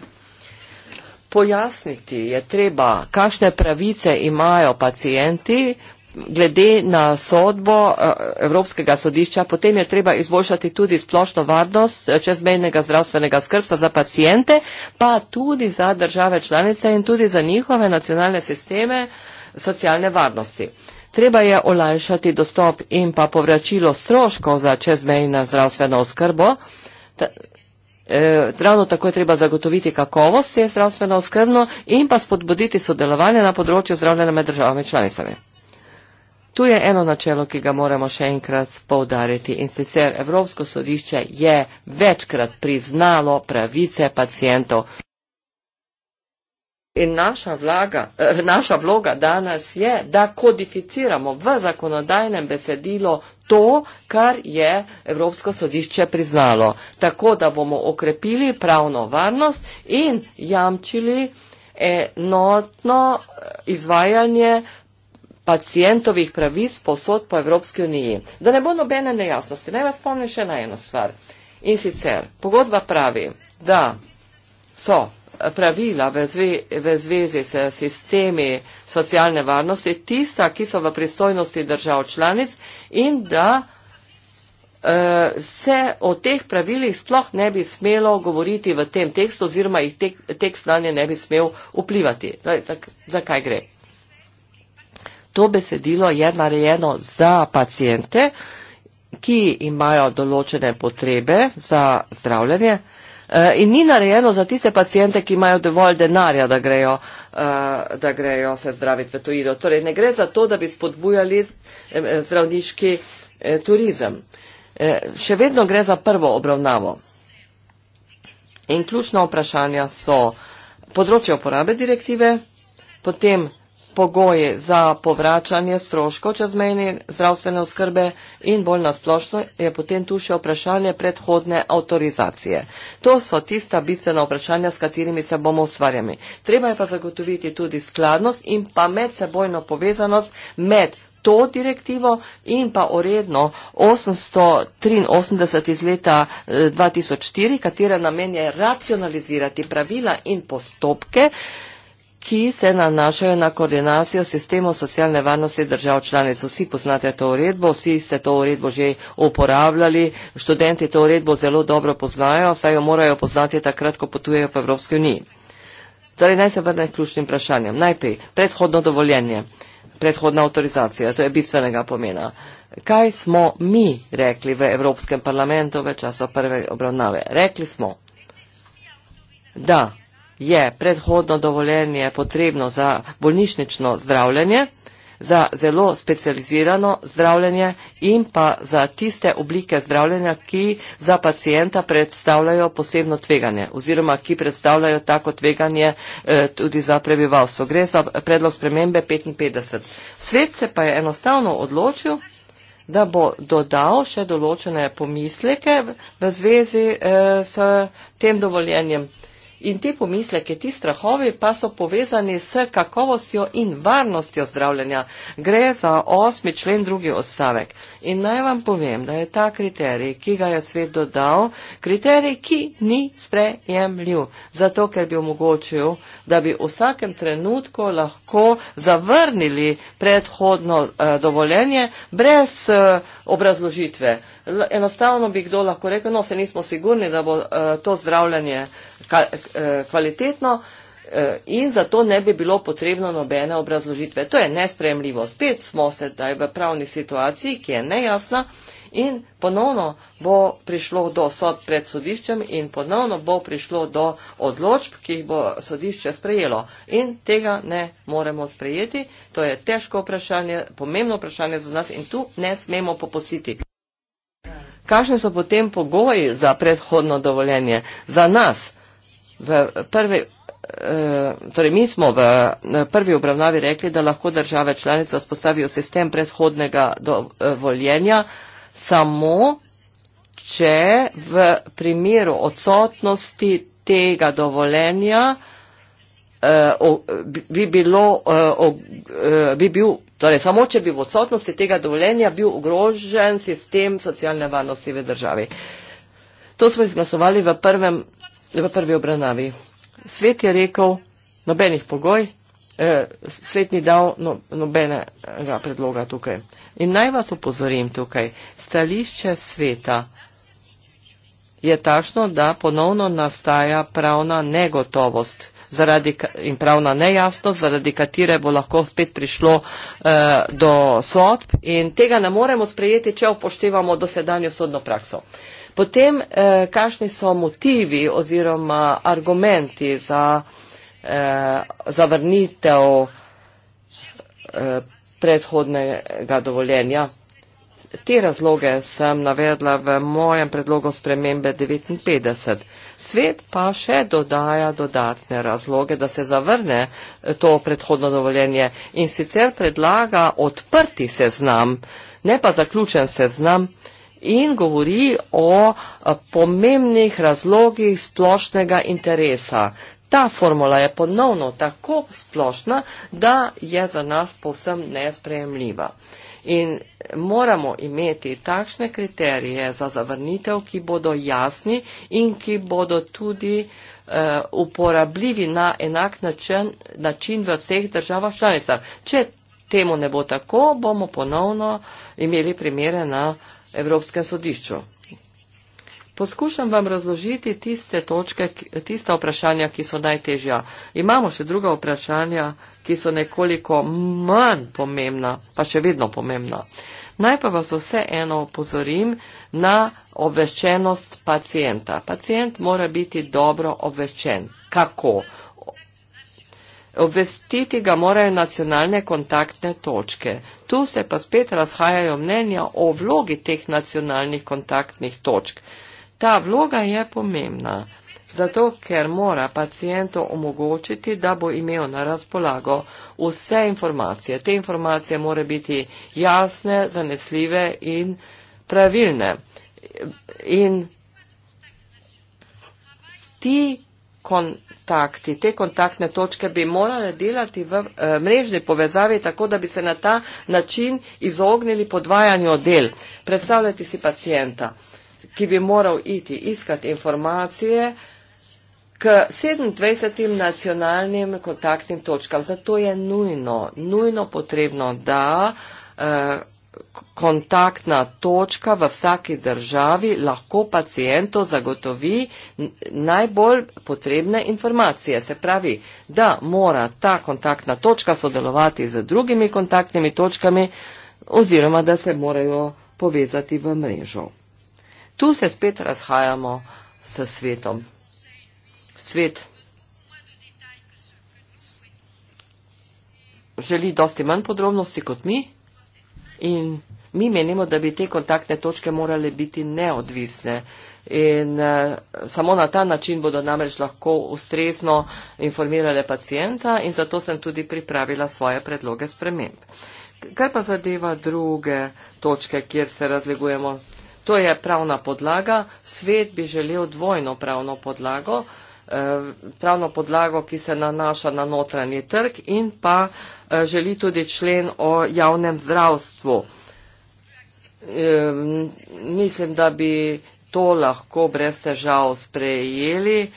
Pojasniti je treba, kakšne pravice imajo pacijenti glede na sodbo eh, Evropskega sodišča, potem je treba izboljšati tudi splošno varnost eh, čezmejnega zdravstvenega skrbstva za pacijente, pa tudi za države članice in tudi za njihove nacionalne sisteme socialne varnosti. Treba je olajšati dostop in pa povračilo stroškov za čezmejno zdravstveno oskrbo. Ta, eh, Ravno tako je treba zagotoviti kakovost te zdravstveno oskrbno in pa spodbuditi sodelovanje na področju zdravljenja med državami članicami. Tu je eno načelo, ki ga moramo še enkrat povdariti in sicer Evropsko sodišče je večkrat priznalo pravice pacijentov. In naša, vlaga, eh, naša vloga danes je, da kodificiramo v zakonodajnem besedilo to, kar je Evropsko sodišče priznalo, tako da bomo okrepili pravno varnost in jamčili enotno eh, izvajanje pacijentovih pravic posod po Evropski uniji. Da ne bo nobene nejasnosti, naj vas spomnim še na eno stvar. In sicer, pogodba pravi, da so pravila v, zve, v zvezi s sistemi socialne varnosti tista, ki so v pristojnosti držav članic in da uh, se o teh pravilih sploh ne bi smelo govoriti v tem tekstu oziroma jih tek, tekst na ne bi smel vplivati. Torej, Zakaj gre? to besedilo je narejeno za pacijente, ki imajo določene potrebe za zdravljenje eh, in ni narejeno za tiste pacijente, ki imajo dovolj denarja, da grejo, eh, da grejo se zdraviti v tujino. Torej, ne gre za to, da bi spodbujali eh, zdravniški turizem. Še vedno gre za prvo obravnavo. In ključna vprašanja so področje uporabe direktive, potem pogoji za povračanje stroškov čezmejne zdravstvene oskrbe in bolj nasplošno je potem tu še vprašanje predhodne avtorizacije. To so tista bistvena vprašanja, s katerimi se bomo ustvarjali. Treba je pa zagotoviti tudi skladnost in pa medsebojno povezanost med to direktivo in pa uredno 883 iz leta 2004, eh, katera namen je racionalizirati pravila in postopke, ki se nanašajo na koordinacijo sistemov socialne varnosti držav članic. Vsi poznate to uredbo, vsi ste to uredbo že uporabljali, študenti to uredbo zelo dobro poznajo, saj jo morajo poznati takrat, ko potujejo po Evropski uniji. Torej, naj se vrnem k ključnim vprašanjem. Najprej, predhodno dovoljenje, predhodna avtorizacija, to je bistvenega pomena. Kaj smo mi rekli v Evropskem parlamentu v času prve obravnave? Rekli smo, da je predhodno dovoljenje potrebno za bolnišnično zdravljenje, za zelo specializirano zdravljenje in pa za tiste oblike zdravljenja, ki za pacijenta predstavljajo posebno tveganje oziroma ki predstavljajo tako tveganje eh, tudi za prebivalstvo. Gre za predlog spremembe 55. Svet se pa je enostavno odločil, da bo dodal še določene pomisleke v zvezi eh, s tem dovoljenjem. In te pomisleke, ti strahovi pa so povezani s kakovostjo in varnostjo zdravljenja. Gre za osmi člen drugi odstavek. In naj vam povem, da je ta kriterij, ki ga je svet dodal, kriterij, ki ni sprejemljiv. Zato, ker bi omogočil, da bi v vsakem trenutku lahko zavrnili predhodno eh, dovoljenje brez eh, obrazložitve. Enostavno bi kdo lahko rekel, no se nismo sigurni, da bo eh, to zdravljenje. Eh, kvalitetno eh, in zato ne bi bilo potrebno nobene obrazložitve. To je nespremljivo. Spet smo sedaj v pravni situaciji, ki je nejasna in ponovno bo prišlo do sod pred sodiščem in ponovno bo prišlo do odločb, ki jih bo sodišče sprejelo. In tega ne moremo sprejeti. To je težko vprašanje, pomembno vprašanje za nas in tu ne smemo popustiti. Kakšne so potem pogoji za predhodno dovoljenje? Za nas. V prvi, eh, torej mi smo v prvi obravnavi rekli, da lahko države članice vzpostavijo sistem predhodnega dovoljenja eh, samo, če v primeru odsotnosti tega dovoljenja eh, bi bilo, bi bil, torej samo, če bi v odsotnosti tega dovoljenja bil ogrožen sistem socialne varnosti v državi. To smo izglasovali v prvem v prvi obravnavi. Svet je rekel nobenih pogoj, eh, svet ni dal no, nobenega predloga tukaj. In naj vas upozorim tukaj, stališče sveta je tašno, da ponovno nastaja pravna negotovost zaradi, in pravna nejasnost, zaradi katere bo lahko spet prišlo eh, do sodb in tega ne moremo sprejeti, če upoštevamo dosedanjo sodno prakso. Eh, Potem, eh, kakšni so motivi oziroma argumenti za eh, zavrnitev eh, predhodnega dovoljenja? Te razloge sem navedla v mojem predlogu spremembe 59. Svet pa še dodaja dodatne razloge, da se zavrne eh, to predhodno dovoljenje in sicer predlaga odprti seznam, ne pa zaključen seznam, eh, in govori o eh, pomembnih razlogih splošnega interesa. Ta formula je ponovno tako splošna, da je za nas povsem nesprejemljiva. In moramo imeti takšne kriterije za zavrnitev, ki bodo jasni in ki bodo tudi uh, uporabljivi na enak način, način v vseh državah članicah. Če temu ne bo tako, bomo ponovno imeli primere na uh, Evropskem sodišču. Poskušam vam razložiti tiste točke, tista vprašanja, ki so najtežja. Imamo še druga vprašanja, ki so nekoliko manj pomembna, pa še vedno pomembna. Naj pa vas vse eno opozorim na obveščenost pacijenta. Pacijent mora biti dobro obveščen. Kako? obvestiti ga morajo nacionalne kontaktne točke. Tu se pa spet razhajajo mnenja o vlogi teh nacionalnih kontaktnih točk. Ta vloga je pomembna, zato ker mora pacijentu omogočiti, da bo imel na razpolago vse informacije. Te informacije more biti jasne, zanesljive in pravilne. In ti kontaktne kontakti. Te kontaktne točke bi morale delati v eh, mrežni povezavi, tako da bi se na ta način izognili podvajanju del. Predstavljati si pacijenta, ki bi moral iti iskati informacije k 27. nacionalnim kontaktnim točkam. Zato je nujno, nujno potrebno, da eh, kontaktna točka v vsaki državi lahko pacijentu zagotovi najbolj potrebne informacije. Se pravi, da mora ta kontaktna točka sodelovati z drugimi kontaktnimi točkami oziroma da se morajo povezati v mrežo. Tu se spet razhajamo s svetom. Svet želi dosti manj podrobnosti kot mi. In mi menimo, da bi te kontaktne točke morale biti neodvisne. In uh, samo na ta način bodo namreč lahko ustrezno informirale pacijenta in zato sem tudi pripravila svoje predloge sprememb. Kaj pa zadeva druge točke, kjer se razlegujemo? To je pravna podlaga. Svet bi želel dvojno pravno podlago. Uh, Eh, pravno podlago, ki se nanaša na notranji trg in pa eh, želi tudi člen o javnem zdravstvu. Mislim, da bi to lahko brez težav sprejeli,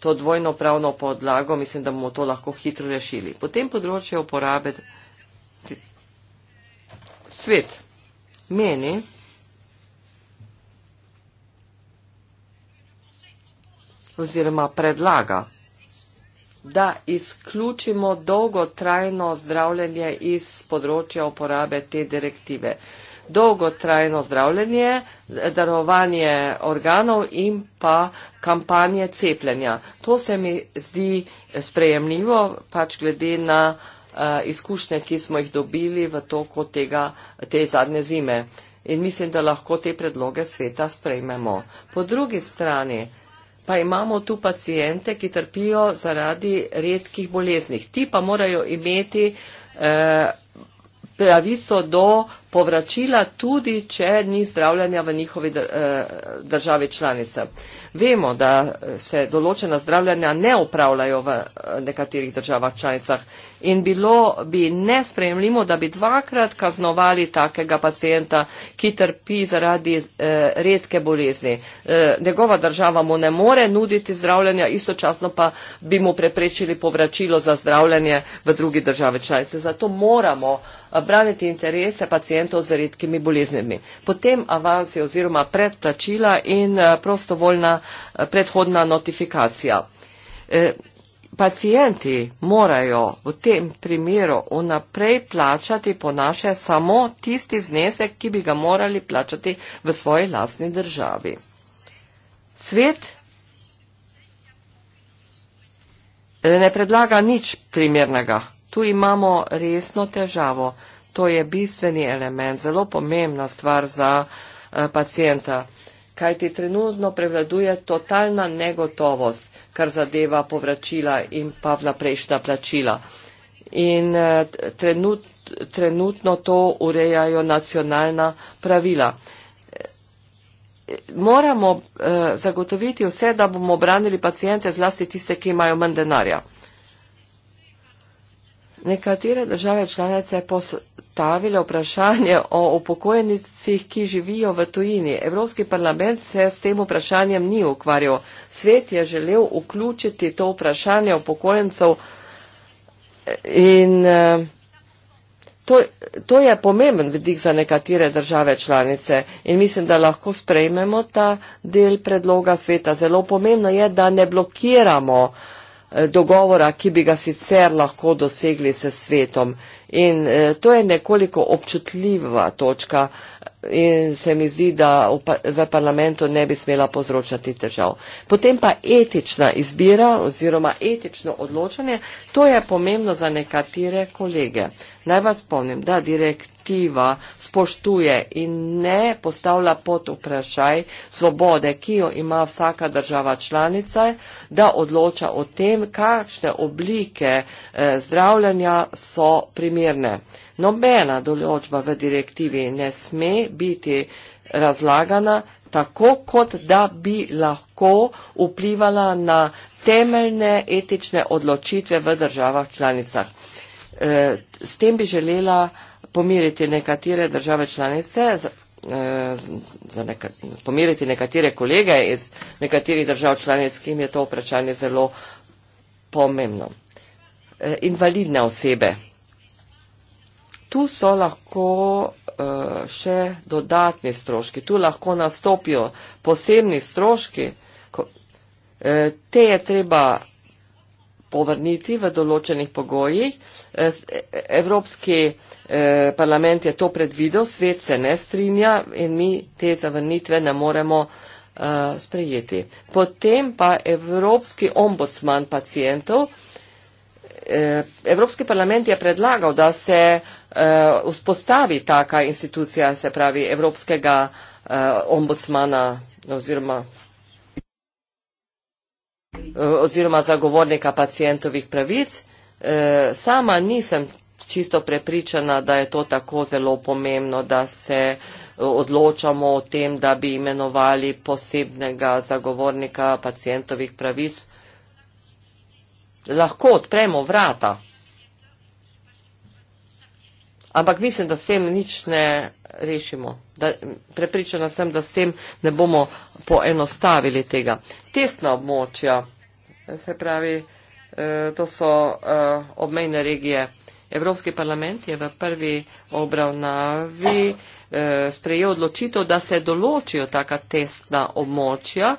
to dvojno pravno podlago, mislim, da bomo to lahko hitro rešili. Potem področje uporabe svet meni, oziroma predlaga, da izključimo dolgotrajno zdravljenje iz področja uporabe te direktive. Dolgotrajno zdravljenje, darovanje organov in pa kampanje cepljenja. To se mi zdi sprejemljivo, pač glede na uh, izkušnje, ki smo jih dobili v toku tega, te zadnje zime. In mislim, da lahko te predloge sveta sprejmemo. Po drugi strani, pa imamo tu pacijente, ki trpijo zaradi redkih boleznih. Ti pa morajo imeti eh, pravico do povračila, tudi če ni zdravljanja v njihovi eh, državi članice. Vemo, da eh, se določena zdravljanja ne upravljajo v eh, nekaterih državah članicah in bilo bi nespremljivo, da bi dvakrat kaznovali takega pacijenta, ki trpi zaradi redke bolezni. Njegova država mu ne more nuditi zdravljanja, istočasno pa bi mu preprečili povračilo za zdravljanje v drugi državi članice. Zato moramo braniti interese pacijenta pacijentov z redkimi boleznimi. Potem avansi oziroma predplačila in eh, prostovoljna eh, predhodna notifikacija. Eh, Pacijenti morajo v tem primeru vnaprej plačati po naše samo tisti znesek, ki bi ga morali plačati v svoji lastni državi. Svet ne predlaga nič primernega. Tu imamo resno težavo. To je bistveni element, zelo pomembna stvar za eh, pacijenta, kaj ti trenutno prevladuje totalna negotovost, kar zadeva povračila in pa vnaprejšnja plačila. In eh, trenut, trenutno to urejajo nacionalna pravila. Eh, moramo zagotoviti vse, da bomo obranili pacijente, zlasti tiste, ki imajo manj denarja. Nekatere države članice postavile vprašanje o upokojenicih, ki živijo v tujini. Evropski parlament se s tem vprašanjem ni ukvarjal. Svet je želel vključiti to vprašanje upokojencev in eh, to, to je pomemben vidik za nekatere države članice in mislim, da lahko sprejmemo ta del predloga sveta. Zelo pomembno je, da ne blokiramo uh, Eh, dogovora, ki bi ga sicer lahko dosegli s svetom. In eh, to je nekoliko občutljiva točka in se mi zdi, da v parlamentu ne bi smela povzročati težav. Potem pa etična izbira oziroma etično odločanje, to je pomembno za nekatere kolege. Naj vas spomnim, da direktiva spoštuje in ne postavlja pod vprašaj svobode, ki jo ima vsaka država članica, da odloča o tem, kakšne oblike eh, zdravljanja so primerne. Nobena določba v direktivi ne sme biti razlagana tako, kot da bi lahko vplivala na temeljne etične odločitve v državah članicah. E, s tem bi želela pomiriti nekatere države članice, e, za neka, pomiriti nekatere kolege iz nekaterih držav članic, ki jim je to vprašanje zelo pomembno. E, invalidne osebe tu so lahko uh, še dodatni stroški, tu lahko nastopijo posebni stroški, ko, uh, te je treba povrniti v določenih pogojih. Eh, e, e, Evropski parlament je to predvidel, svet se ne strinja in mi te zavrnitve ne moremo sprejeti. Potem pa Evropski ombudsman pacijentov. Evropski parlament je predlagal, da se uh, vzpostavi taka institucija, se pravi Evropskega uh, ombudsmana oziroma, uh, oziroma zagovornika pacijentovih pravic. Uh, sama nisem čisto prepričana, da je to tako zelo pomembno, da se odločamo o tem, da bi imenovali posebnega zagovornika pacijentovih pravic. Lahko odpremo vrata. Ampak mislim, da s tem nič ne rešimo. Da, prepričana sem, da s tem ne bomo poenostavili tega. Tesna območja, se pravi, eh, to so eh, obmejne regije. Evropski parlament je v prvi obravnavi eh, sprejel odločitev, da se določijo taka testna območja.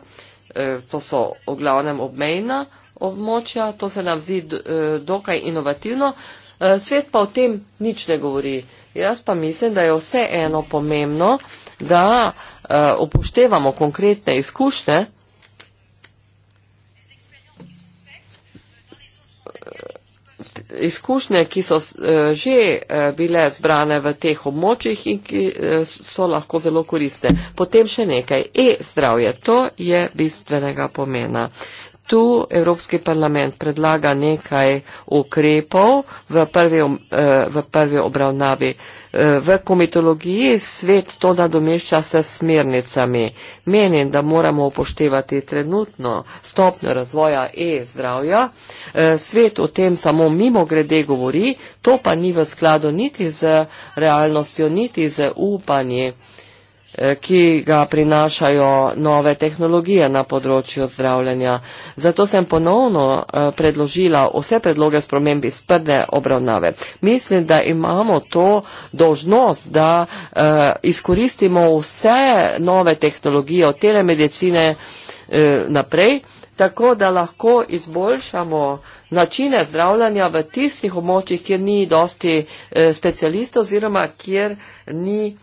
To so v glavnem obmejna območja, to se nam zdi dokaj inovativno. Eh, svet pa o tem nič ne govori. Jaz pa mislim, da je vse eno pomembno, da eh, upoštevamo konkretne izkušnje. Izkušnje, ki so eh, že bile zbrane v teh območjih in ki so lahko zelo koriste. Potem še nekaj. E-zdravje, to je bistvenega pomena tu Evropski parlament predlaga nekaj ukrepov v prvi, eh, v prvi obravnavi. Eh, v komitologiji svet to nadomešča s smernicami. Menim, da moramo upoštevati trenutno stopnjo razvoja e-zdravja. Eh, svet o tem samo mimo grede govori, to pa ni v skladu niti z realnostjo, niti z upanjem. Eh, ki ga prinašajo nove tehnologije na področju zdravljenja. Zato sem ponovno eh, predložila vse predloge spremembi iz prve obravnave. Mislim, da imamo to dožnost, da eh, izkoristimo vse nove tehnologije od telemedicine naprej, tako da lahko izboljšamo načine zdravljanja v tistih območjih, kjer ni dosti specialistov oziroma kjer ni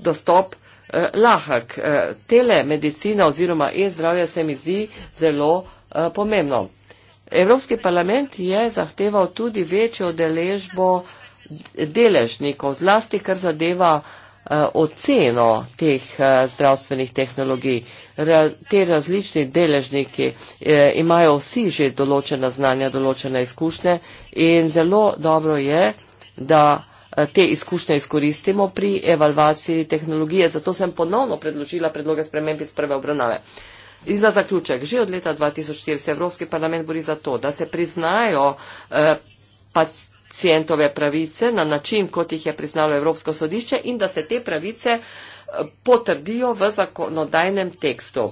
dostop eh, lahak. Eh, telemedicina oziroma e-zdravje se mi zdi zelo eh, pomembno. Evropski parlament je zahteval tudi večjo deležbo deležnikov, zlasti kar zadeva eh, oceno teh eh, zdravstvenih tehnologij. Ra te različni deležniki eh, imajo vsi že določena znanja, določene izkušnje in zelo dobro je, da Eh, te izkušnje izkoristimo pri evalvaciji tehnologije. Zato sem ponovno predložila predloge sprememb iz prve obravnave. In za zaključek, že od leta 2004 se Evropski parlament bori za to, da se priznajo eh, pacijentove pravice na način, kot jih je priznalo Evropsko sodišče in da se te pravice eh, potrdijo v zakonodajnem tekstu.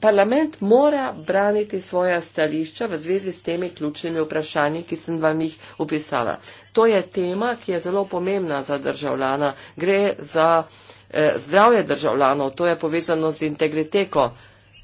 Parlament mora braniti svoja stališča v zvezi s temi ključnimi vprašanji, ki sem vam jih upisala to je tema, ki je zelo pomembna za državljana. Gre za eh, zdravje državljanov, to je povezano z integriteko.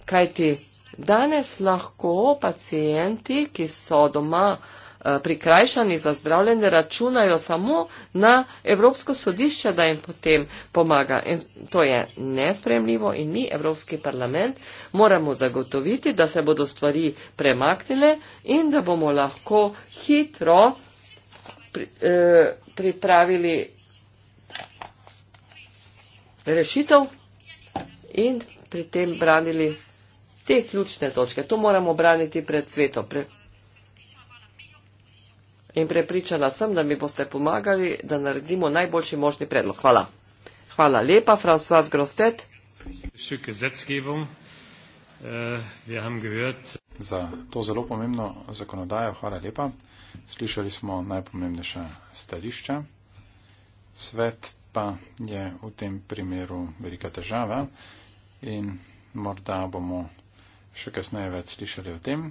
Kajti danes lahko pacijenti, ki so doma eh, prikrajšani za zdravljenje, računajo samo na Evropsko sodišče, da jim potem pomaga. In to je nespremljivo in mi, Evropski parlament, moramo zagotoviti, da se bodo stvari premaknile in da bomo lahko hitro pri, eh, pripravili rešitev in pri tem branili te ključne točke. To moramo braniti pred svetom. Pre... In prepričana sem, da mi boste pomagali, da naredimo najboljši možni predlog. Hvala. Hvala lepa, François Grostet. Eh, Za to zelo pomembno zakonodajo, hvala lepa. Slišali smo najpomembnejša stališča. Svet pa je v tem primeru velika težava in morda bomo še kasneje več slišali o tem.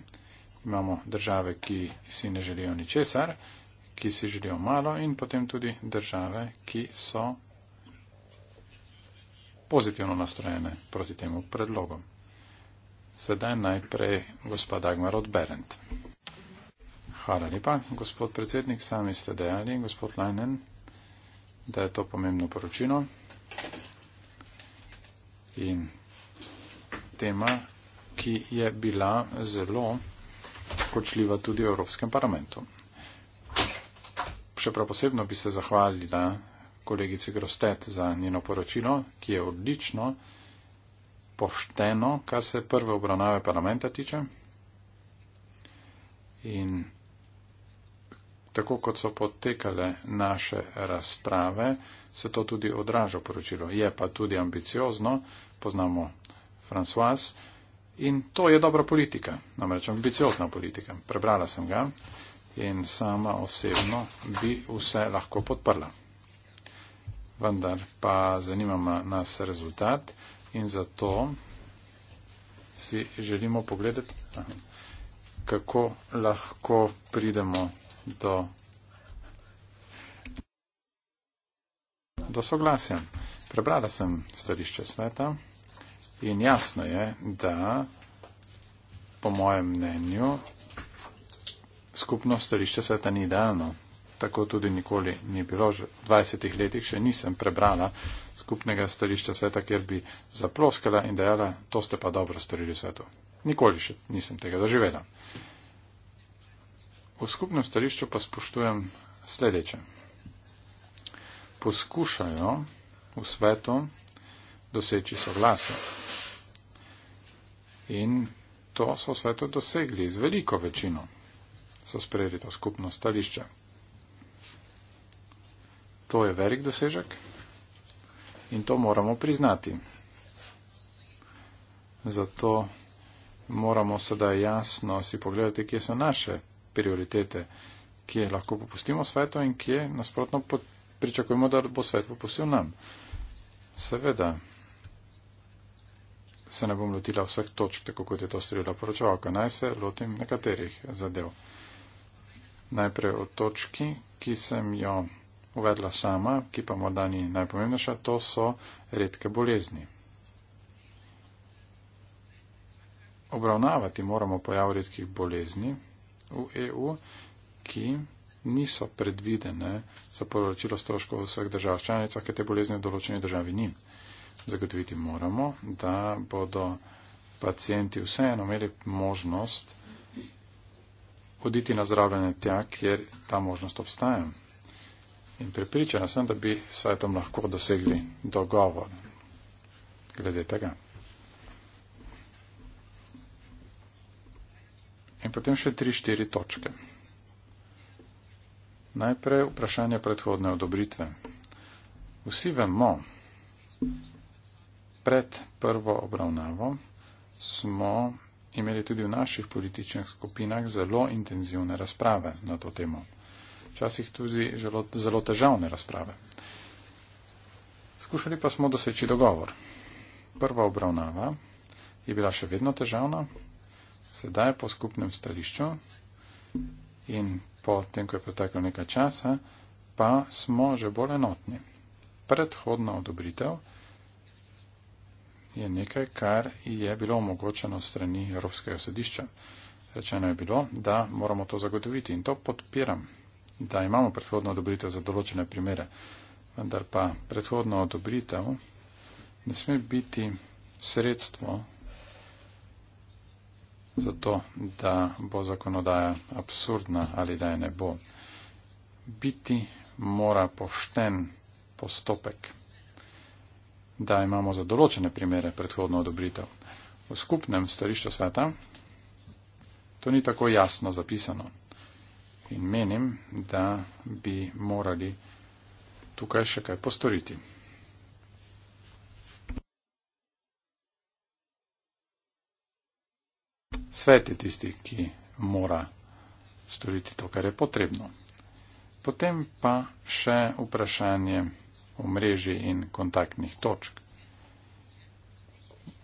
Imamo države, ki si ne želijo ničesar, ki si želijo malo in potem tudi države, ki so pozitivno nastrojene proti temu predlogu. Sedaj najprej gospod Agmar od Berendt. Hvala lepa, gospod predsednik. Sami ste dejali, gospod Leinen, da je to pomembno poročilo. In tema, ki je bila zelo kočljiva tudi v Evropskem parlamentu. Še prav posebno bi se zahvalila kolegici Grostet za njeno poročilo, ki je odlično, pošteno, kar se prve obravnave parlamenta tiče. In Tako kot so potekale naše razprave, se to tudi odraža poročilo. Je pa tudi ambiciozno, poznamo Francois in to je dobra politika, namreč ambiciozna politika. Prebrala sem ga in sama osebno bi vse lahko podprla. Vendar pa zanima nas rezultat in zato si želimo pogledati, kako lahko pridemo do, do soglasja. Prebrala sem stališče sveta in jasno je, da po mojem mnenju skupno stališče sveta ni idealno. Tako tudi nikoli ni bilo. V 20 letih še nisem prebrala skupnega stališča sveta, kjer bi zaploskala in dejala, to ste pa dobro storili svetu. Nikoli še nisem tega doživela. V skupnem stališču pa spoštujem sledeče. Poskušajo v svetu doseči soglasje. In to so v svetu dosegli z veliko večino. So sprejeli to skupno stališče. To je velik dosežek in to moramo priznati. Zato moramo sedaj jasno si pogledati, kje so naše prioritete, kje lahko popustimo svetu in kje nasprotno pričakujemo, da bo svet popustil nam. Seveda se ne bom lotila vseh točk, tako kot je to storila poročevalka. Naj se lotim nekaterih zadev. Najprej o točki, ki sem jo uvedla sama, ki pa morda ni najpomembnejša, to so redke bolezni. Obravnavati moramo pojav redkih bolezni, v EU, ki niso predvidene za poročilo stroškov v vseh držav članicah, ker te bolezni v določeni državi ni. Zagotoviti moramo, da bodo pacijenti vseeno imeli možnost hoditi na zdravljenje tja, kjer ta možnost obstaja. In pripričana sem, da bi svetom lahko dosegli dogovor glede tega. In potem še 3-4 točke. Najprej vprašanje predhodne odobritve. Vsi vemo, pred prvo obravnavo smo imeli tudi v naših političnih skupinah zelo intenzivne razprave na to temo. Včasih tudi zelo, zelo težavne razprave. Skušali pa smo doseči dogovor. Prva obravnava je bila še vedno težavna, sedaj po skupnem stališču in po tem, ko je potekal nekaj časa, pa smo že bolj enotni. Predhodna odobritev je nekaj, kar je bilo omogočeno strani Evropskega sodišča. Rečeno je bilo, da moramo to zagotoviti in to podpiram, da imamo predhodno odobritev za določene primere, vendar pa predhodno odobritev ne sme biti sredstvo zato, da bo zakonodaja absurdna ali da je ne bo. Biti mora pošten postopek, da imamo za določene primere predhodno odobritev. V skupnem stališču sveta to ni tako jasno zapisano in menim, da bi morali tukaj še kaj postoriti. svet je tisti, ki mora storiti to, kar je potrebno. Potem pa še vprašanje o mreži in kontaktnih točk.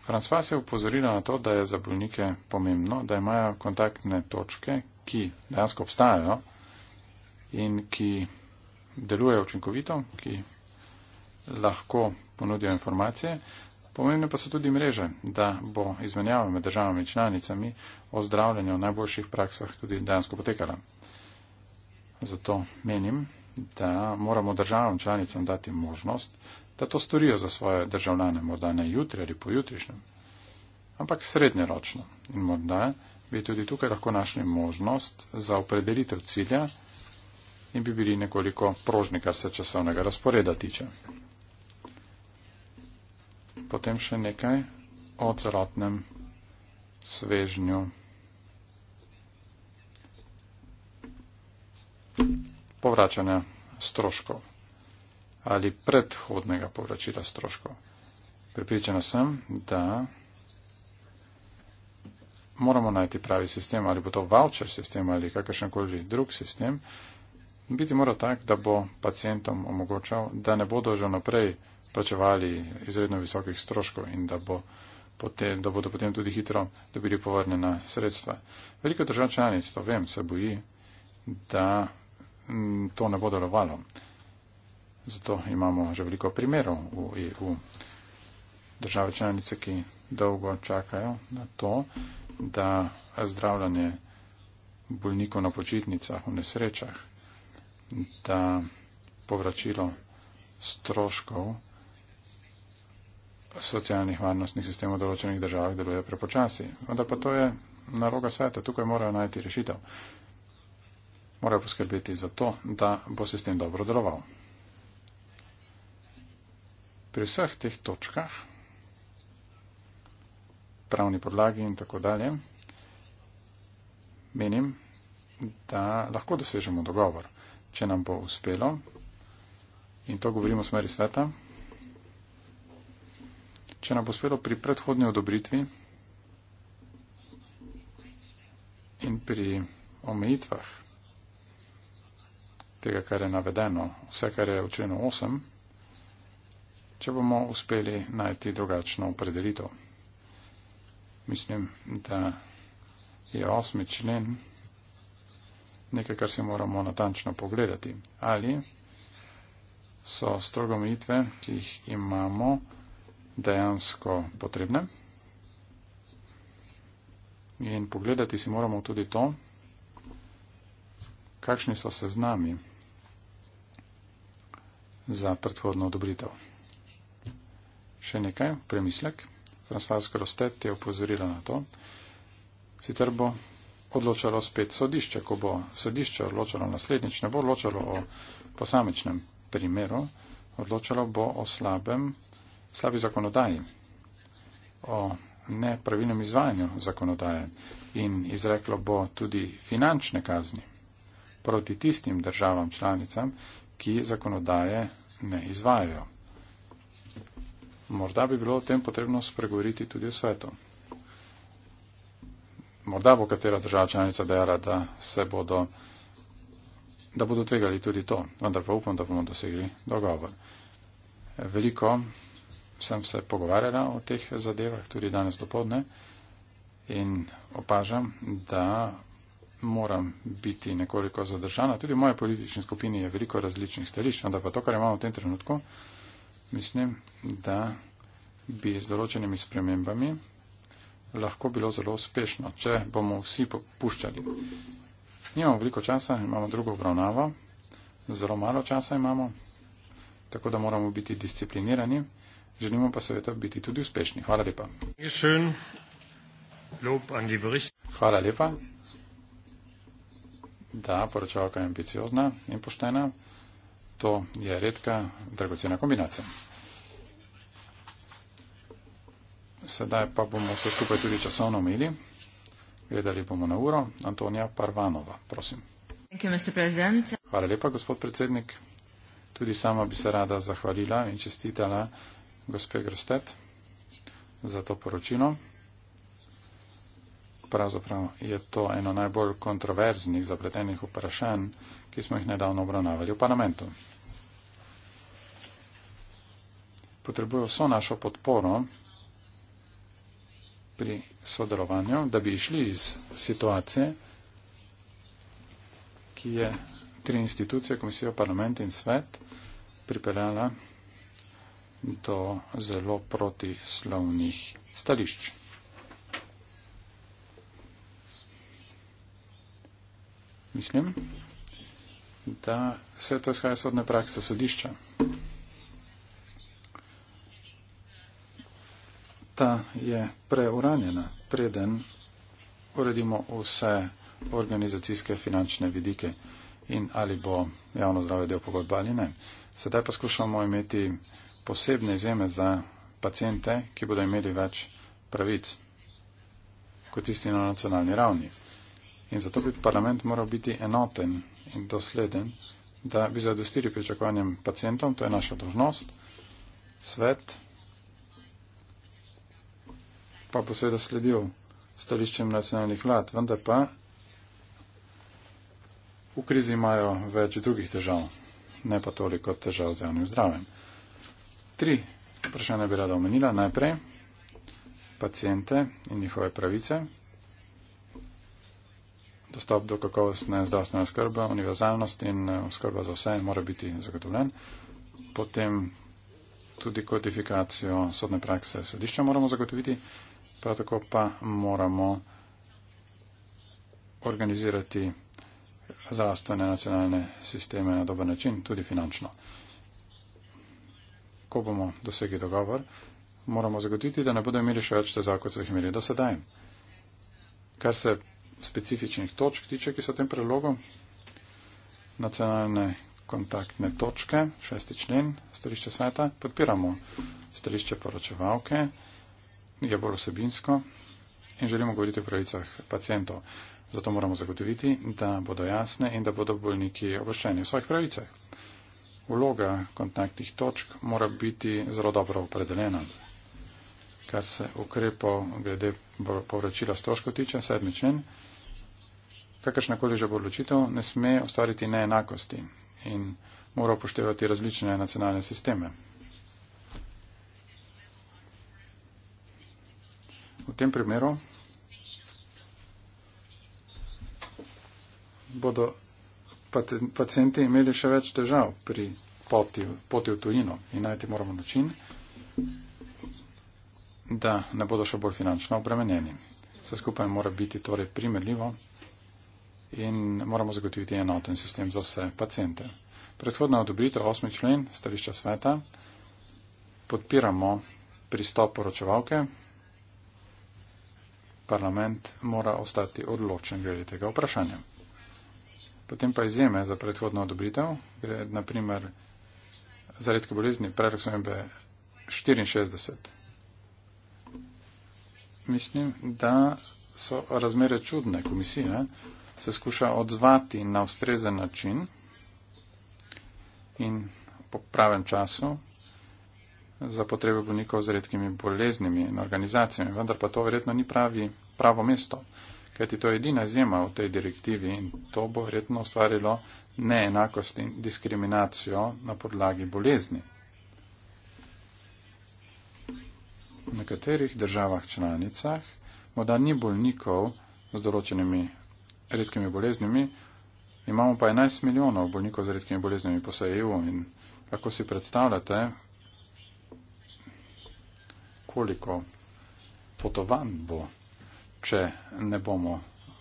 Fransva se je upozorila na to, da je za bolnike pomembno, da imajo kontaktne točke, ki dejansko obstajajo in ki delujejo učinkovito, ki lahko ponudijo informacije, Pomembne pa so tudi mreže, da bo izmenjava med državami članicami o zdravljenju v najboljših praksah tudi dejansko potekala. Zato menim, da moramo državam članicam dati možnost, da to storijo za svoje državljane, morda ne jutri ali pojutrišnjem, ampak srednjeročno. In morda bi tudi tukaj lahko našli možnost za opredelitev cilja in bi bili nekoliko prožni, kar se časovnega razporeda tiče potem še nekaj o celotnem svežnju. Povračanja stroškov ali predhodnega povračila stroškov. Pripričana sem, da moramo najti pravi sistem, ali bo to voucher sistem ali kakršenkoli drug sistem, biti mora tak, da bo pacijentom omogočal, da ne bodo že naprej plačevali izredno visokih stroškov in da, bo potem, da bodo potem tudi hitro dobili povrnjena sredstva. Veliko držav članic, to vem, se boji, da mm, to ne bo delovalo. Zato imamo že veliko primerov v EU. Države članice, ki dolgo čakajo na to, da zdravljanje bolnikov na počitnicah, v nesrečah, da povračilo stroškov socialnih varnostnih sistemov v določenih državah deluje prepočasi. Vendar pa to je naloga sveta, tukaj morajo najti rešitev. Morajo poskrbeti za to, da bo sistem dobro deloval. Pri vseh teh točkah, pravni podlagi in tako dalje, menim, da lahko dosežemo dogovor, če nam bo uspelo, in to govorimo v smeri sveta, če nam bo uspelo pri predhodni odobritvi in pri omejitvah tega, kar je navedeno, vse, kar je v členu 8, če bomo uspeli najti drugačno opredelitev. Mislim, da je 8. člen nekaj, kar se moramo natančno pogledati. Ali so strogo omejitve, ki jih imamo, dejansko potrebne. In pogledati si moramo tudi to, kakšni so seznami za predhodno odobritev. Še nekaj, premislek. François Grostet je upozorila na to. Sicer bo odločalo spet sodišče, ko bo sodišče odločalo naslednjič, ne bo odločalo o posamečnem primeru, odločalo bo o slabem slabi zakonodaji, o nepravilnem izvajanju zakonodaje in izreklo bo tudi finančne kazni proti tistim državam članicam, ki zakonodaje ne izvajajo. Morda bi bilo o tem potrebno spregovoriti tudi o svetu. Morda bo katera država članica dejala, da, bodo, da bodo tvegali tudi to, vendar pa upam, da bomo dosegli dogovor. Veliko sem se pogovarjala o teh zadevah, tudi danes dopoledne, in opažam, da moram biti nekoliko zadržana. Tudi v moji politični skupini je veliko različnih stališč, da pa to, kar imamo v tem trenutku, mislim, da bi z določenimi spremembami lahko bilo zelo uspešno, če bomo vsi puščali. Nimamo veliko časa, imamo drugo obravnavo, zelo malo časa imamo, tako da moramo biti disciplinirani. Želimo pa seveda biti tudi uspešni. Hvala lepa. Hvala lepa. Da, poročavka je ambiciozna in poštena. To je redka, dragocena kombinacija. Sedaj pa bomo se skupaj tudi časovno omili. Gledali bomo na uro. Antonija Parvanova, prosim. Hvala lepa, gospod predsednik. Tudi sama bi se rada zahvalila in čestitala gospe Grostet za to poročilo. Pravzaprav je to eno najbolj kontroverznih zapletenih vprašanj, ki smo jih nedavno obravnavali v parlamentu. Potrebuje vso našo podporo pri sodelovanju, da bi išli iz situacije, ki je tri institucije, komisijo, parlament in svet, pripeljala do zelo protislovnih stališč. Mislim, da vse to izhaja sodne prakse sodišča. Ta je preuranjena, preden uredimo vse organizacijske finančne vidike in ali bo javno zdravje del pogodba ali ne. Sedaj poskušamo imeti posebne izjeme za pacijente, ki bodo imeli več pravic kot tisti na nacionalni ravni. In zato bi parlament moral biti enoten in dosleden, da bi zadostili pričakovanjem pacijentom, to je naša dožnost, svet pa bo seveda sledil stališčem nacionalnih vlad, vendar pa v krizi imajo več drugih težav, ne pa toliko težav z javnim zdravjem tri vprašanja bi rada omenila. Najprej pacijente in njihove pravice, dostop do kakovostne zdravstvene skrbe, univerzalnost in eh, skrba za vse mora biti zagotovljen. Potem tudi kodifikacijo sodne prakse sodišča moramo zagotoviti, prav tako pa moramo organizirati zdravstvene nacionalne sisteme na dober način, tudi finančno ko bomo dosegli dogovor, moramo zagotiti, da ne bodo imeli še več težav, kot so jih imeli do sedaj. Kar se specifičnih točk tiče, ki so v tem predlogu, nacionalne kontaktne točke, šesti člen, stališče sveta, podpiramo stališče poročevalke, je bolj osebinsko in želimo govoriti o pravicah pacijentov. Zato moramo zagotoviti, da bodo jasne in da bodo bolniki obveščeni o svojih pravicah. Vloga kontaktnih točk mora biti zelo dobro opredeljena. Kar se ukrepo glede povračila stroško tiče, sedmi člen, kakršnakoli že bo odločitev, ne sme ustvariti neenakosti in mora upoštevati različne nacionalne sisteme. V tem primeru bodo pacijenti imeli še več težav pri poti, poti v tujino in najti moramo način, da ne bodo še bolj finančno obremenjeni. Vse skupaj mora biti torej primerljivo in moramo zagotoviti enoten sistem za vse pacijente. Predhodna odobritev, osmi člen stališča sveta, podpiramo pristop poročevalke. Parlament mora ostati odločen glede tega vprašanja. Potem pa izjeme za predhodno odobritev, gre naprimer za redke bolezni, predlog spremembe 64. Mislim, da so razmere čudne. Komisija se skuša odzvati na ustrezen način in po pravem času za potrebe bolnikov z redkimi boleznimi in organizacijami, vendar pa to verjetno ni pravi, pravo mesto kajti to je edina zima v tej direktivi in to bo verjetno ustvarilo neenakost in diskriminacijo na podlagi bolezni. V nekaterih državah članicah morda ni bolnikov z določenimi redkimi boleznimi, imamo pa 11 milijonov bolnikov z redkimi boleznimi po EU e in lahko si predstavljate, koliko potovanj bo če ne bomo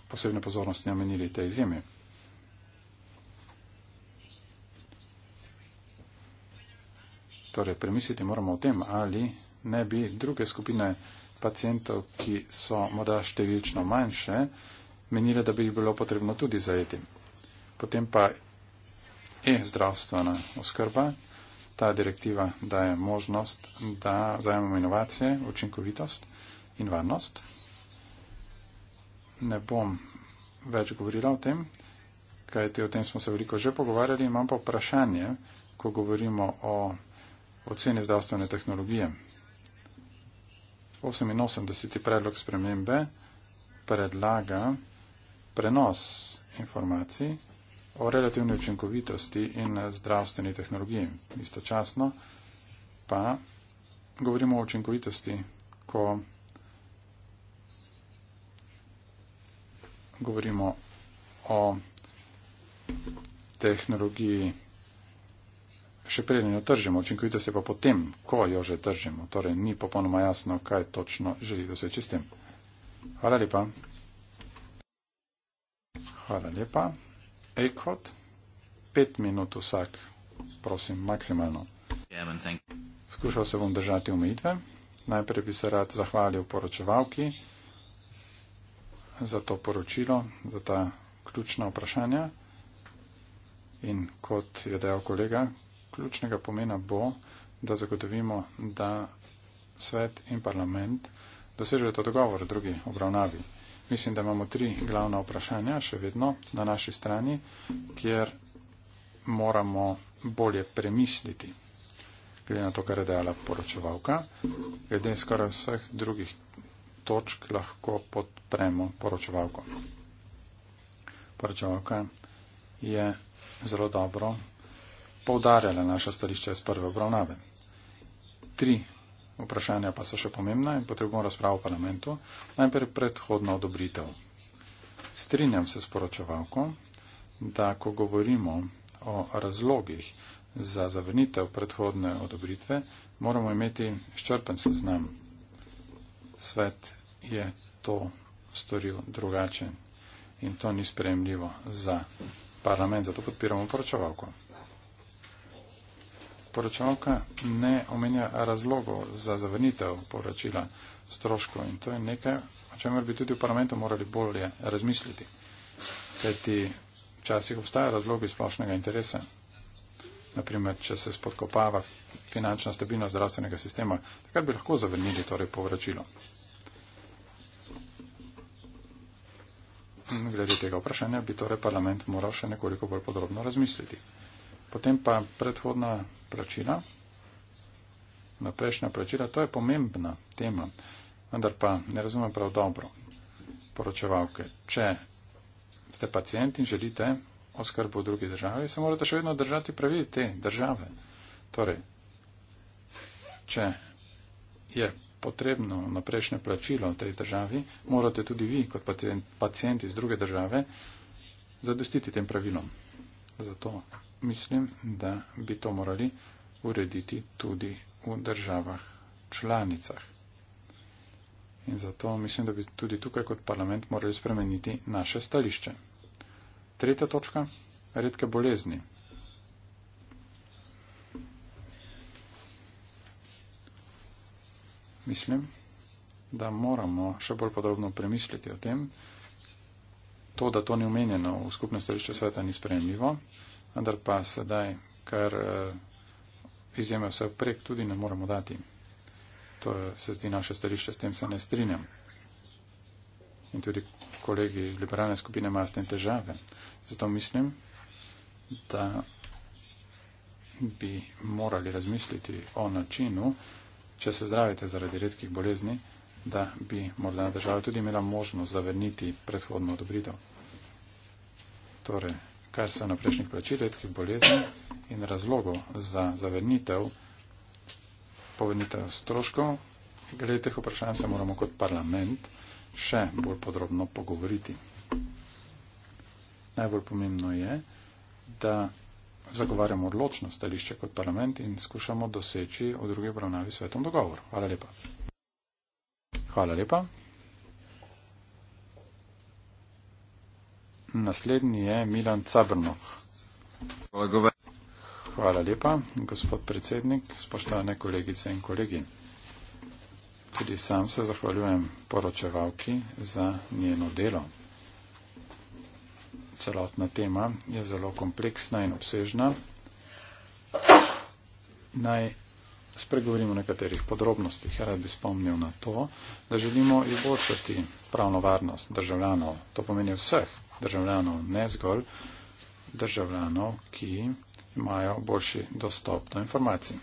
posebne pozornosti namenili tej izjemi. Torej, premisliti moramo o tem, ali ne bi druge skupine pacijentov, ki so morda številčno manjše, menile, da bi jih bilo potrebno tudi zajeti. Potem pa je zdravstvena oskrba. Ta direktiva daje možnost, da zajemamo inovacije, učinkovitost in varnost ne bom več govorila o tem, kajti o tem smo se veliko že pogovarjali, imam pa vprašanje, ko govorimo o oceni zdravstvene tehnologije. 88. predlog spremembe predlaga prenos informacij o relativni učinkovitosti in zdravstveni tehnologiji. Istočasno pa govorimo o učinkovitosti, ko govorimo o tehnologiji, še preden jo tržimo, učinkovito se pa potem, ko jo že tržimo. Torej, ni popolnoma jasno, kaj točno želi doseči s tem. Hvala lepa. Hvala lepa. Ekot, pet minut vsak, prosim, maksimalno. Skušal se bom držati omejitve. Najprej bi se rad zahvalil poročevalki za to poročilo, za ta ključna vprašanja. In kot je dejal kolega, ključnega pomena bo, da zagotovimo, da svet in parlament dosežejo ta dogovor v drugi obravnavi. Mislim, da imamo tri glavna vprašanja še vedno na naši strani, kjer moramo bolje premisliti, glede na to, kar je dejala poročevalka, glede skoraj vseh drugih točk lahko podpremo poročevalko. Poročevalka je zelo dobro poudarjala naše stališče iz prve obravnave. Tri vprašanja pa so še pomembna in potrebujemo razpravo v parlamentu. Najprej predhodno odobritev. Strinjam se s poročevalko, da ko govorimo o razlogih za zavrnitev predhodne odobritve, moramo imeti ščrpen seznam. Svet je to storil drugače in to ni sprejemljivo za parlament, zato podpiramo poročevalko. Poročevalka ne omenja razlogov za zavrnitev poročila stroškov in to je nekaj, o čemer bi tudi v parlamentu morali bolje razmisliti. Kajti včasih obstajajo razlogi splošnega interesa. Naprimer, če se spodkopava finančna stabilnost zdravstvenega sistema, takrat bi lahko zavrnili torej povračilo. glede tega vprašanja bi torej parlament moral še nekoliko bolj podrobno razmisliti. Potem pa predhodna plačila, naprejšnja plačila, to je pomembna tema, vendar pa ne razumem prav dobro poročevalke. Če ste pacient in želite oskrbo v drugi državi, se morate še vedno držati pravil te države. Torej, če je potrebno naprejšnje plačilo v tej državi, morate tudi vi, kot pacijent, pacijent iz druge države, zadostiti tem pravilom. Zato mislim, da bi to morali urediti tudi v državah članicah. In zato mislim, da bi tudi tukaj kot parlament morali spremeniti naše stališče. Tretja točka. Redke bolezni. mislim, da moramo še bolj podrobno premisliti o tem. To, da to ni omenjeno v skupnem stališču sveta, ni sprejemljivo, vendar pa sedaj, kar eh, izjeme vse prek, tudi ne moramo dati. To eh, se zdi naše stališče, s tem se ne strinjam. In tudi kolegi iz liberalne skupine imajo s tem težave. Zato mislim, da bi morali razmisliti o načinu, če se zdravite zaradi redkih bolezni, da bi morda država tudi imela možnost zavrniti predhodno odobritev. Torej, kar se na prejšnjih plačil redkih bolezni in razlogov za zavrnitev, povrnitev stroškov, glede teh vprašanj se moramo kot parlament še bolj podrobno pogovoriti. Najbolj pomembno je, da zagovarjamo odločno stališče kot parlament in skušamo doseči v drugi obravnavi svetom dogovor. Hvala lepa. Hvala lepa. Naslednji je Milan Cabrnoh. Hvala, Hvala lepa, gospod predsednik, spoštovane kolegice in kolegi. Tudi sam se zahvaljujem poročevalki za njeno delo celotna tema je zelo kompleksna in obsežna. Naj spregovorimo o nekaterih podrobnostih. Rad bi spomnil na to, da želimo izboljšati pravno varnost državljanov. To pomeni vseh državljanov, ne zgolj državljanov, ki imajo boljši dostop do informacij.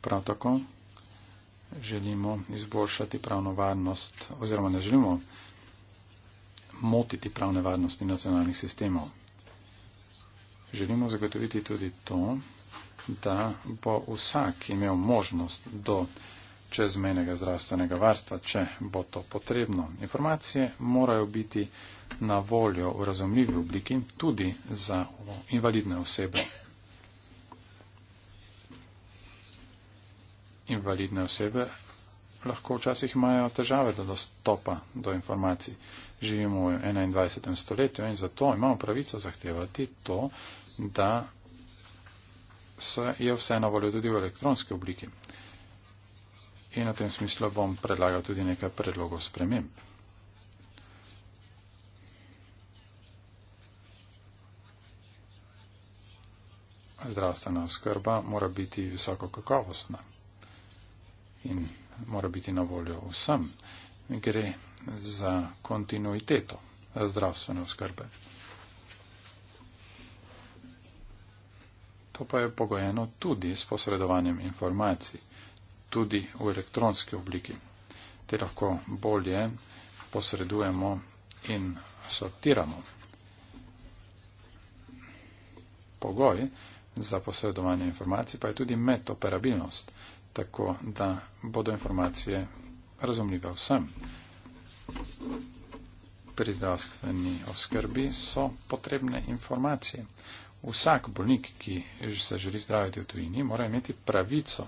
Prav tako želimo izboljšati pravno varnost oziroma ne želimo motiti pravne varnosti nacionalnih sistemov. Želimo zagotoviti tudi to, da bo vsak imel možnost do čezmenega zdravstvenega varstva, če bo to potrebno. Informacije morajo biti na voljo v razumljivi obliki tudi za invalidne osebe. Invalidne osebe lahko včasih imajo težave do dostopa do informacij živimo v 21. stoletju in zato imamo pravico zahtevati to, da je vse na voljo tudi v elektronski obliki. In v tem smislu bom predlagal tudi nekaj predlogov sprememb. Zdravstvena oskrba mora biti visoko kakovostna in mora biti na voljo vsem. Gre za kontinuiteto zdravstvene oskrbe. To pa je pogojeno tudi s posredovanjem informacij, tudi v elektronski obliki. Te lahko bolje posredujemo in sortiramo. Pogoj za posredovanje informacij pa je tudi metoperabilnost, tako da bodo informacije razumljive vsem. Pri zdravstveni oskrbi so potrebne informacije. Vsak bolnik, ki se želi zdraviti v tujini, mora imeti pravico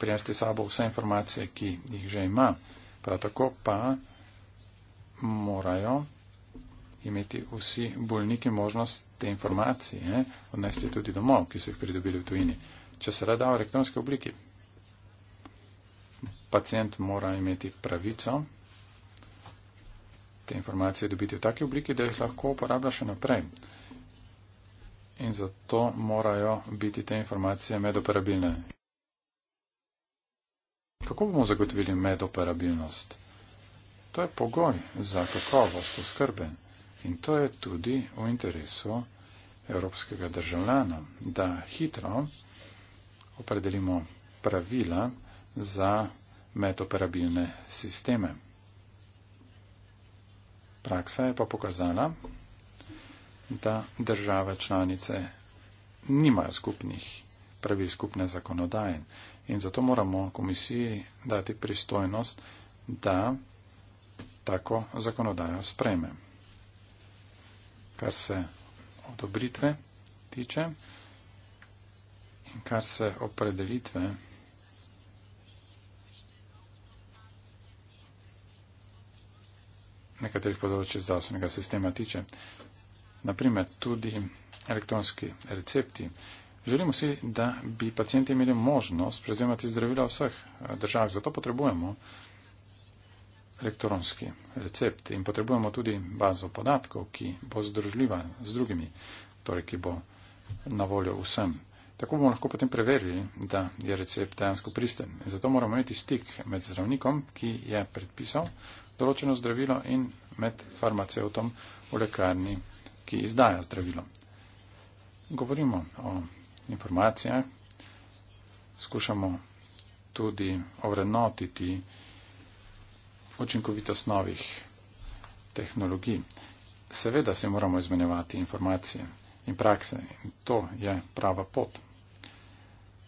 prijesti sabo vse informacije, ki jih že ima. Prav tako pa morajo imeti vsi bolniki možnost te informacije eh, odnesti tudi domov, ki so jih pridobili v tujini. Če se rada v elektronski obliki, pacijent mora imeti pravico te informacije dobiti v taki obliki, da jih lahko uporablja še naprej. In zato morajo biti te informacije medoperabilne. Kako bomo zagotovili medoperabilnost? To je pogoj za kakovost oskrbe in to je tudi v interesu evropskega državljana, da hitro opredelimo pravila za medoperabilne sisteme. Praksa je pa pokazala, da države članice nimajo skupnih pravil skupne zakonodaje in zato moramo komisiji dati pristojnost, da tako zakonodajo spreme. Kar se odobritve tiče in kar se opredelitve tiče, nekaterih področji zdravstvenega sistema tiče. Naprimer, tudi elektronski recepti. Želimo si, da bi pacijenti imeli možnost prevzemati zdravila v vseh eh, državah. Zato potrebujemo elektronski recept in potrebujemo tudi bazo podatkov, ki bo združljiva z drugimi, torej ki bo na voljo vsem. Tako bomo lahko potem preverili, da je recept dejansko pristen. Zato moramo imeti stik med zdravnikom, ki je predpisal določeno zdravilo in med farmacevtom v lekarni, ki izdaja zdravilo. Govorimo o informacijah, skušamo tudi ovrednotiti učinkovitost novih tehnologij. Seveda se moramo izmenjevati informacije in prakse in to je prava pot.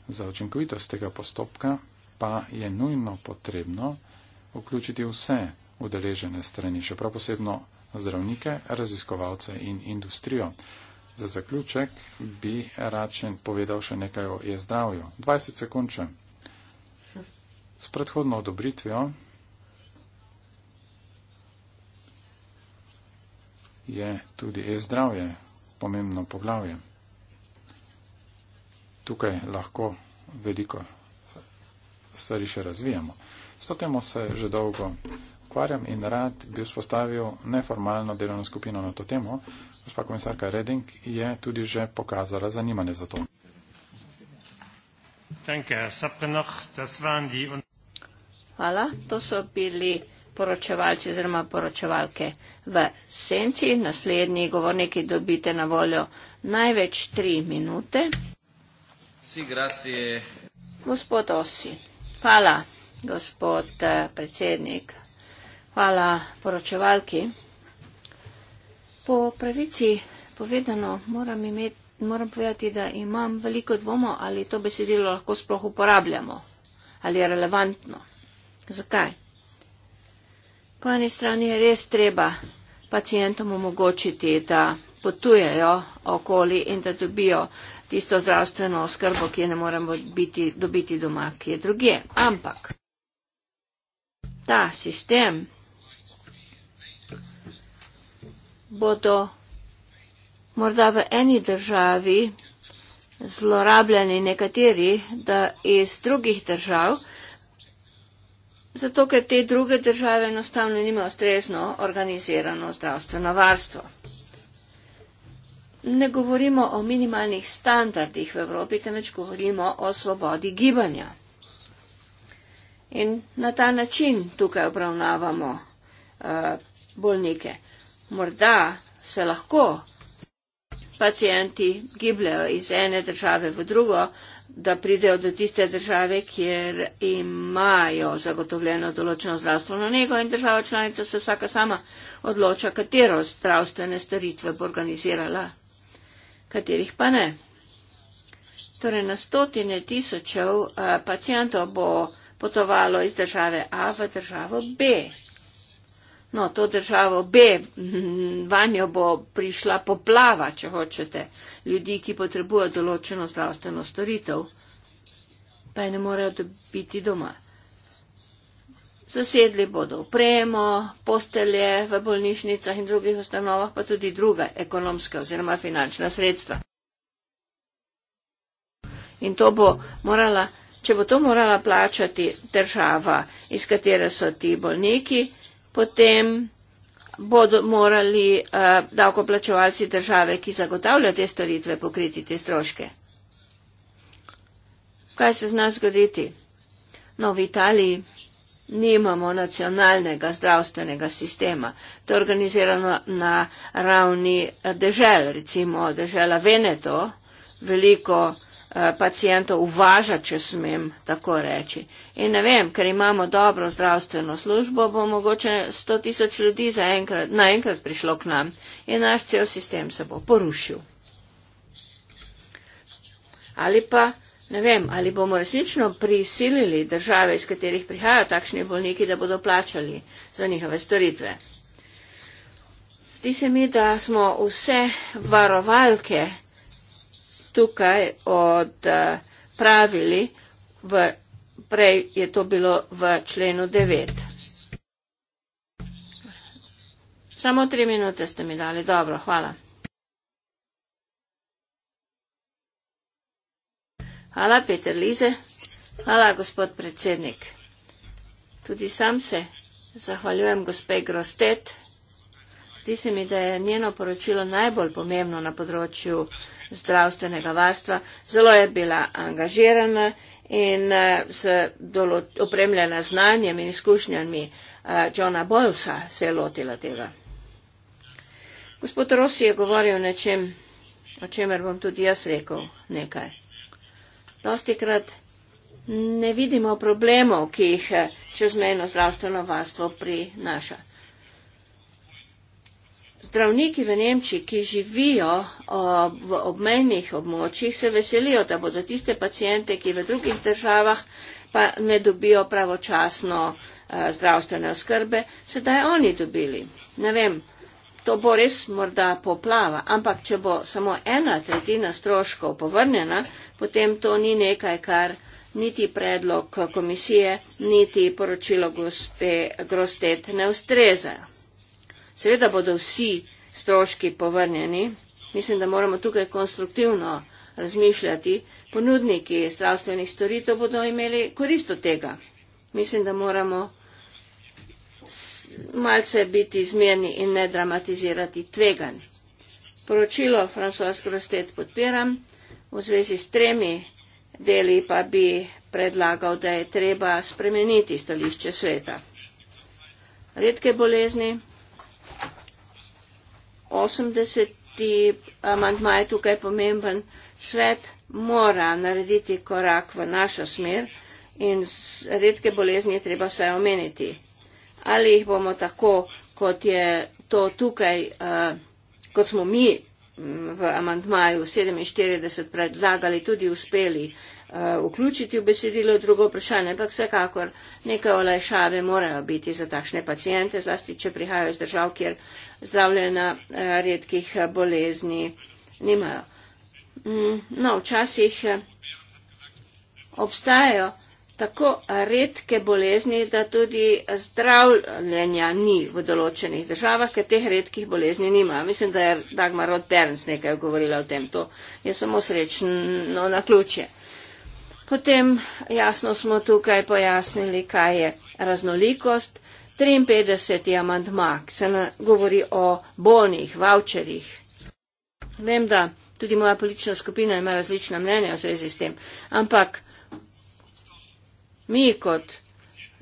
Za učinkovitost tega postopka pa je nujno potrebno vključiti vse udeležene strani, še prav posebno zdravnike, raziskovalce in industrijo. Za zaključek bi račen povedal še nekaj o e-zdravju. 20 sekund še. S predhodno odobritvijo je tudi e-zdravje pomembno poglavje. Tukaj lahko veliko stvari še razvijamo. S to temo se že dolgo ukvarjam in rad bi vzpostavil neformalno delovno skupino na to temo. Gospa komisarka Reding je tudi že pokazala zanimanje za to. Hvala. To so bili poročevalci oziroma poročevalke v senci. Naslednji govorniki dobite na voljo največ tri minute. Si, Gospod Osi. Hvala, gospod eh, predsednik Hvala poročevalki. Po pravici povedano moram, imeti, moram povedati, da imam veliko dvomo, ali to besedilo lahko sploh uporabljamo, ali je relevantno. Zakaj? Po eni strani je res treba pacijentom omogočiti, da potujejo okoli in da dobijo tisto zdravstveno oskrbo, ki je ne moremo biti, dobiti doma, ki je druge. Ampak ta sistem, bodo morda v eni državi zlorabljeni nekateri, da iz drugih držav, zato ker te druge države enostavno nima ustrezno organizirano zdravstveno varstvo. Ne govorimo o minimalnih standardih v Evropi, temveč govorimo o svobodi gibanja. In na ta način tukaj obravnavamo uh, bolnike. Morda se lahko pacijenti gibljajo iz ene države v drugo, da pridejo do tiste države, kjer imajo zagotovljeno določeno zdravstveno nego in država članica se vsaka sama odloča, katero zdravstvene storitve bo organizirala, katerih pa ne. Torej na stotine tisočev eh, pacijentov bo potovalo iz države A v državo B no, to državo B, vanjo bo prišla poplava, če hočete, ljudi, ki potrebujejo določeno zdravstveno storitev, pa je ne morejo dobiti doma. Zasedli bodo upremo, postelje v bolnišnicah in drugih ustanovah, pa tudi druga ekonomska oziroma finančna sredstva. In to bo morala, če bo to morala plačati država, iz katere so ti bolniki, potem bodo morali uh, davkoplačevalci države, ki zagotavljajo te storitve, pokriti te stroške. Kaj se zna zgoditi? No, v Italiji nimamo nacionalnega zdravstvenega sistema. To je organizirano na ravni eh, dežel, recimo dežela Veneto, veliko Eh, pacijentov uvaža, če smem tako reči. In ne vem, ker imamo dobro zdravstveno službo, bo mogoče 100 tisoč ljudi enkrat, naenkrat prišlo k nam in naš cel sistem se bo porušil. Ali pa, ne vem, ali bomo resnično prisilili države, iz katerih prihajajo takšni bolniki, da bodo plačali za njihove storitve. Zdi se mi, da smo vse varovalke tukaj od eh, pravili, v, prej je to bilo v členu 9. Samo tri minute ste mi dali, dobro, hvala. Hvala, Peter Lize. Hvala, gospod predsednik. Tudi sam se zahvaljujem gospe Grostet. Zdi se mi, da je njeno poročilo najbolj pomembno na področju zdravstvenega varstva, zelo je bila angažirana in eh, s opremljena znanjem in izkušnjami eh, Johna Boylsa se je lotila tega. Gospod Rossi je govoril o nečem, o čemer bom tudi jaz rekel nekaj. Dosti krat ne vidimo problemov, ki jih eh, čezmejno zdravstveno varstvo prinaša. Zdravniki v Nemčiji, ki živijo v obmejnih območjih, se veselijo, da bodo tiste pacijente, ki v drugih državah pa ne dobijo pravočasno eh, zdravstvene oskrbe, sedaj oni dobili. Ne vem, to bo res morda poplava, ampak če bo samo ena tretjina stroškov povrnjena, potem to ni nekaj, kar niti predlog komisije, niti poročilo gospe Grostet ne ustrezajo. Seveda bodo vsi stroški povrnjeni. Mislim, da moramo tukaj konstruktivno razmišljati. Ponudniki zdravstvenih storitev bodo imeli korist od tega. Mislim, da moramo malce biti izmerni in ne dramatizirati tveganj. Poročilo François Grostet podpiram. V zvezi s tremi deli pa bi predlagal, da je treba spremeniti stališče sveta. Redke bolezni. 80. amantma je tukaj pomemben, svet mora narediti korak v našo smer in redke bolezni je treba vse omeniti. Ali jih bomo tako, kot je to tukaj, uh, kot smo mi mm, v amantmaju 47 predlagali, tudi uspeli uh, vključiti v besedilo drugo vprašanje, ampak vsekakor neke olajšave morajo biti za takšne pacijente, zlasti če prihajajo iz držav, kjer zdravljena eh, redkih eh, bolezni nimajo. Mm, no, včasih eh, obstajajo tako redke bolezni, da tudi zdravljenja ni v določenih državah, ker teh redkih bolezni nima. Mislim, da je Dagmar Roterns nekaj govorila o tem. To je samo srečno na ključje. Potem jasno smo tukaj pojasnili, kaj je raznolikost. 53. amantma, ki se na, govori o bolnih, voucherjih. Vem, da tudi moja politična skupina ima različna mnenja v zvezi s tem, ampak mi kot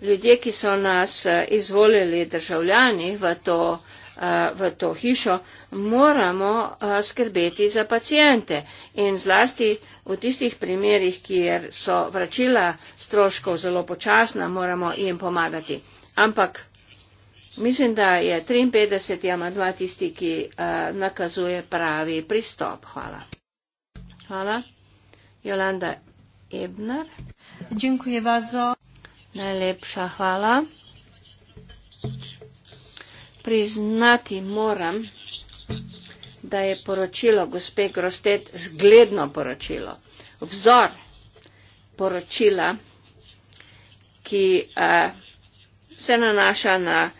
ljudje, ki so nas eh, izvolili državljani v to, eh, v to hišo, moramo eh, skrbeti za pacijente in zlasti v tistih primerjih, kjer so vračila stroškov zelo počasna, moramo jim pomagati. Ampak mislim, da je 53. amadva tisti, ki uh, nakazuje pravi pristop. Hvala. Hvala. Jolanda Ebner. Dziękuję bardzo. Najlepša hvala. Priznati moram, da je poročilo gospe Grostet zgledno poročilo. Vzor poročila, ki. Uh, se nanaša na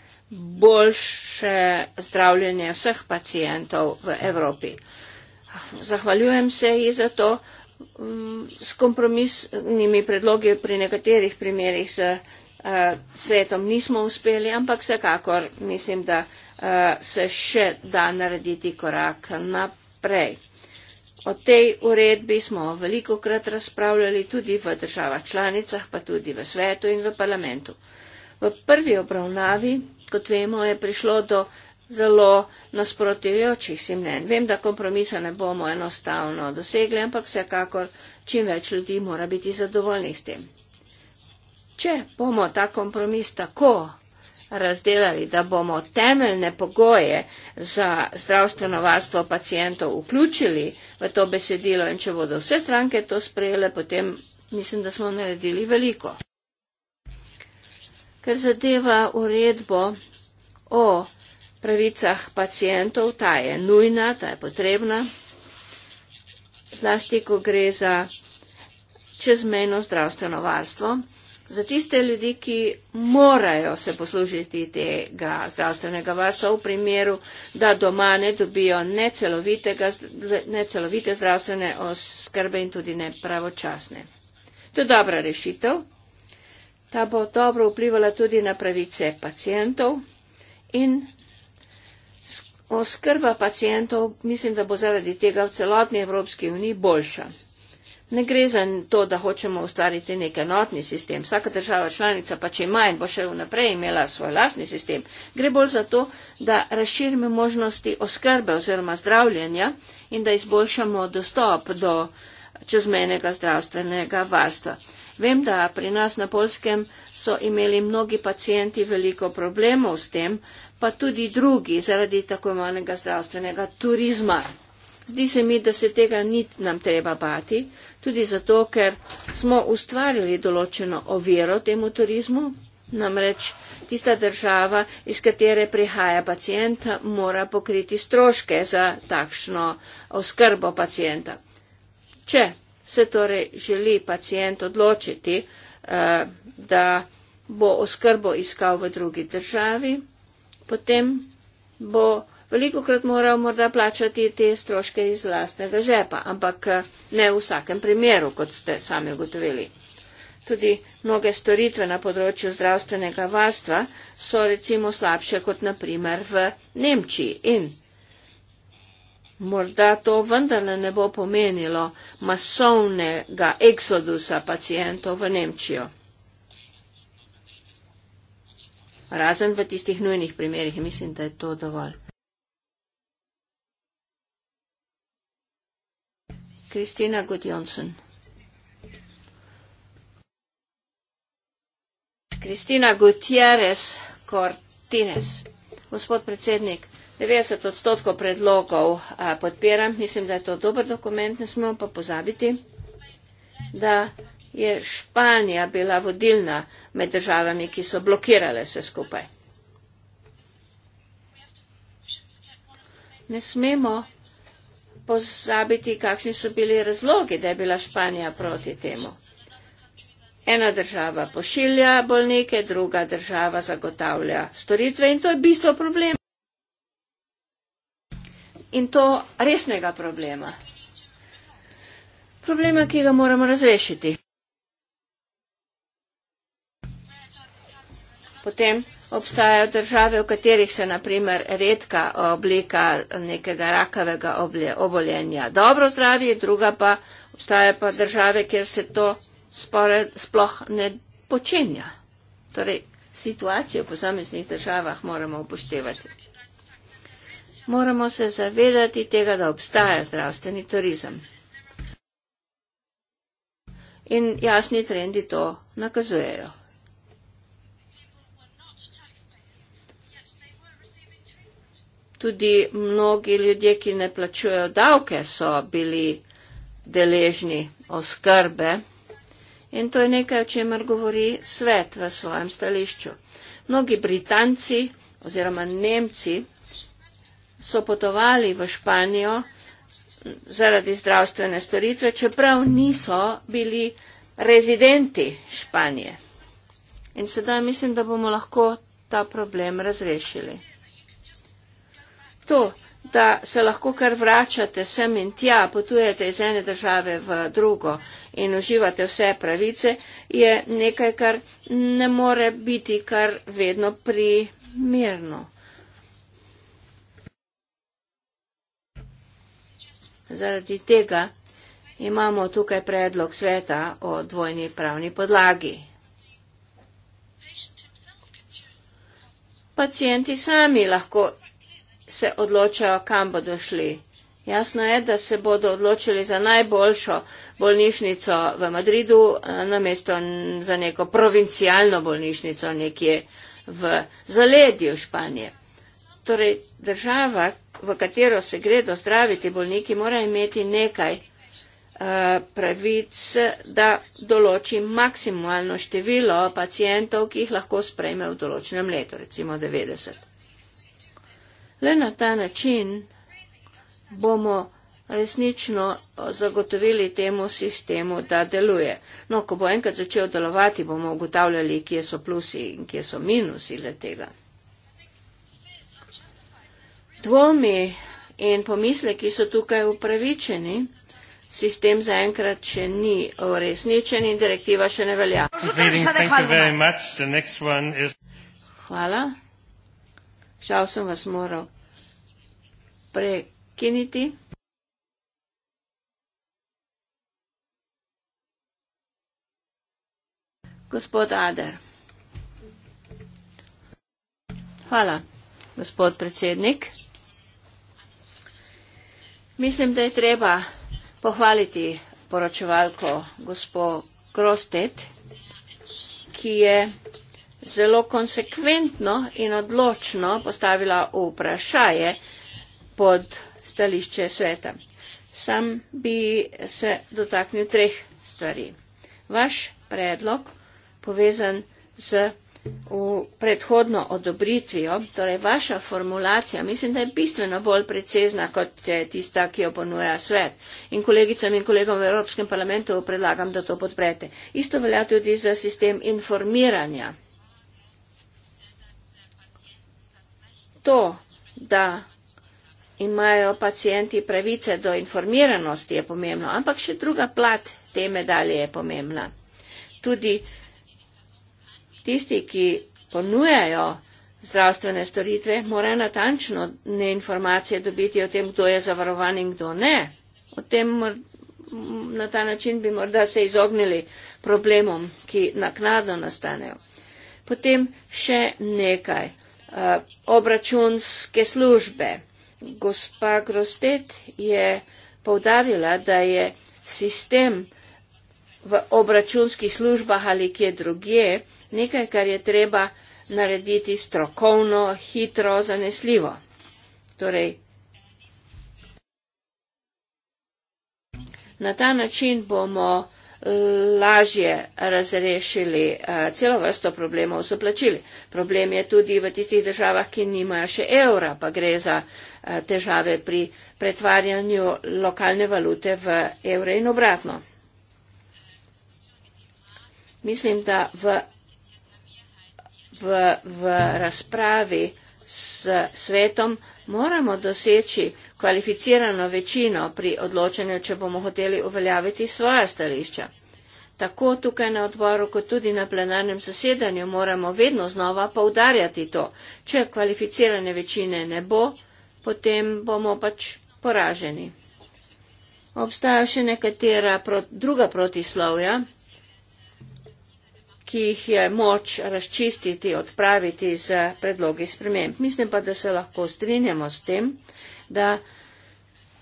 boljše zdravljenje vseh pacijentov v Evropi. Zahvaljujem se ji za to. S kompromisnimi predlogi pri nekaterih primerjih s uh, eh, svetom nismo uspeli, ampak vsekakor mislim, da uh, se še da narediti korak naprej. O tej uredbi smo veliko krat razpravljali tudi v državah članicah, pa tudi v svetu in v parlamentu. V prvi obravnavi, kot vemo, je prišlo do zelo nasprotujočih si mnen. Vem, da kompromisa ne bomo enostavno dosegli, ampak vsekakor čim več ljudi mora biti zadovoljnih s tem. Če bomo ta kompromis tako razdelali, da bomo temeljne pogoje za zdravstveno varstvo pacijentov vključili v to besedilo in če bodo vse stranke to sprejele, potem mislim, da smo naredili veliko ker zadeva uredbo o pravicah pacijentov, ta je nujna, ta je potrebna, zlasti, ko gre za čezmejno zdravstveno varstvo. Za tiste ljudi, ki morajo se poslužiti tega zdravstvenega varstva v primeru, da doma ne dobijo necelovite zdravstvene oskrbe in tudi nepravočasne. To je dobra rešitev. Ta bo dobro vplivala tudi na pravice pacijentov in oskrba pacijentov mislim, da bo zaradi tega v celotni Evropski uniji boljša. Ne gre za to, da hočemo ustvariti nek enotni sistem. Vsaka država članica pa če ima in bo še vnaprej imela svoj lasni sistem. Gre bolj za to, da razširimo možnosti oskrbe oziroma zdravljenja in da izboljšamo dostop do čezmenega zdravstvenega varstva. Vem, da pri nas na Polskem so imeli mnogi pacijenti veliko problemov s tem, pa tudi drugi zaradi tako imenega zdravstvenega turizma. Zdi se mi, da se tega ni nam treba bati, tudi zato, ker smo ustvarili določeno oviro temu turizmu, namreč tista država, iz katere prihaja pacijent, mora pokriti stroške za takšno oskrbo pacijenta. Če se torej želi pacijent odločiti, eh, da bo oskrbo iskal v drugi državi, potem bo veliko krat moral morda plačati te stroške iz lastnega žepa, ampak eh, ne v vsakem primeru, kot ste sami ugotovili. Tudi mnoge storitve na področju zdravstvenega varstva so recimo slabše kot naprimer v Nemčiji in Morda to vendarle ne bo pomenilo masovnega eksodusa pacijentov v Nemčijo. Razen v tistih nujnih primerjih, mislim, da je to dovolj. Kristina Gudjonsen. Kristina Gutierrez Cortines. Gospod predsednik, 90 odstotkov predlogov podpiram. Mislim, da je to dober dokument, ne smemo pa pozabiti, da je Španija bila vodilna med državami, ki so blokirale vse skupaj. Ne smemo pozabiti, kakšni so bili razlogi, da je bila Španija proti temu. Ena država pošilja bolnike, druga država zagotavlja storitve in to je bistvo problema in to resnega problema. Problema, ki ga moramo razrešiti. Potem obstajajo države, v katerih se naprimer redka oblika nekega rakavega obolenja dobro zdravi, druga pa obstaja pa države, kjer se to spore, sploh ne počenja. Torej, situacijo v posameznih državah moramo upoštevati moramo se zavedati tega, da obstaja zdravstveni turizem. In jasni trendi to nakazujejo. Tudi mnogi ljudje, ki ne plačujejo davke, so bili deležni oskrbe. In to je nekaj, o čemer govori svet v svojem stališču. Mnogi Britanci oziroma Nemci so potovali v Španijo zaradi zdravstvene storitve, čeprav niso bili rezidenti Španije. In sedaj mislim, da bomo lahko ta problem razrešili. To, da se lahko kar vračate sem in tja, potujete iz ene države v drugo in uživate vse pravice, je nekaj, kar ne more biti kar vedno primerno. Zaradi tega imamo tukaj predlog sveta o dvojni pravni podlagi. Pacijenti sami lahko se odločajo, kam bodo šli. Jasno je, da se bodo odločili za najboljšo bolnišnico v Madridu, eh, namesto za neko provincialno bolnišnico nekje v zaledju Španije. Torej, država, v katero se gre dozdraviti bolniki, mora imeti nekaj eh, pravic, da določi maksimalno število pacijentov, ki jih lahko sprejme v določenem letu, recimo 90. Le na ta način bomo resnično zagotovili temu sistemu, da deluje. No, ko bo enkrat začel delovati, bomo ugotavljali, kje so plusi in kje so minusi le tega dvomi in pomisleki so tukaj upravičeni. Sistem zaenkrat še ni uresničen in direktiva še ne velja. Hvala. Žal sem vas moral prekiniti. Gospod Ader. Hvala, gospod predsednik. Mislim, da je treba pohvaliti poročevalko gospo Krostet, ki je zelo konsekventno in odločno postavila vprašanje pod stališče sveta. Sam bi se dotaknil treh stvari. Vaš predlog povezan z v predhodno odobritvijo, torej vaša formulacija, mislim, da je bistveno bolj precizna kot je tista, ki jo ponuja svet. In kolegicam in kolegom v Evropskem parlamentu predlagam, da to podprete. Isto velja tudi za sistem informiranja. To, da imajo pacijenti pravice do informiranosti, je pomembno, ampak še druga plat te medalje je pomembna. Tudi tisti, ki ponujajo zdravstvene storitve, morajo natančno ne informacije dobiti o tem, kdo je zavarovan in kdo ne. O tem na ta način bi morda se izognili problemom, ki naknadno nastanejo. Potem še nekaj. Eh, obračunske službe. Gospa Grostet je povdarila, da je sistem v obračunskih službah ali kje drugje, nekaj, kar je treba narediti strokovno, hitro, zanesljivo. Torej, na ta način bomo eh, lažje razrešili eh, celo vrsto problemov s plačili. Problem je tudi v tistih državah, ki nimajo še evra, pa gre za eh, težave pri pretvarjanju lokalne valute v evre in obratno. Mislim, da v v, v razpravi s svetom, moramo doseči kvalificirano večino pri odločanju, če bomo hoteli uveljaviti svoja stališča. Tako tukaj na odboru, kot tudi na plenarnem zasedanju moramo vedno znova poudarjati to. Če kvalificirane večine ne bo, potem bomo pač poraženi. Obstajajo še nekatera pro, druga protislovja ki jih je moč razčistiti, odpraviti z predlogi sprememb. Mislim pa, da se lahko strinjamo s tem, da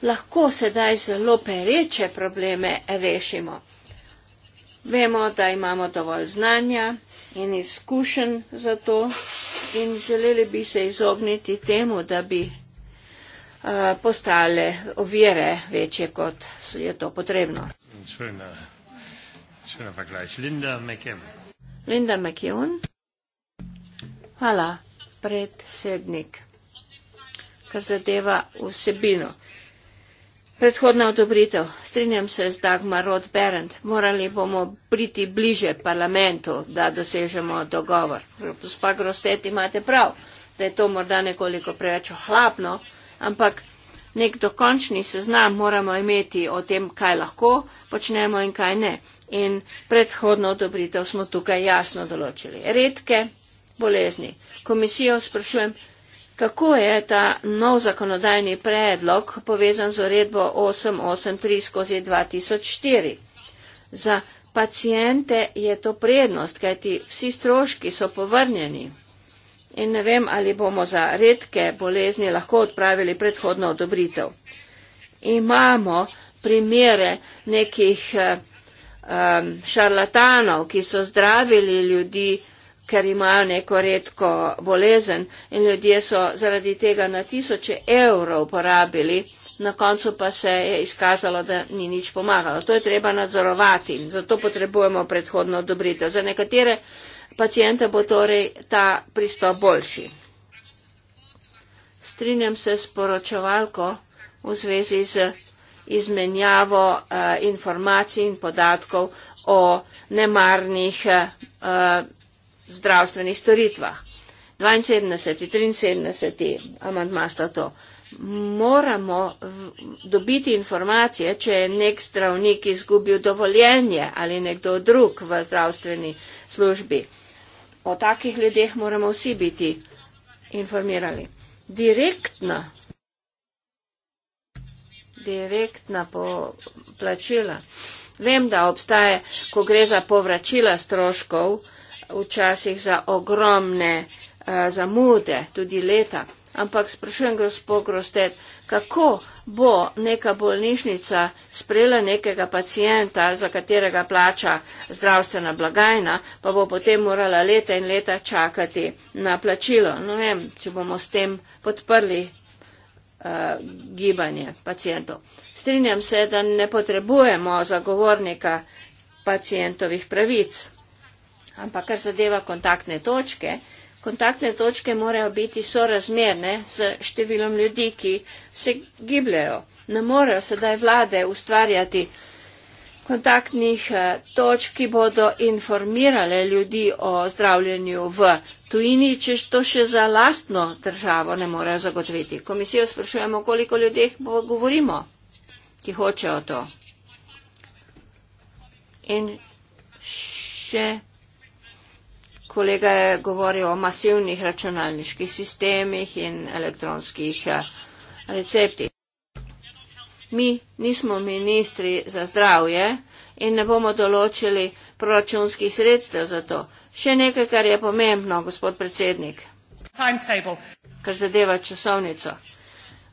lahko sedaj zelo pereče probleme rešimo. Vemo, da imamo dovolj znanja in izkušen za to in želeli bi se izogniti temu, da bi uh, postale ovire večje, kot je to potrebno. Schöner, schöner Vergleich. Linda McKim. Linda McKeown. Hvala, predsednik. Kar zadeva vsebino. Predhodna odobritev. Strinjam se z Dagmar Rod Berend. Morali bomo priti bliže parlamentu, da dosežemo dogovor. Gospa Grostet, imate prav, da je to morda nekoliko preveč ohlapno, ampak nek dokončni seznam moramo imeti o tem, kaj lahko počnemo in kaj ne in predhodno odobritev smo tukaj jasno določili. Redke bolezni. Komisijo sprašujem, kako je ta nov zakonodajni predlog povezan z uredbo 883-2004. Za pacijente je to prednost, kajti vsi stroški so povrnjeni. In ne vem, ali bomo za redke bolezni lahko odpravili predhodno odobritev. Imamo primere nekih eh, um, šarlatanov, ki so zdravili ljudi, ker imajo neko redko bolezen in ljudje so zaradi tega na tisoče evrov porabili, na koncu pa se je izkazalo, da ni nič pomagalo. To je treba nadzorovati in zato potrebujemo predhodno odobritev. Za nekatere pacijente bo torej ta pristop boljši. Strinjam se s poročevalko v zvezi z izmenjavo eh, informacij in podatkov o nemarnih eh, eh, zdravstvenih storitvah. 72. in 73. amandma sta to. Moramo dobiti informacije, če je nek zdravnik izgubil dovoljenje ali nekdo drug v zdravstveni službi. O takih ljudeh moramo vsi biti informirani. Direktno direktna poplačila. Vem, da obstaja, ko gre za povračila stroškov, včasih za ogromne uh, zamude, tudi leta. Ampak sprašujem, gospod Grosted, kako bo neka bolnišnica sprejela nekega pacijenta, za katerega plača zdravstvena blagajna, pa bo potem morala leta in leta čakati na plačilo. Ne vem, če bomo s tem podprli Eh, gibanje pacijentov. Strinjam se, da ne potrebujemo zagovornika pacijentovih pravic, ampak kar zadeva kontaktne točke, kontaktne točke morajo biti sorazmerne s številom ljudi, ki se gibljajo. Ne morejo sedaj vlade ustvarjati kontaktnih eh, točk, ki bodo informirale ljudi o zdravljenju v tujini, če to še za lastno državo ne more zagotoviti. Komisijo sprašujemo, koliko ljudeh govorimo, ki hočejo to. In še kolega je govoril o masivnih računalniških sistemih in elektronskih eh, receptih mi nismo ministri za zdravje in ne bomo določili proračunskih sredstev za to. Še nekaj, kar je pomembno, gospod predsednik, timetable. kar zadeva časovnico.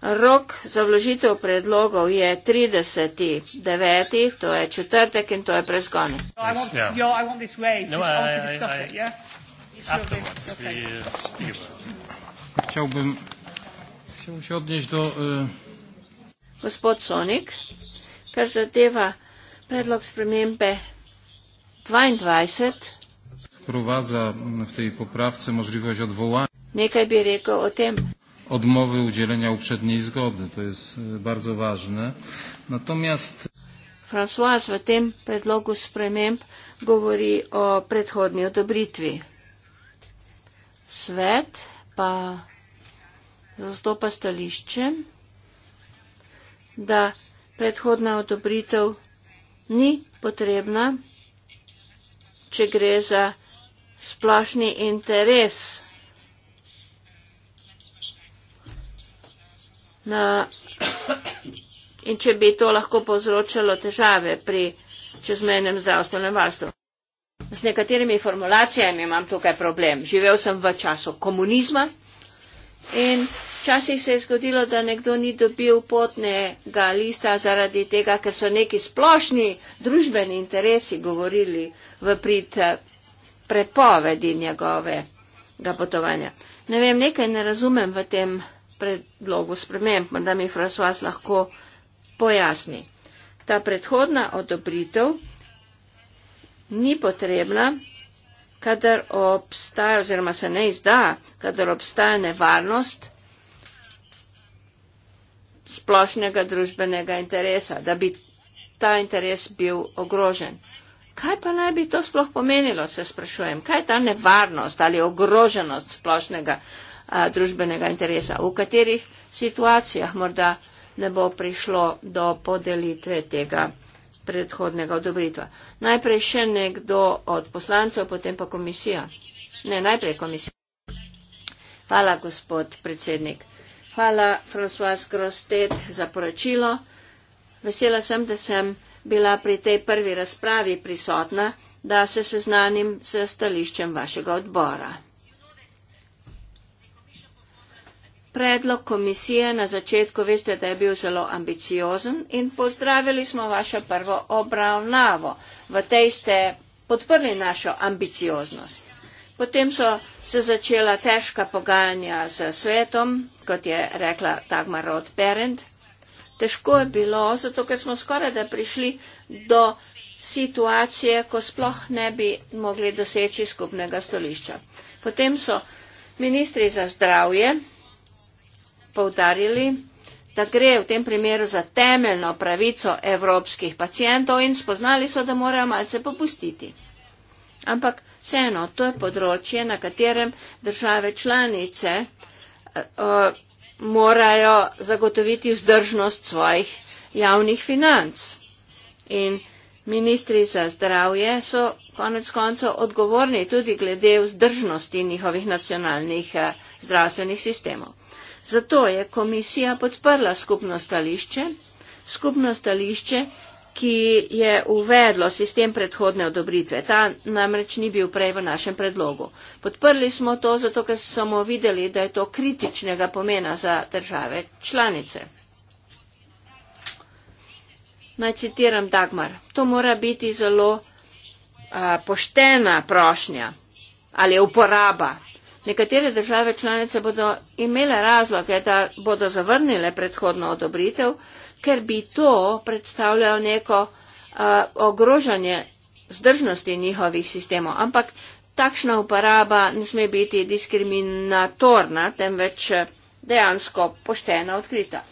Rok za vložitev predlogov je 39. to je četrtek in to je prezgon. No, yes, yeah. no, yeah? okay. Chcel bi se odnesti do. Uh, gospod Sonik, kar zadeva predlog spremembe 22. Sprovadza v tej popravce možnost odvolanja. Nekaj bi rekel o tem. Odmowy udzielenia uprzedniej zgody, to jest e, bardzo ważne. Natomiast. François w tym predlogu sprememb mówi o przedchodniej odobritwie. Świat pa zastąpa staliściem da predhodna odobritev ni potrebna, če gre za splošni interes. Na, in če bi to lahko povzročalo težave pri čezmenem zdravstvenem varstvu. S nekaterimi formulacijami imam tukaj problem. Živel sem v času komunizma, In včasih se je zgodilo, da nekdo ni dobil potnega lista zaradi tega, ker so neki splošni družbeni interesi govorili v prid eh, prepovedi njegovega potovanja. Ne vem, nekaj ne razumem v tem predlogu sprememb, morda mi Fransuas lahko pojasni. Ta predhodna odobritev ni potrebna, kadar obstaja oziroma se ne izda, kadar obstaja nevarnost splošnega družbenega interesa, da bi ta interes bil ogrožen. Kaj pa naj bi to sploh pomenilo, se sprašujem? Kaj je ta nevarnost ali ogroženost splošnega a, družbenega interesa? V katerih situacijah morda ne bo prišlo do podelitve tega predhodnega odobritva. Najprej še nekdo od poslancev, potem pa komisija. Ne, najprej komisija. Hvala, gospod predsednik. Hvala, François Grostet, za poročilo. Vesela sem, da sem bila pri tej prvi razpravi prisotna, da se seznanim s stališčem vašega odbora. Predlog komisije na začetku veste, da je bil zelo ambiciozen in pozdravili smo vašo prvo obravnavo. V tej ste podprli našo ambicioznost. Potem so se začela težka pogajanja z svetom, kot je rekla Dagmar Roth Perent. Težko je bilo, zato ker smo skoraj da prišli do situacije, ko sploh ne bi mogli doseči skupnega stolišča. Potem so ministri za zdravje povdarjali, da gre v tem primeru za temeljno pravico evropskih pacijentov in spoznali so, da morajo malce popustiti. Ampak vseeno, to je področje, na katerem države članice uh, morajo zagotoviti vzdržnost svojih javnih financ. In ministri za zdravje so konec koncev odgovorni tudi glede vzdržnosti njihovih nacionalnih uh, zdravstvenih sistemov. Zato je komisija podprla skupno stališče, skupno stališče, ki je uvedlo sistem predhodne odobritve. Ta namreč ni bil prej v našem predlogu. Podprli smo to, zato ker smo videli, da je to kritičnega pomena za države članice. Naj citiram Dagmar. To mora biti zelo a, poštena prošnja ali uporaba. Nekatere države članice bodo imele razloge, da bodo zavrnile predhodno odobritev, ker bi to predstavljalo neko uh, ogrožanje zdržnosti njihovih sistemov. Ampak takšna uporaba ne sme biti diskriminatorna, temveč dejansko poštena, odkrita.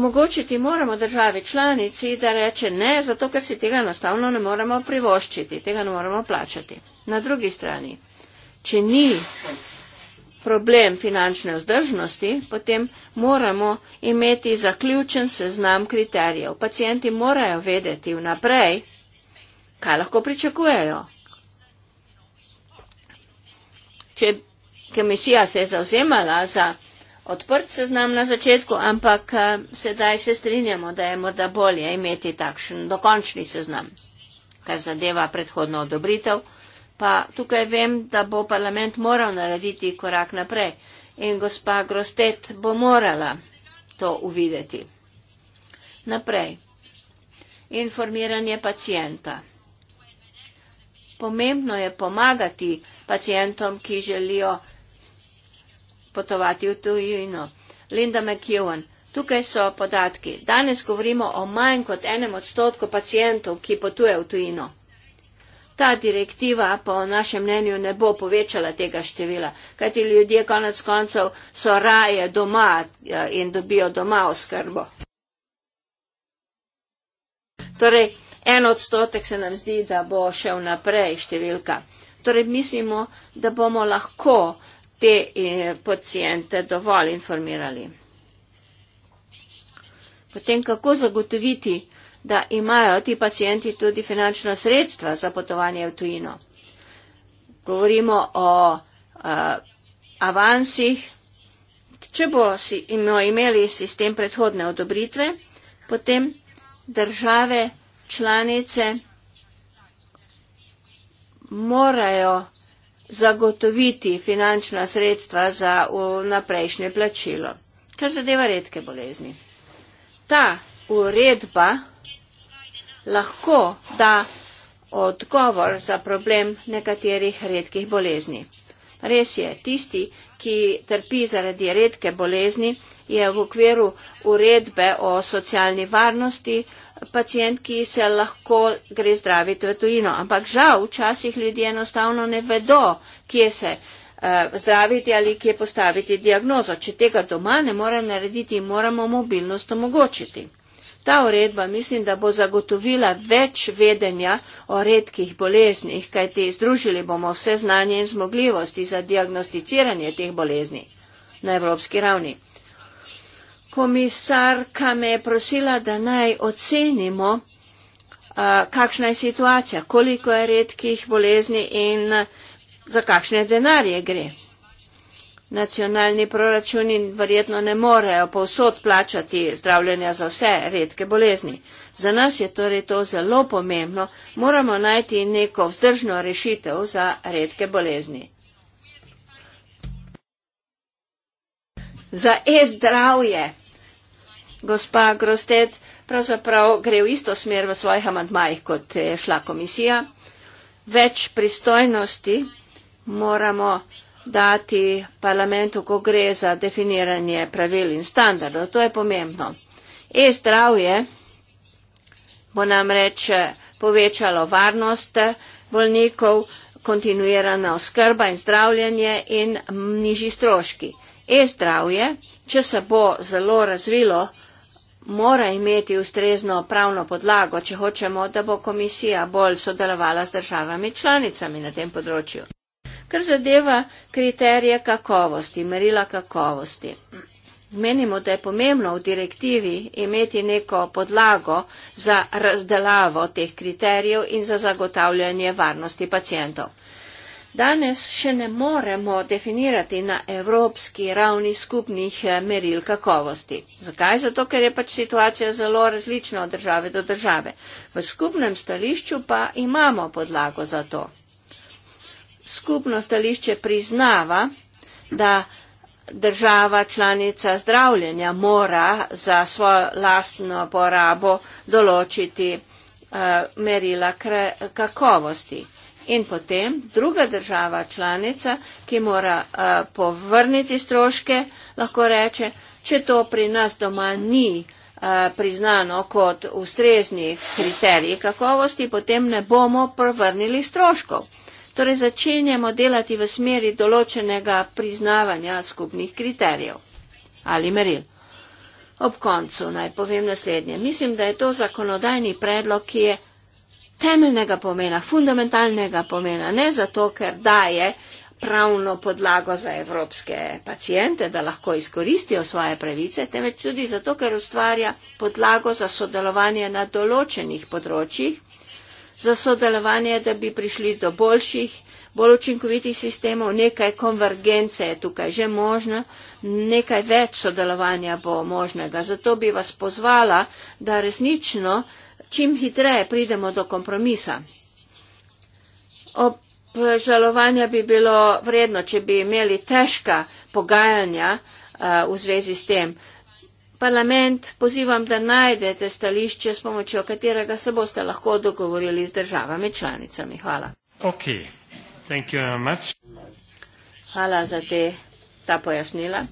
Omogočiti moramo državi članici, da reče ne, zato ker si tega enostavno ne moremo privoščiti, tega ne moremo plačati. Na drugi strani če ni problem finančne vzdržnosti, potem moramo imeti zaključen seznam kriterijev. Pacijenti morajo vedeti vnaprej, kaj lahko pričakujejo. Če komisija se je zauzemala za odprt seznam na začetku, ampak eh, sedaj se strinjamo, da je morda bolje imeti takšen dokončni seznam, kar zadeva predhodno odobritev pa tukaj vem, da bo parlament moral narediti korak naprej in gospa Grostet bo morala to uvideti. Naprej. Informiranje pacijenta. Pomembno je pomagati pacijentom, ki želijo potovati v tujino. Linda McEwen. Tukaj so podatki. Danes govorimo o manj kot enem odstotku pacijentov, ki potuje v tujino ta direktiva po našem mnenju ne bo povečala tega števila, kajti ljudje konec koncev so raje doma ja, in dobijo doma oskrbo. Torej, en odstotek se nam zdi, da bo šel naprej številka. Torej, mislimo, da bomo lahko te eh, pacijente dovolj informirali. Potem, kako zagotoviti da imajo ti pacijenti tudi finančno sredstva za potovanje v tujino. Govorimo o uh, avansih. Če bomo imeli sistem predhodne odobritve, potem države članice morajo zagotoviti finančna sredstva za naprejšnje plačilo. Kar zadeva redke bolezni. Ta uredba lahko da odgovor za problem nekaterih redkih bolezni. Res je, tisti, ki trpi zaradi redke bolezni, je v okviru uredbe o socialni varnosti pacijent, ki se lahko gre zdraviti v tujino. Ampak žal, včasih ljudje enostavno ne vedo, kje se eh, zdraviti ali kje postaviti diagnozo. Če tega doma ne more narediti, moramo mobilnost omogočiti. Ta uredba mislim, da bo zagotovila več vedenja o redkih boleznih, kajti združili bomo vse znanje in zmogljivosti za diagnosticiranje teh bolezni na evropski ravni. Komisarka me je prosila, da naj ocenimo, kakšna je situacija, koliko je redkih bolezni in za kakšne denarje gre. Nacionalni proračuni verjetno ne morejo povsod plačati zdravljenja za vse redke bolezni. Za nas je torej to zelo pomembno, moramo najti neko vzdržno rešitev za redke bolezni. Za e-zdravje. Gospa Grostet pravzaprav gre v isto smer v svojih amantmajih, kot je šla komisija. Več pristojnosti moramo dati parlamentu, ko gre za definiranje pravil in standardov. To je pomembno. E-zdravje bo nam reč eh, povečalo varnost eh, bolnikov, kontinuirana oskrba in zdravljanje in mm, nižji stroški. E-zdravje, če se bo zelo razvilo, mora imeti ustrezno pravno podlago, če hočemo, da bo komisija bolj sodelovala z državami članicami na tem področju kar zadeva kriterije kakovosti, merila kakovosti. Menimo, da je pomembno v direktivi imeti neko podlago za razdelavo teh kriterijev in za zagotavljanje varnosti pacijentov. Danes še ne moremo definirati na evropski ravni skupnih eh, meril kakovosti. Zakaj? Zato, ker je pač situacija zelo različna od države do države. V skupnem stališču pa imamo podlago za to skupno stališče priznava, da država članica zdravljenja mora za svojo lastno porabo določiti eh, merila kakovosti. In potem druga država članica, ki mora eh, povrniti stroške, lahko reče, če to pri nas doma ni eh, priznano kot ustreznih kriterij kakovosti, potem ne bomo povrnili stroškov. Torej začenjamo delati v smeri določenega priznavanja skupnih kriterijev ali meril. Ob koncu naj povem naslednje. Mislim, da je to zakonodajni predlog, ki je temeljnega pomena, fundamentalnega pomena, ne zato, ker daje pravno podlago za evropske pacijente, da lahko izkoristijo svoje pravice, temveč tudi zato, ker ustvarja podlago za sodelovanje na določenih področjih za sodelovanje, da bi prišli do boljših, bolj učinkovitih sistemov. Nekaj konvergence je tukaj že možno, nekaj več sodelovanja bo možnega. Zato bi vas pozvala, da resnično čim hitreje pridemo do kompromisa. Obžalovanja bi bilo vredno, če bi imeli težka pogajanja uh, v zvezi s tem. Uh, Parlament pozivam, da najdete stališče, s pomočjo katerega se boste lahko dogovorili z državami članicami. Hvala. Okay. Hvala za te, ta pojasnila.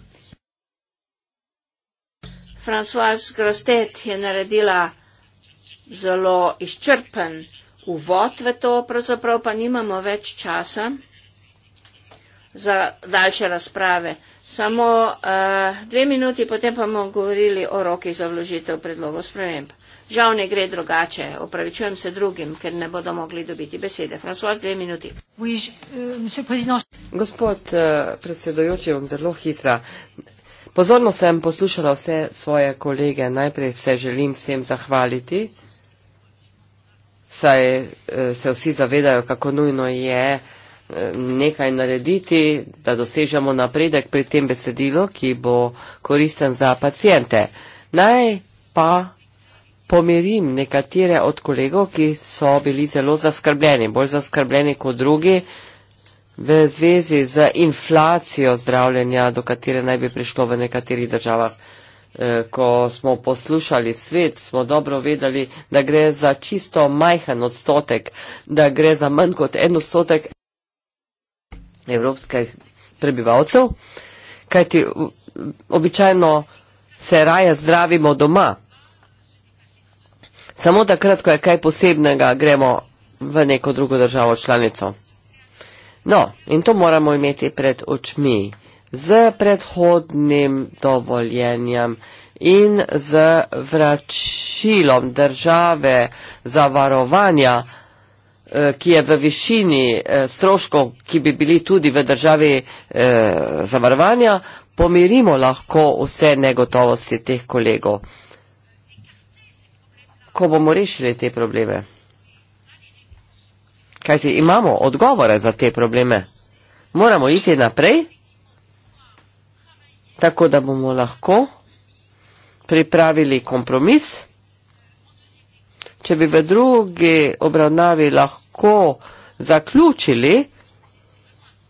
Françoise Grostet je naredila zelo izčrpen uvod v to, pravzaprav pa nimamo več časa za daljše razprave. Samo uh, dve minuti, potem pa bomo govorili o roki za vložitev predlogov sprememb. Žal ne gre drugače, opravičujem se drugim, ker ne bodo mogli dobiti besede. François, dve minuti. Euh, Gospod uh, eh, predsedojoči, bom zelo hitra. Pozorno sem poslušala vse svoje kolege. Najprej se želim vsem zahvaliti, saj uh, se vsi zavedajo, kako nujno je uh, nekaj narediti, da dosežemo napredek pri tem besedilu, ki bo koristen za pacijente. Naj pa pomirim nekatere od kolegov, ki so bili zelo zaskrbljeni, bolj zaskrbljeni kot drugi, v zvezi z inflacijo zdravljenja, do katere naj bi prišlo v nekaterih državah. Eh, ko smo poslušali svet, smo dobro vedeli, da gre za čisto majhen odstotek, da gre za manj kot en odstotek evropskih prebivalcev, kajti običajno se raje zdravimo doma. Samo takrat, ko je kaj posebnega, gremo v neko drugo državo članico. No, in to moramo imeti pred očmi, z predhodnim dovoljenjem in z vračilom države zavarovanja, Eh, ki je v višini eh, stroškov, ki bi bili tudi v državi eh, zavarovanja, pomirimo lahko vse negotovosti teh kolegov, ko bomo rešili te probleme. Kajti imamo odgovore za te probleme. Moramo iti naprej, tako da bomo lahko pripravili kompromis, če bi v drugi obravnavi lahko zaključili,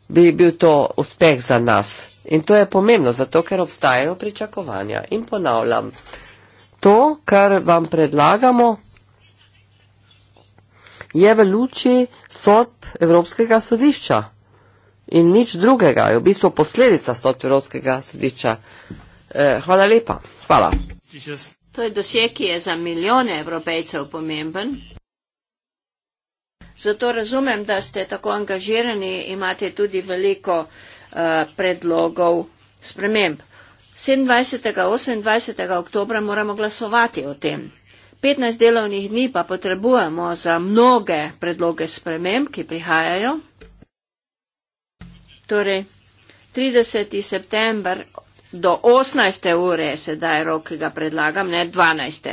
bi bil to uspeh za nas. In to je pomembno, zato ker obstajajo pričakovanja. In ponavljam, to, kar vam predlagamo, je v luči sodb Evropskega sodišča in nič drugega, je v bistvu posledica sodb Evropskega sodišča. Eh, hvala lepa. Hvala. To je dosje, ki je za milijone evropejcev pomemben. Zato razumem, da ste tako angažirani, imate tudi veliko uh, predlogov sprememb. 27. in 28. oktobra moramo glasovati o tem. 15 delovnih dni pa potrebujemo za mnoge predloge sprememb, ki prihajajo. Torej, 30. september do 18. ure sedaj rok, ki ga predlagam, ne 12.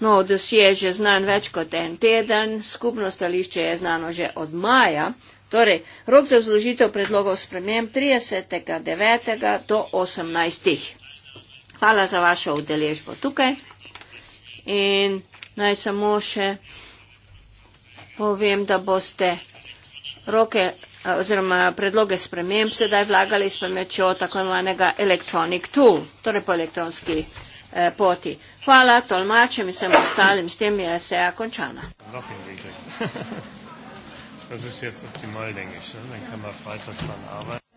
No, dosje je že znan več kot en teden, skupno stališče je znano že od maja, torej rok za vzložitev predlogov spremem 30.9. do 18. Hvala za vašo udeležbo tukaj in naj samo še povem, da boste roke Eh, oziroma predloge sprememb sedaj vlagali s pomočjo tako imenega electronic tool, torej po elektronski eh, poti. Hvala tolmačem in vsem ostalim, s tem je seja končana. Das ist jetzt optimal, denke ich. Dann kann man freitags dann arbeiten.